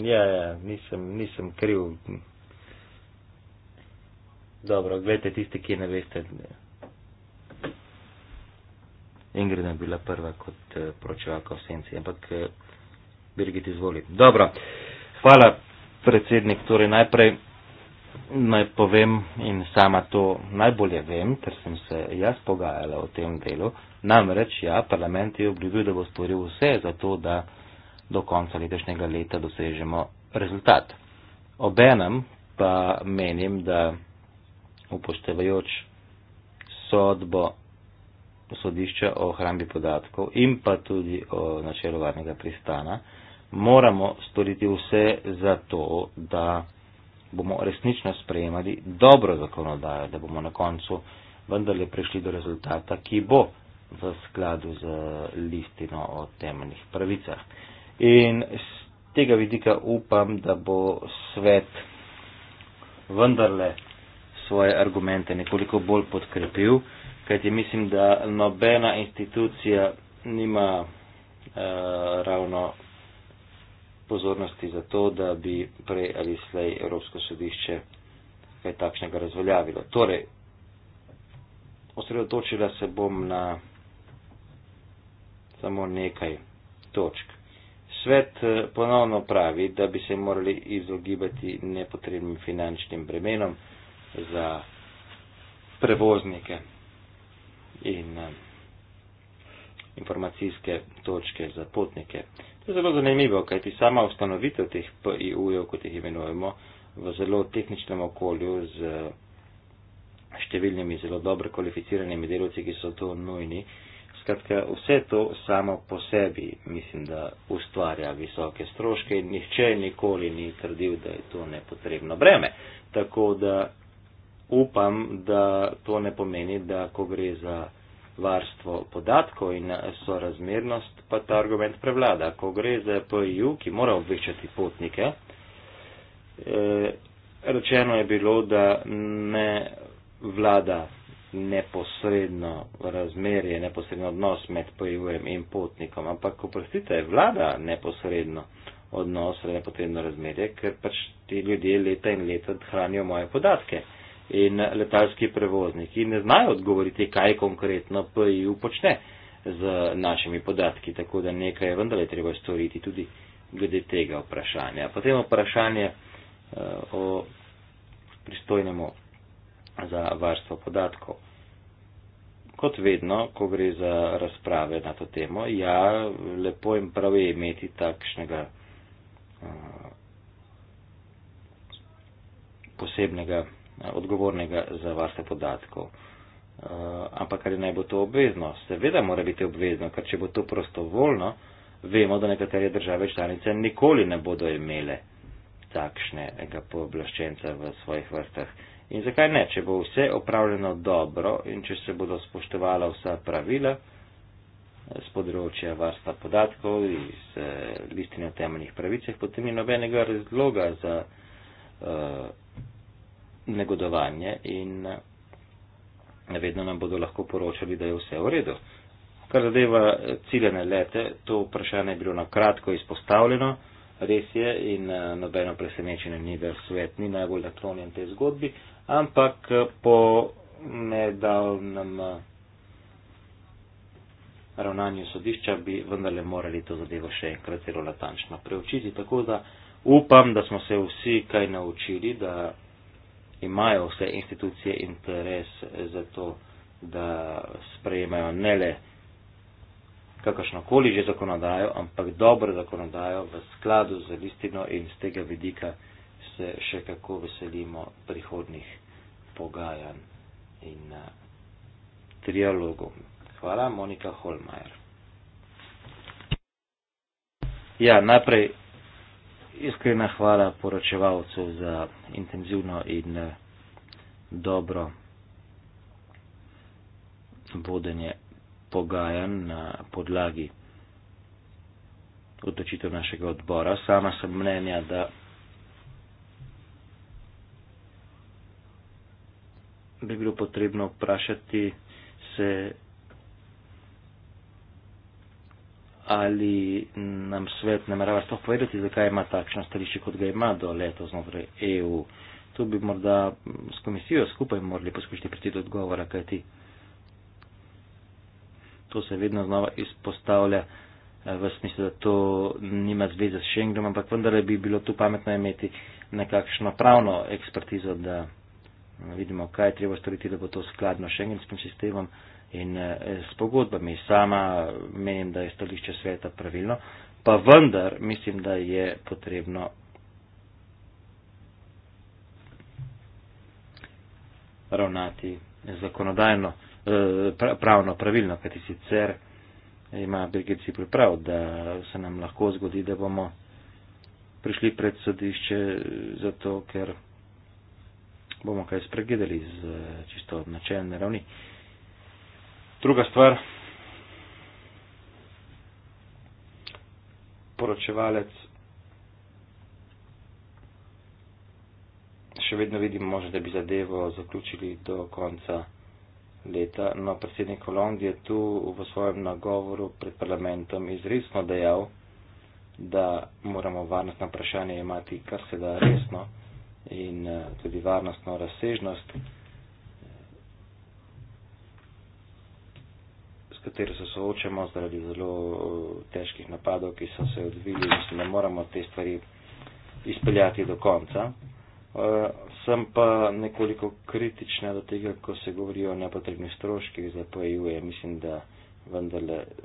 Ja, ja, nisem, nisem kriv. Dobro, gledajte tiste, ki ne veste. Ingrid je bila prva kot eh, pročevalka v senci, ampak eh, Birgit izvoli. Dobro, hvala predsednik. Torej najprej naj povem in sama to najbolje vem, ker sem se jaz pogajala o tem delu. Namreč, ja, parlament je obljubil, da bo storil vse za to, da do konca letošnjega leta dosežemo rezultat. Obenem pa menim, da upoštevajoč sodbo sodišča o hrambi podatkov in pa tudi o načelovarnega pristana, moramo storiti vse za to, da bomo resnično sprejemali dobro zakonodajo, da bomo na koncu vendarle prišli do rezultata, ki bo v skladu z listino o temeljnih pravicah. In s tega vidika upam, da bo svet vendarle svoje argumente nekoliko bolj podkrepil, kajti mislim, da nobena institucija nima eh, ravno pozornosti za to, da bi prej ali slej Evropsko sodišče kaj takšnega razveljavilo. Torej, osredotočila se bom na samo nekaj točk. Svet eh, ponovno pravi, da bi se morali izogibati nepotrebnim finančnim bremenom za prevoznike in eh, informacijske točke za potnike. To je zelo zanimivo, kajti sama ustanovitev teh PIU-jev, kot jih imenujemo, v zelo tehničnem okolju z številnimi zelo dobro kvalificiranimi delovci, ki so to nujni. Skratka, vse to samo po sebi mislim, da ustvarja visoke stroške in nihče nikoli ni trdil, da je to nepotrebno breme. Tako da upam, da to ne pomeni, da ko gre za varstvo podatkov in sorazmernost, pa ta argument prevlada. Ko gre za PIU, ki mora obveščati potnike, eh, rečeno je bilo, da ne vlada neposredno razmerje, neposredno odnos med PIU-jem in potnikom, ampak oprostite, vlada neposredno odnos, neposredno razmerje, ker pač ti ljudje leta in leta hranijo moje podatke in letalski prevozniki ne znajo odgovoriti, kaj konkretno PIU počne z našimi podatki, tako da nekaj je vendarle treba storiti tudi glede tega vprašanja. Potem vprašanje eh, o pristojnemu za varstvo podatkov. Kot vedno, ko gre za razprave na to temo, ja, lepo in prav je imeti takšnega uh, posebnega odgovornega za varstvo podatkov. Eh, ampak ali naj bo to obvezno? Seveda mora biti obvezno, ker če bo to prostovoljno, vemo, da nekatere države članice nikoli ne bodo imele takšnega pooblaščenca v svojih vrstah. In zakaj ne, če bo vse opravljeno dobro in če se bodo spoštovala vsa pravila z eh, področja varstva podatkov in z eh, listine o temeljnih pravicah, potem ni nobenega razloga za uh, negodovanje in eh, vedno nam bodo lahko poročali, da je vse v redu. Kar zadeva eh, ciljene lete, to vprašanje je bilo na kratko izpostavljeno, res je in eh, nobeno presenečenje ni, da svet ni najbolj naklonjen tej zgodbi, ampak po nedavnem ravnanju sodišča bi vendarle morali to zadevo še enkrat zelo natančno preučiti. Tako da upam, da smo se vsi kaj naučili, da imajo vse institucije interes za to, da sprejemajo ne le kakršnokoli že zakonodajo, ampak dobro zakonodajo v skladu z listino in z tega vidika se še kako veselimo prihodnih pogajanj in eh, trialogov. Hvala, Monika Holmajer. Ja, najprej iskrena hvala poročevalcu za intenzivno in eh, dobro vodenje pogajanj na podlagi odločitev našega odbora. Sama sem mnenja, da bi bilo potrebno vprašati se ali nam svet ne mrava sploh povedati, zakaj ima takšno stališče, kot ga ima do leto znotraj EU. Tu bi morda s komisijo skupaj morali poskušati priti do odgovora, kaj ti. To se vedno znova izpostavlja eh, v smislu, da to nima zveze s Schengenom, ampak vendar bi bilo tu pametno imeti nekakšno pravno ekspertizo, da vidimo, kaj je treba storiti, da bo to skladno s šengenskim sistemom in eh, s pogodbami. Sama menim, da je stališče sveta pravilno, pa vendar mislim, da je potrebno ravnati zakonodajno, eh, pravno pravilno, kajti sicer ima Birgit Cipri prav, da se nam lahko zgodi, da bomo prišli pred sodišče eh, zato, ker bomo kaj spregledali z čisto načelne ravni. Uh, Druga stvar, poročevalec še vedno vidi možnost, da bi zadevo zaključili do konca leta. No, predsednik Holandije je tu v svojem nagovoru pred parlamentom izrisno dejal, da moramo varnostno vprašanje imati kar se da resno in eh, tudi varnostno razsežnost. katero se soočamo zaradi zelo eh, težkih napadov, ki so se odvili, mislim, ne moramo te stvari izpeljati do konca. Uh, sem pa nekoliko kritična do tega, ko se govori o nepotrebnih stroških za pojejuje. Mislim, da vendarle eh,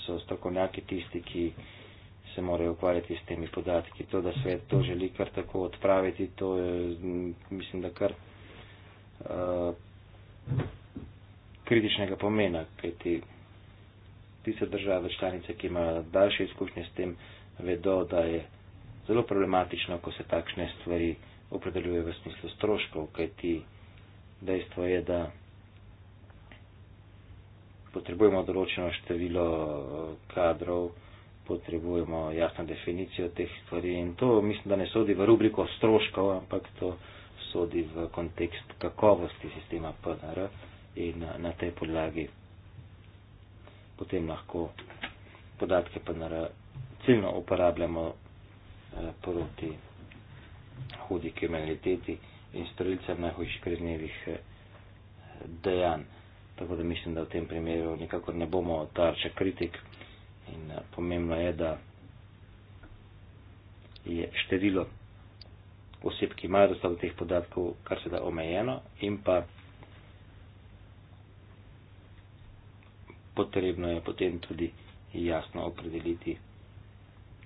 so strokovnjaki tisti, ki se morajo ukvarjati s temi podatki. To, da svet to želi kar tako odpraviti, to je, mm, mislim, da kar uh, kritičnega pomena, kajti tiste države članice, ki imajo daljše izkušnje s tem, vedo, da je zelo problematično, ko se takšne stvari opredeljuje v smislu stroškov, kajti dejstvo je, da potrebujemo določeno število eh, kadrov, potrebujemo jasno definicijo teh stvari in to mislim, da ne sodi v rubriko stroškov, ampak to sodi v kontekst kakovosti sistema PNR in eh, na tej podlagi potem lahko podatke pa ciljno uporabljamo eh, proti hudi kriminaliteti in storilcem najhujših kriznevih eh, dejanj. Tako da mislim, da v tem primeru nikakor ne bomo tarča kritik in eh, pomembno je, da je število oseb, ki imajo dostop do teh podatkov, kar se da omejeno in pa potrebno je potem tudi jasno opredeliti,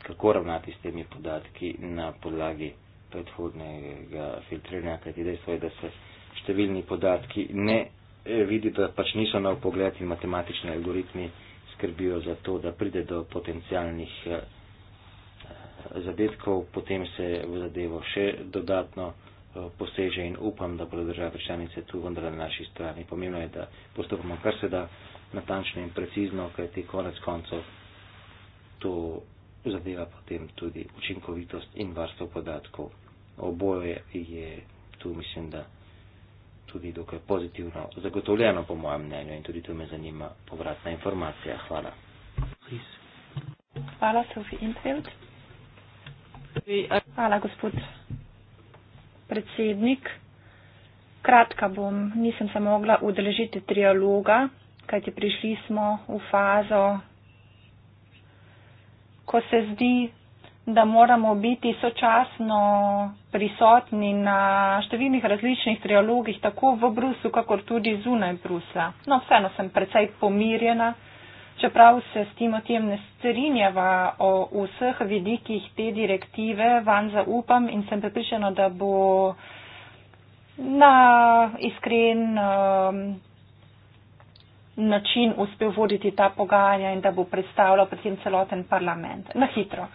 kako ravnati s temi podatki na podlagi predhodnega filtriranja, kajti dejstvo je, da se številni podatki ne eh, vidi, da pač niso na upogled in matematični algoritmi skrbijo za to, da pride do potencijalnih eh, zadetkov, potem se v zadevo še dodatno eh, poseže in upam, da bodo države članice tu vendar na naši strani. Pomembno je, da postopamo kar se da natančno in precizno, kaj ti konec koncov to zadeva potem tudi učinkovitost in varstvo podatkov. Oboje je tu, mislim, da tudi dokaj pozitivno zagotovljeno po mojem mnenju in tudi to me zanima povratna informacija. Hvala. Hvala, Sofi Intfeld. Hvala, gospod predsednik. Kratka bom, nisem se mogla udeležiti trialoga, kajti prišli smo v fazo, ko se zdi, da moramo biti sočasno prisotni na številnih različnih trialogih, tako v Bruslu, kakor tudi zunaj Brusla. No, vseeno sem precej pomirjena, čeprav se s tem o tem ne strinjava o vseh vidikih te direktive, van zaupam in sem pripričana, da bo na iskren. Um, način uspel voditi ta pogajanja in da bo predstavljal predtem celoten parlament. Na hitro.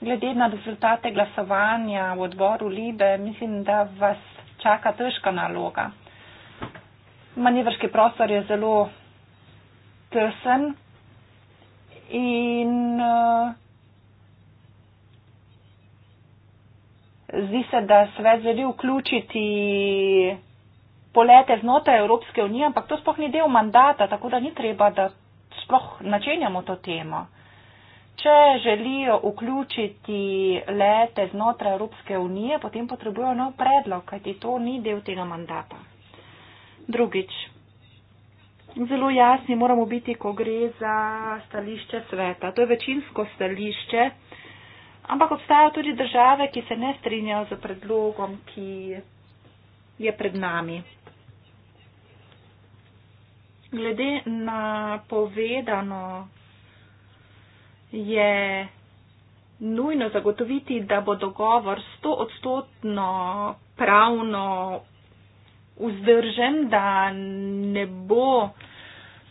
Glede na rezultate glasovanja v odboru Libe, mislim, da vas čaka težka naloga. Manevrški prostor je zelo tesen in uh, zdi se, da svet želi vključiti polete znotraj Evropske unije, ampak to sploh ni del mandata, tako da ni treba, da sploh načenjamo to temo. Če želijo vključiti lete znotraj Evropske unije, potem potrebujo nov predlog, kajti to ni del tega mandata. Drugič. Zelo jasni moramo biti, ko gre za stališče sveta. To je večinsko stališče, ampak obstajajo tudi države, ki se ne strinjajo z predlogom, ki je pred nami. Glede na povedano je nujno zagotoviti, da bo dogovor stoodstotno pravno vzdržen, da ne bo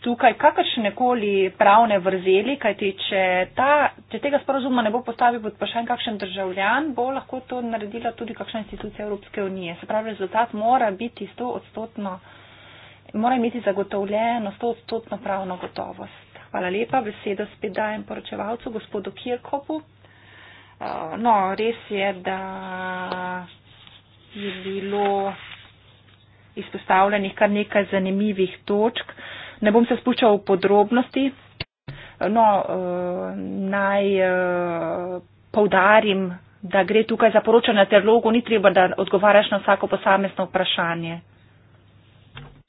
tukaj kakršne koli pravne vrzeli, kajti če, ta, če tega sporozuma ne bo postavil pod vprašanje kakšen državljan, bo lahko to naredila tudi kakšna institucija Evropske unije. Se pravi, rezultat mora biti stoodstotno pravno mora imeti zagotovljeno stotno pravno gotovost. Hvala lepa, besedo spet dajem poročevalcu, gospodu Kirkopu. Eh, no, res je, da je bilo izpostavljenih kar nekaj zanimivih točk. Ne bom se spuščal v podrobnosti. No, eh, naj eh, povdarim, da gre tukaj za poročanje na terlogu, ni treba, da odgovaraš na vsako posamezno vprašanje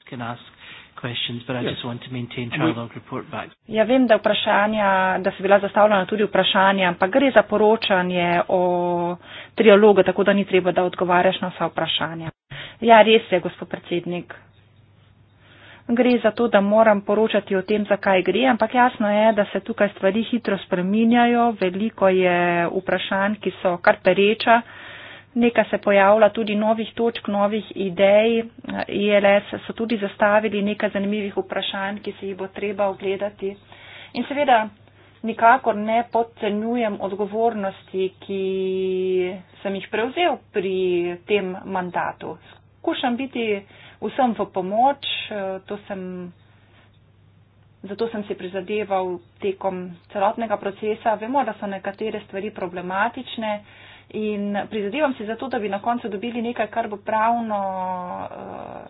can ask questions, but I yes. just want to maintain trilogue we, report back. Ja, vem, da, vprašanja, da so bila zastavljena tudi vprašanja, ampak gre za poročanje o trilogu, tako da ni treba, da odgovarjaš na vsa vprašanja. Ja, res je, gospod predsednik. Gre za to, da moram poročati o tem, zakaj gre, ampak jasno je, da se tukaj stvari hitro spreminjajo, veliko je vprašanj, ki so kar pereča nekaj se pojavlja tudi novih točk, novih idej. ILS e so tudi zastavili nekaj zanimivih vprašanj, ki se jih bo treba ogledati. In seveda nikakor ne podcenjujem odgovornosti, ki sem jih prevzel pri tem mandatu. Skušam biti vsem v pomoč, sem, zato sem si prizadeval tekom celotnega procesa. Vemo, da so nekatere stvari problematične in prizadevam se za to, da bi na koncu dobili nekaj, kar bo pravno eh,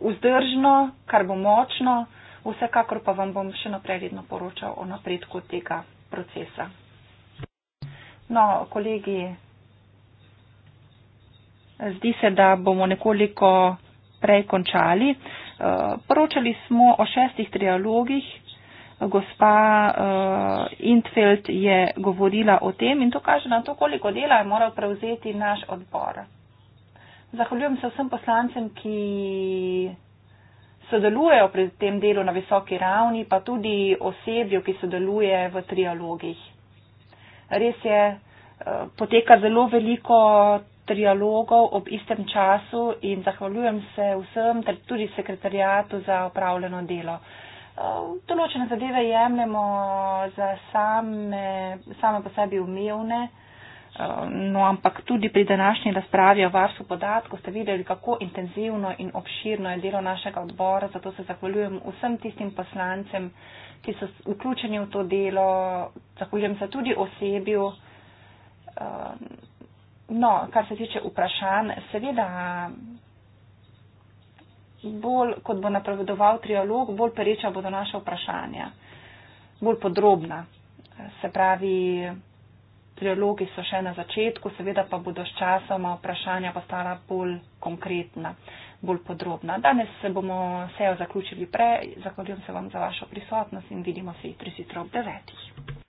vzdržno, kar bo močno. Vsekakor pa vam bom še naprej vedno poročal o napredku tega procesa. No, kolegi, zdi se, da bomo nekoliko prej končali. Eh, poročali smo o šestih trialogih, gospa uh, Intfeld je govorila o tem in to kaže na to, koliko dela je moral prevzeti naš odbor. Zahvaljujem se vsem poslancem, ki sodelujejo pri tem delu na visoki ravni, pa tudi osebju, ki sodeluje v trialogih. Res je, eh, poteka zelo veliko trialogov ob istem času in zahvaljujem se vsem, tudi sekretarijatu za upravljeno delo. Eh, določene zadeve jemljemo za same, same po sebi umevne, eh, no ampak tudi pri današnji razpravi o varstvu podatkov ste videli, kako intenzivno in obširno je delo našega odbora, zato se zahvaljujem vsem tistim poslancem, ki so vključeni v to delo, zahvaljujem se tudi osebju. Eh, no, kar se tiče vprašanj, seveda bolj kot bo napovedoval trialog, bolj pereča bodo naša vprašanja, bolj podrobna. Se pravi, trialogi so še na začetku, seveda pa bodo s časoma vprašanja postala bolj konkretna, bolj podrobna. Danes se bomo sejo zaključili prej. Zahvaljujem se vam za vašo prisotnost in vidimo se jutri sitro ob devetih.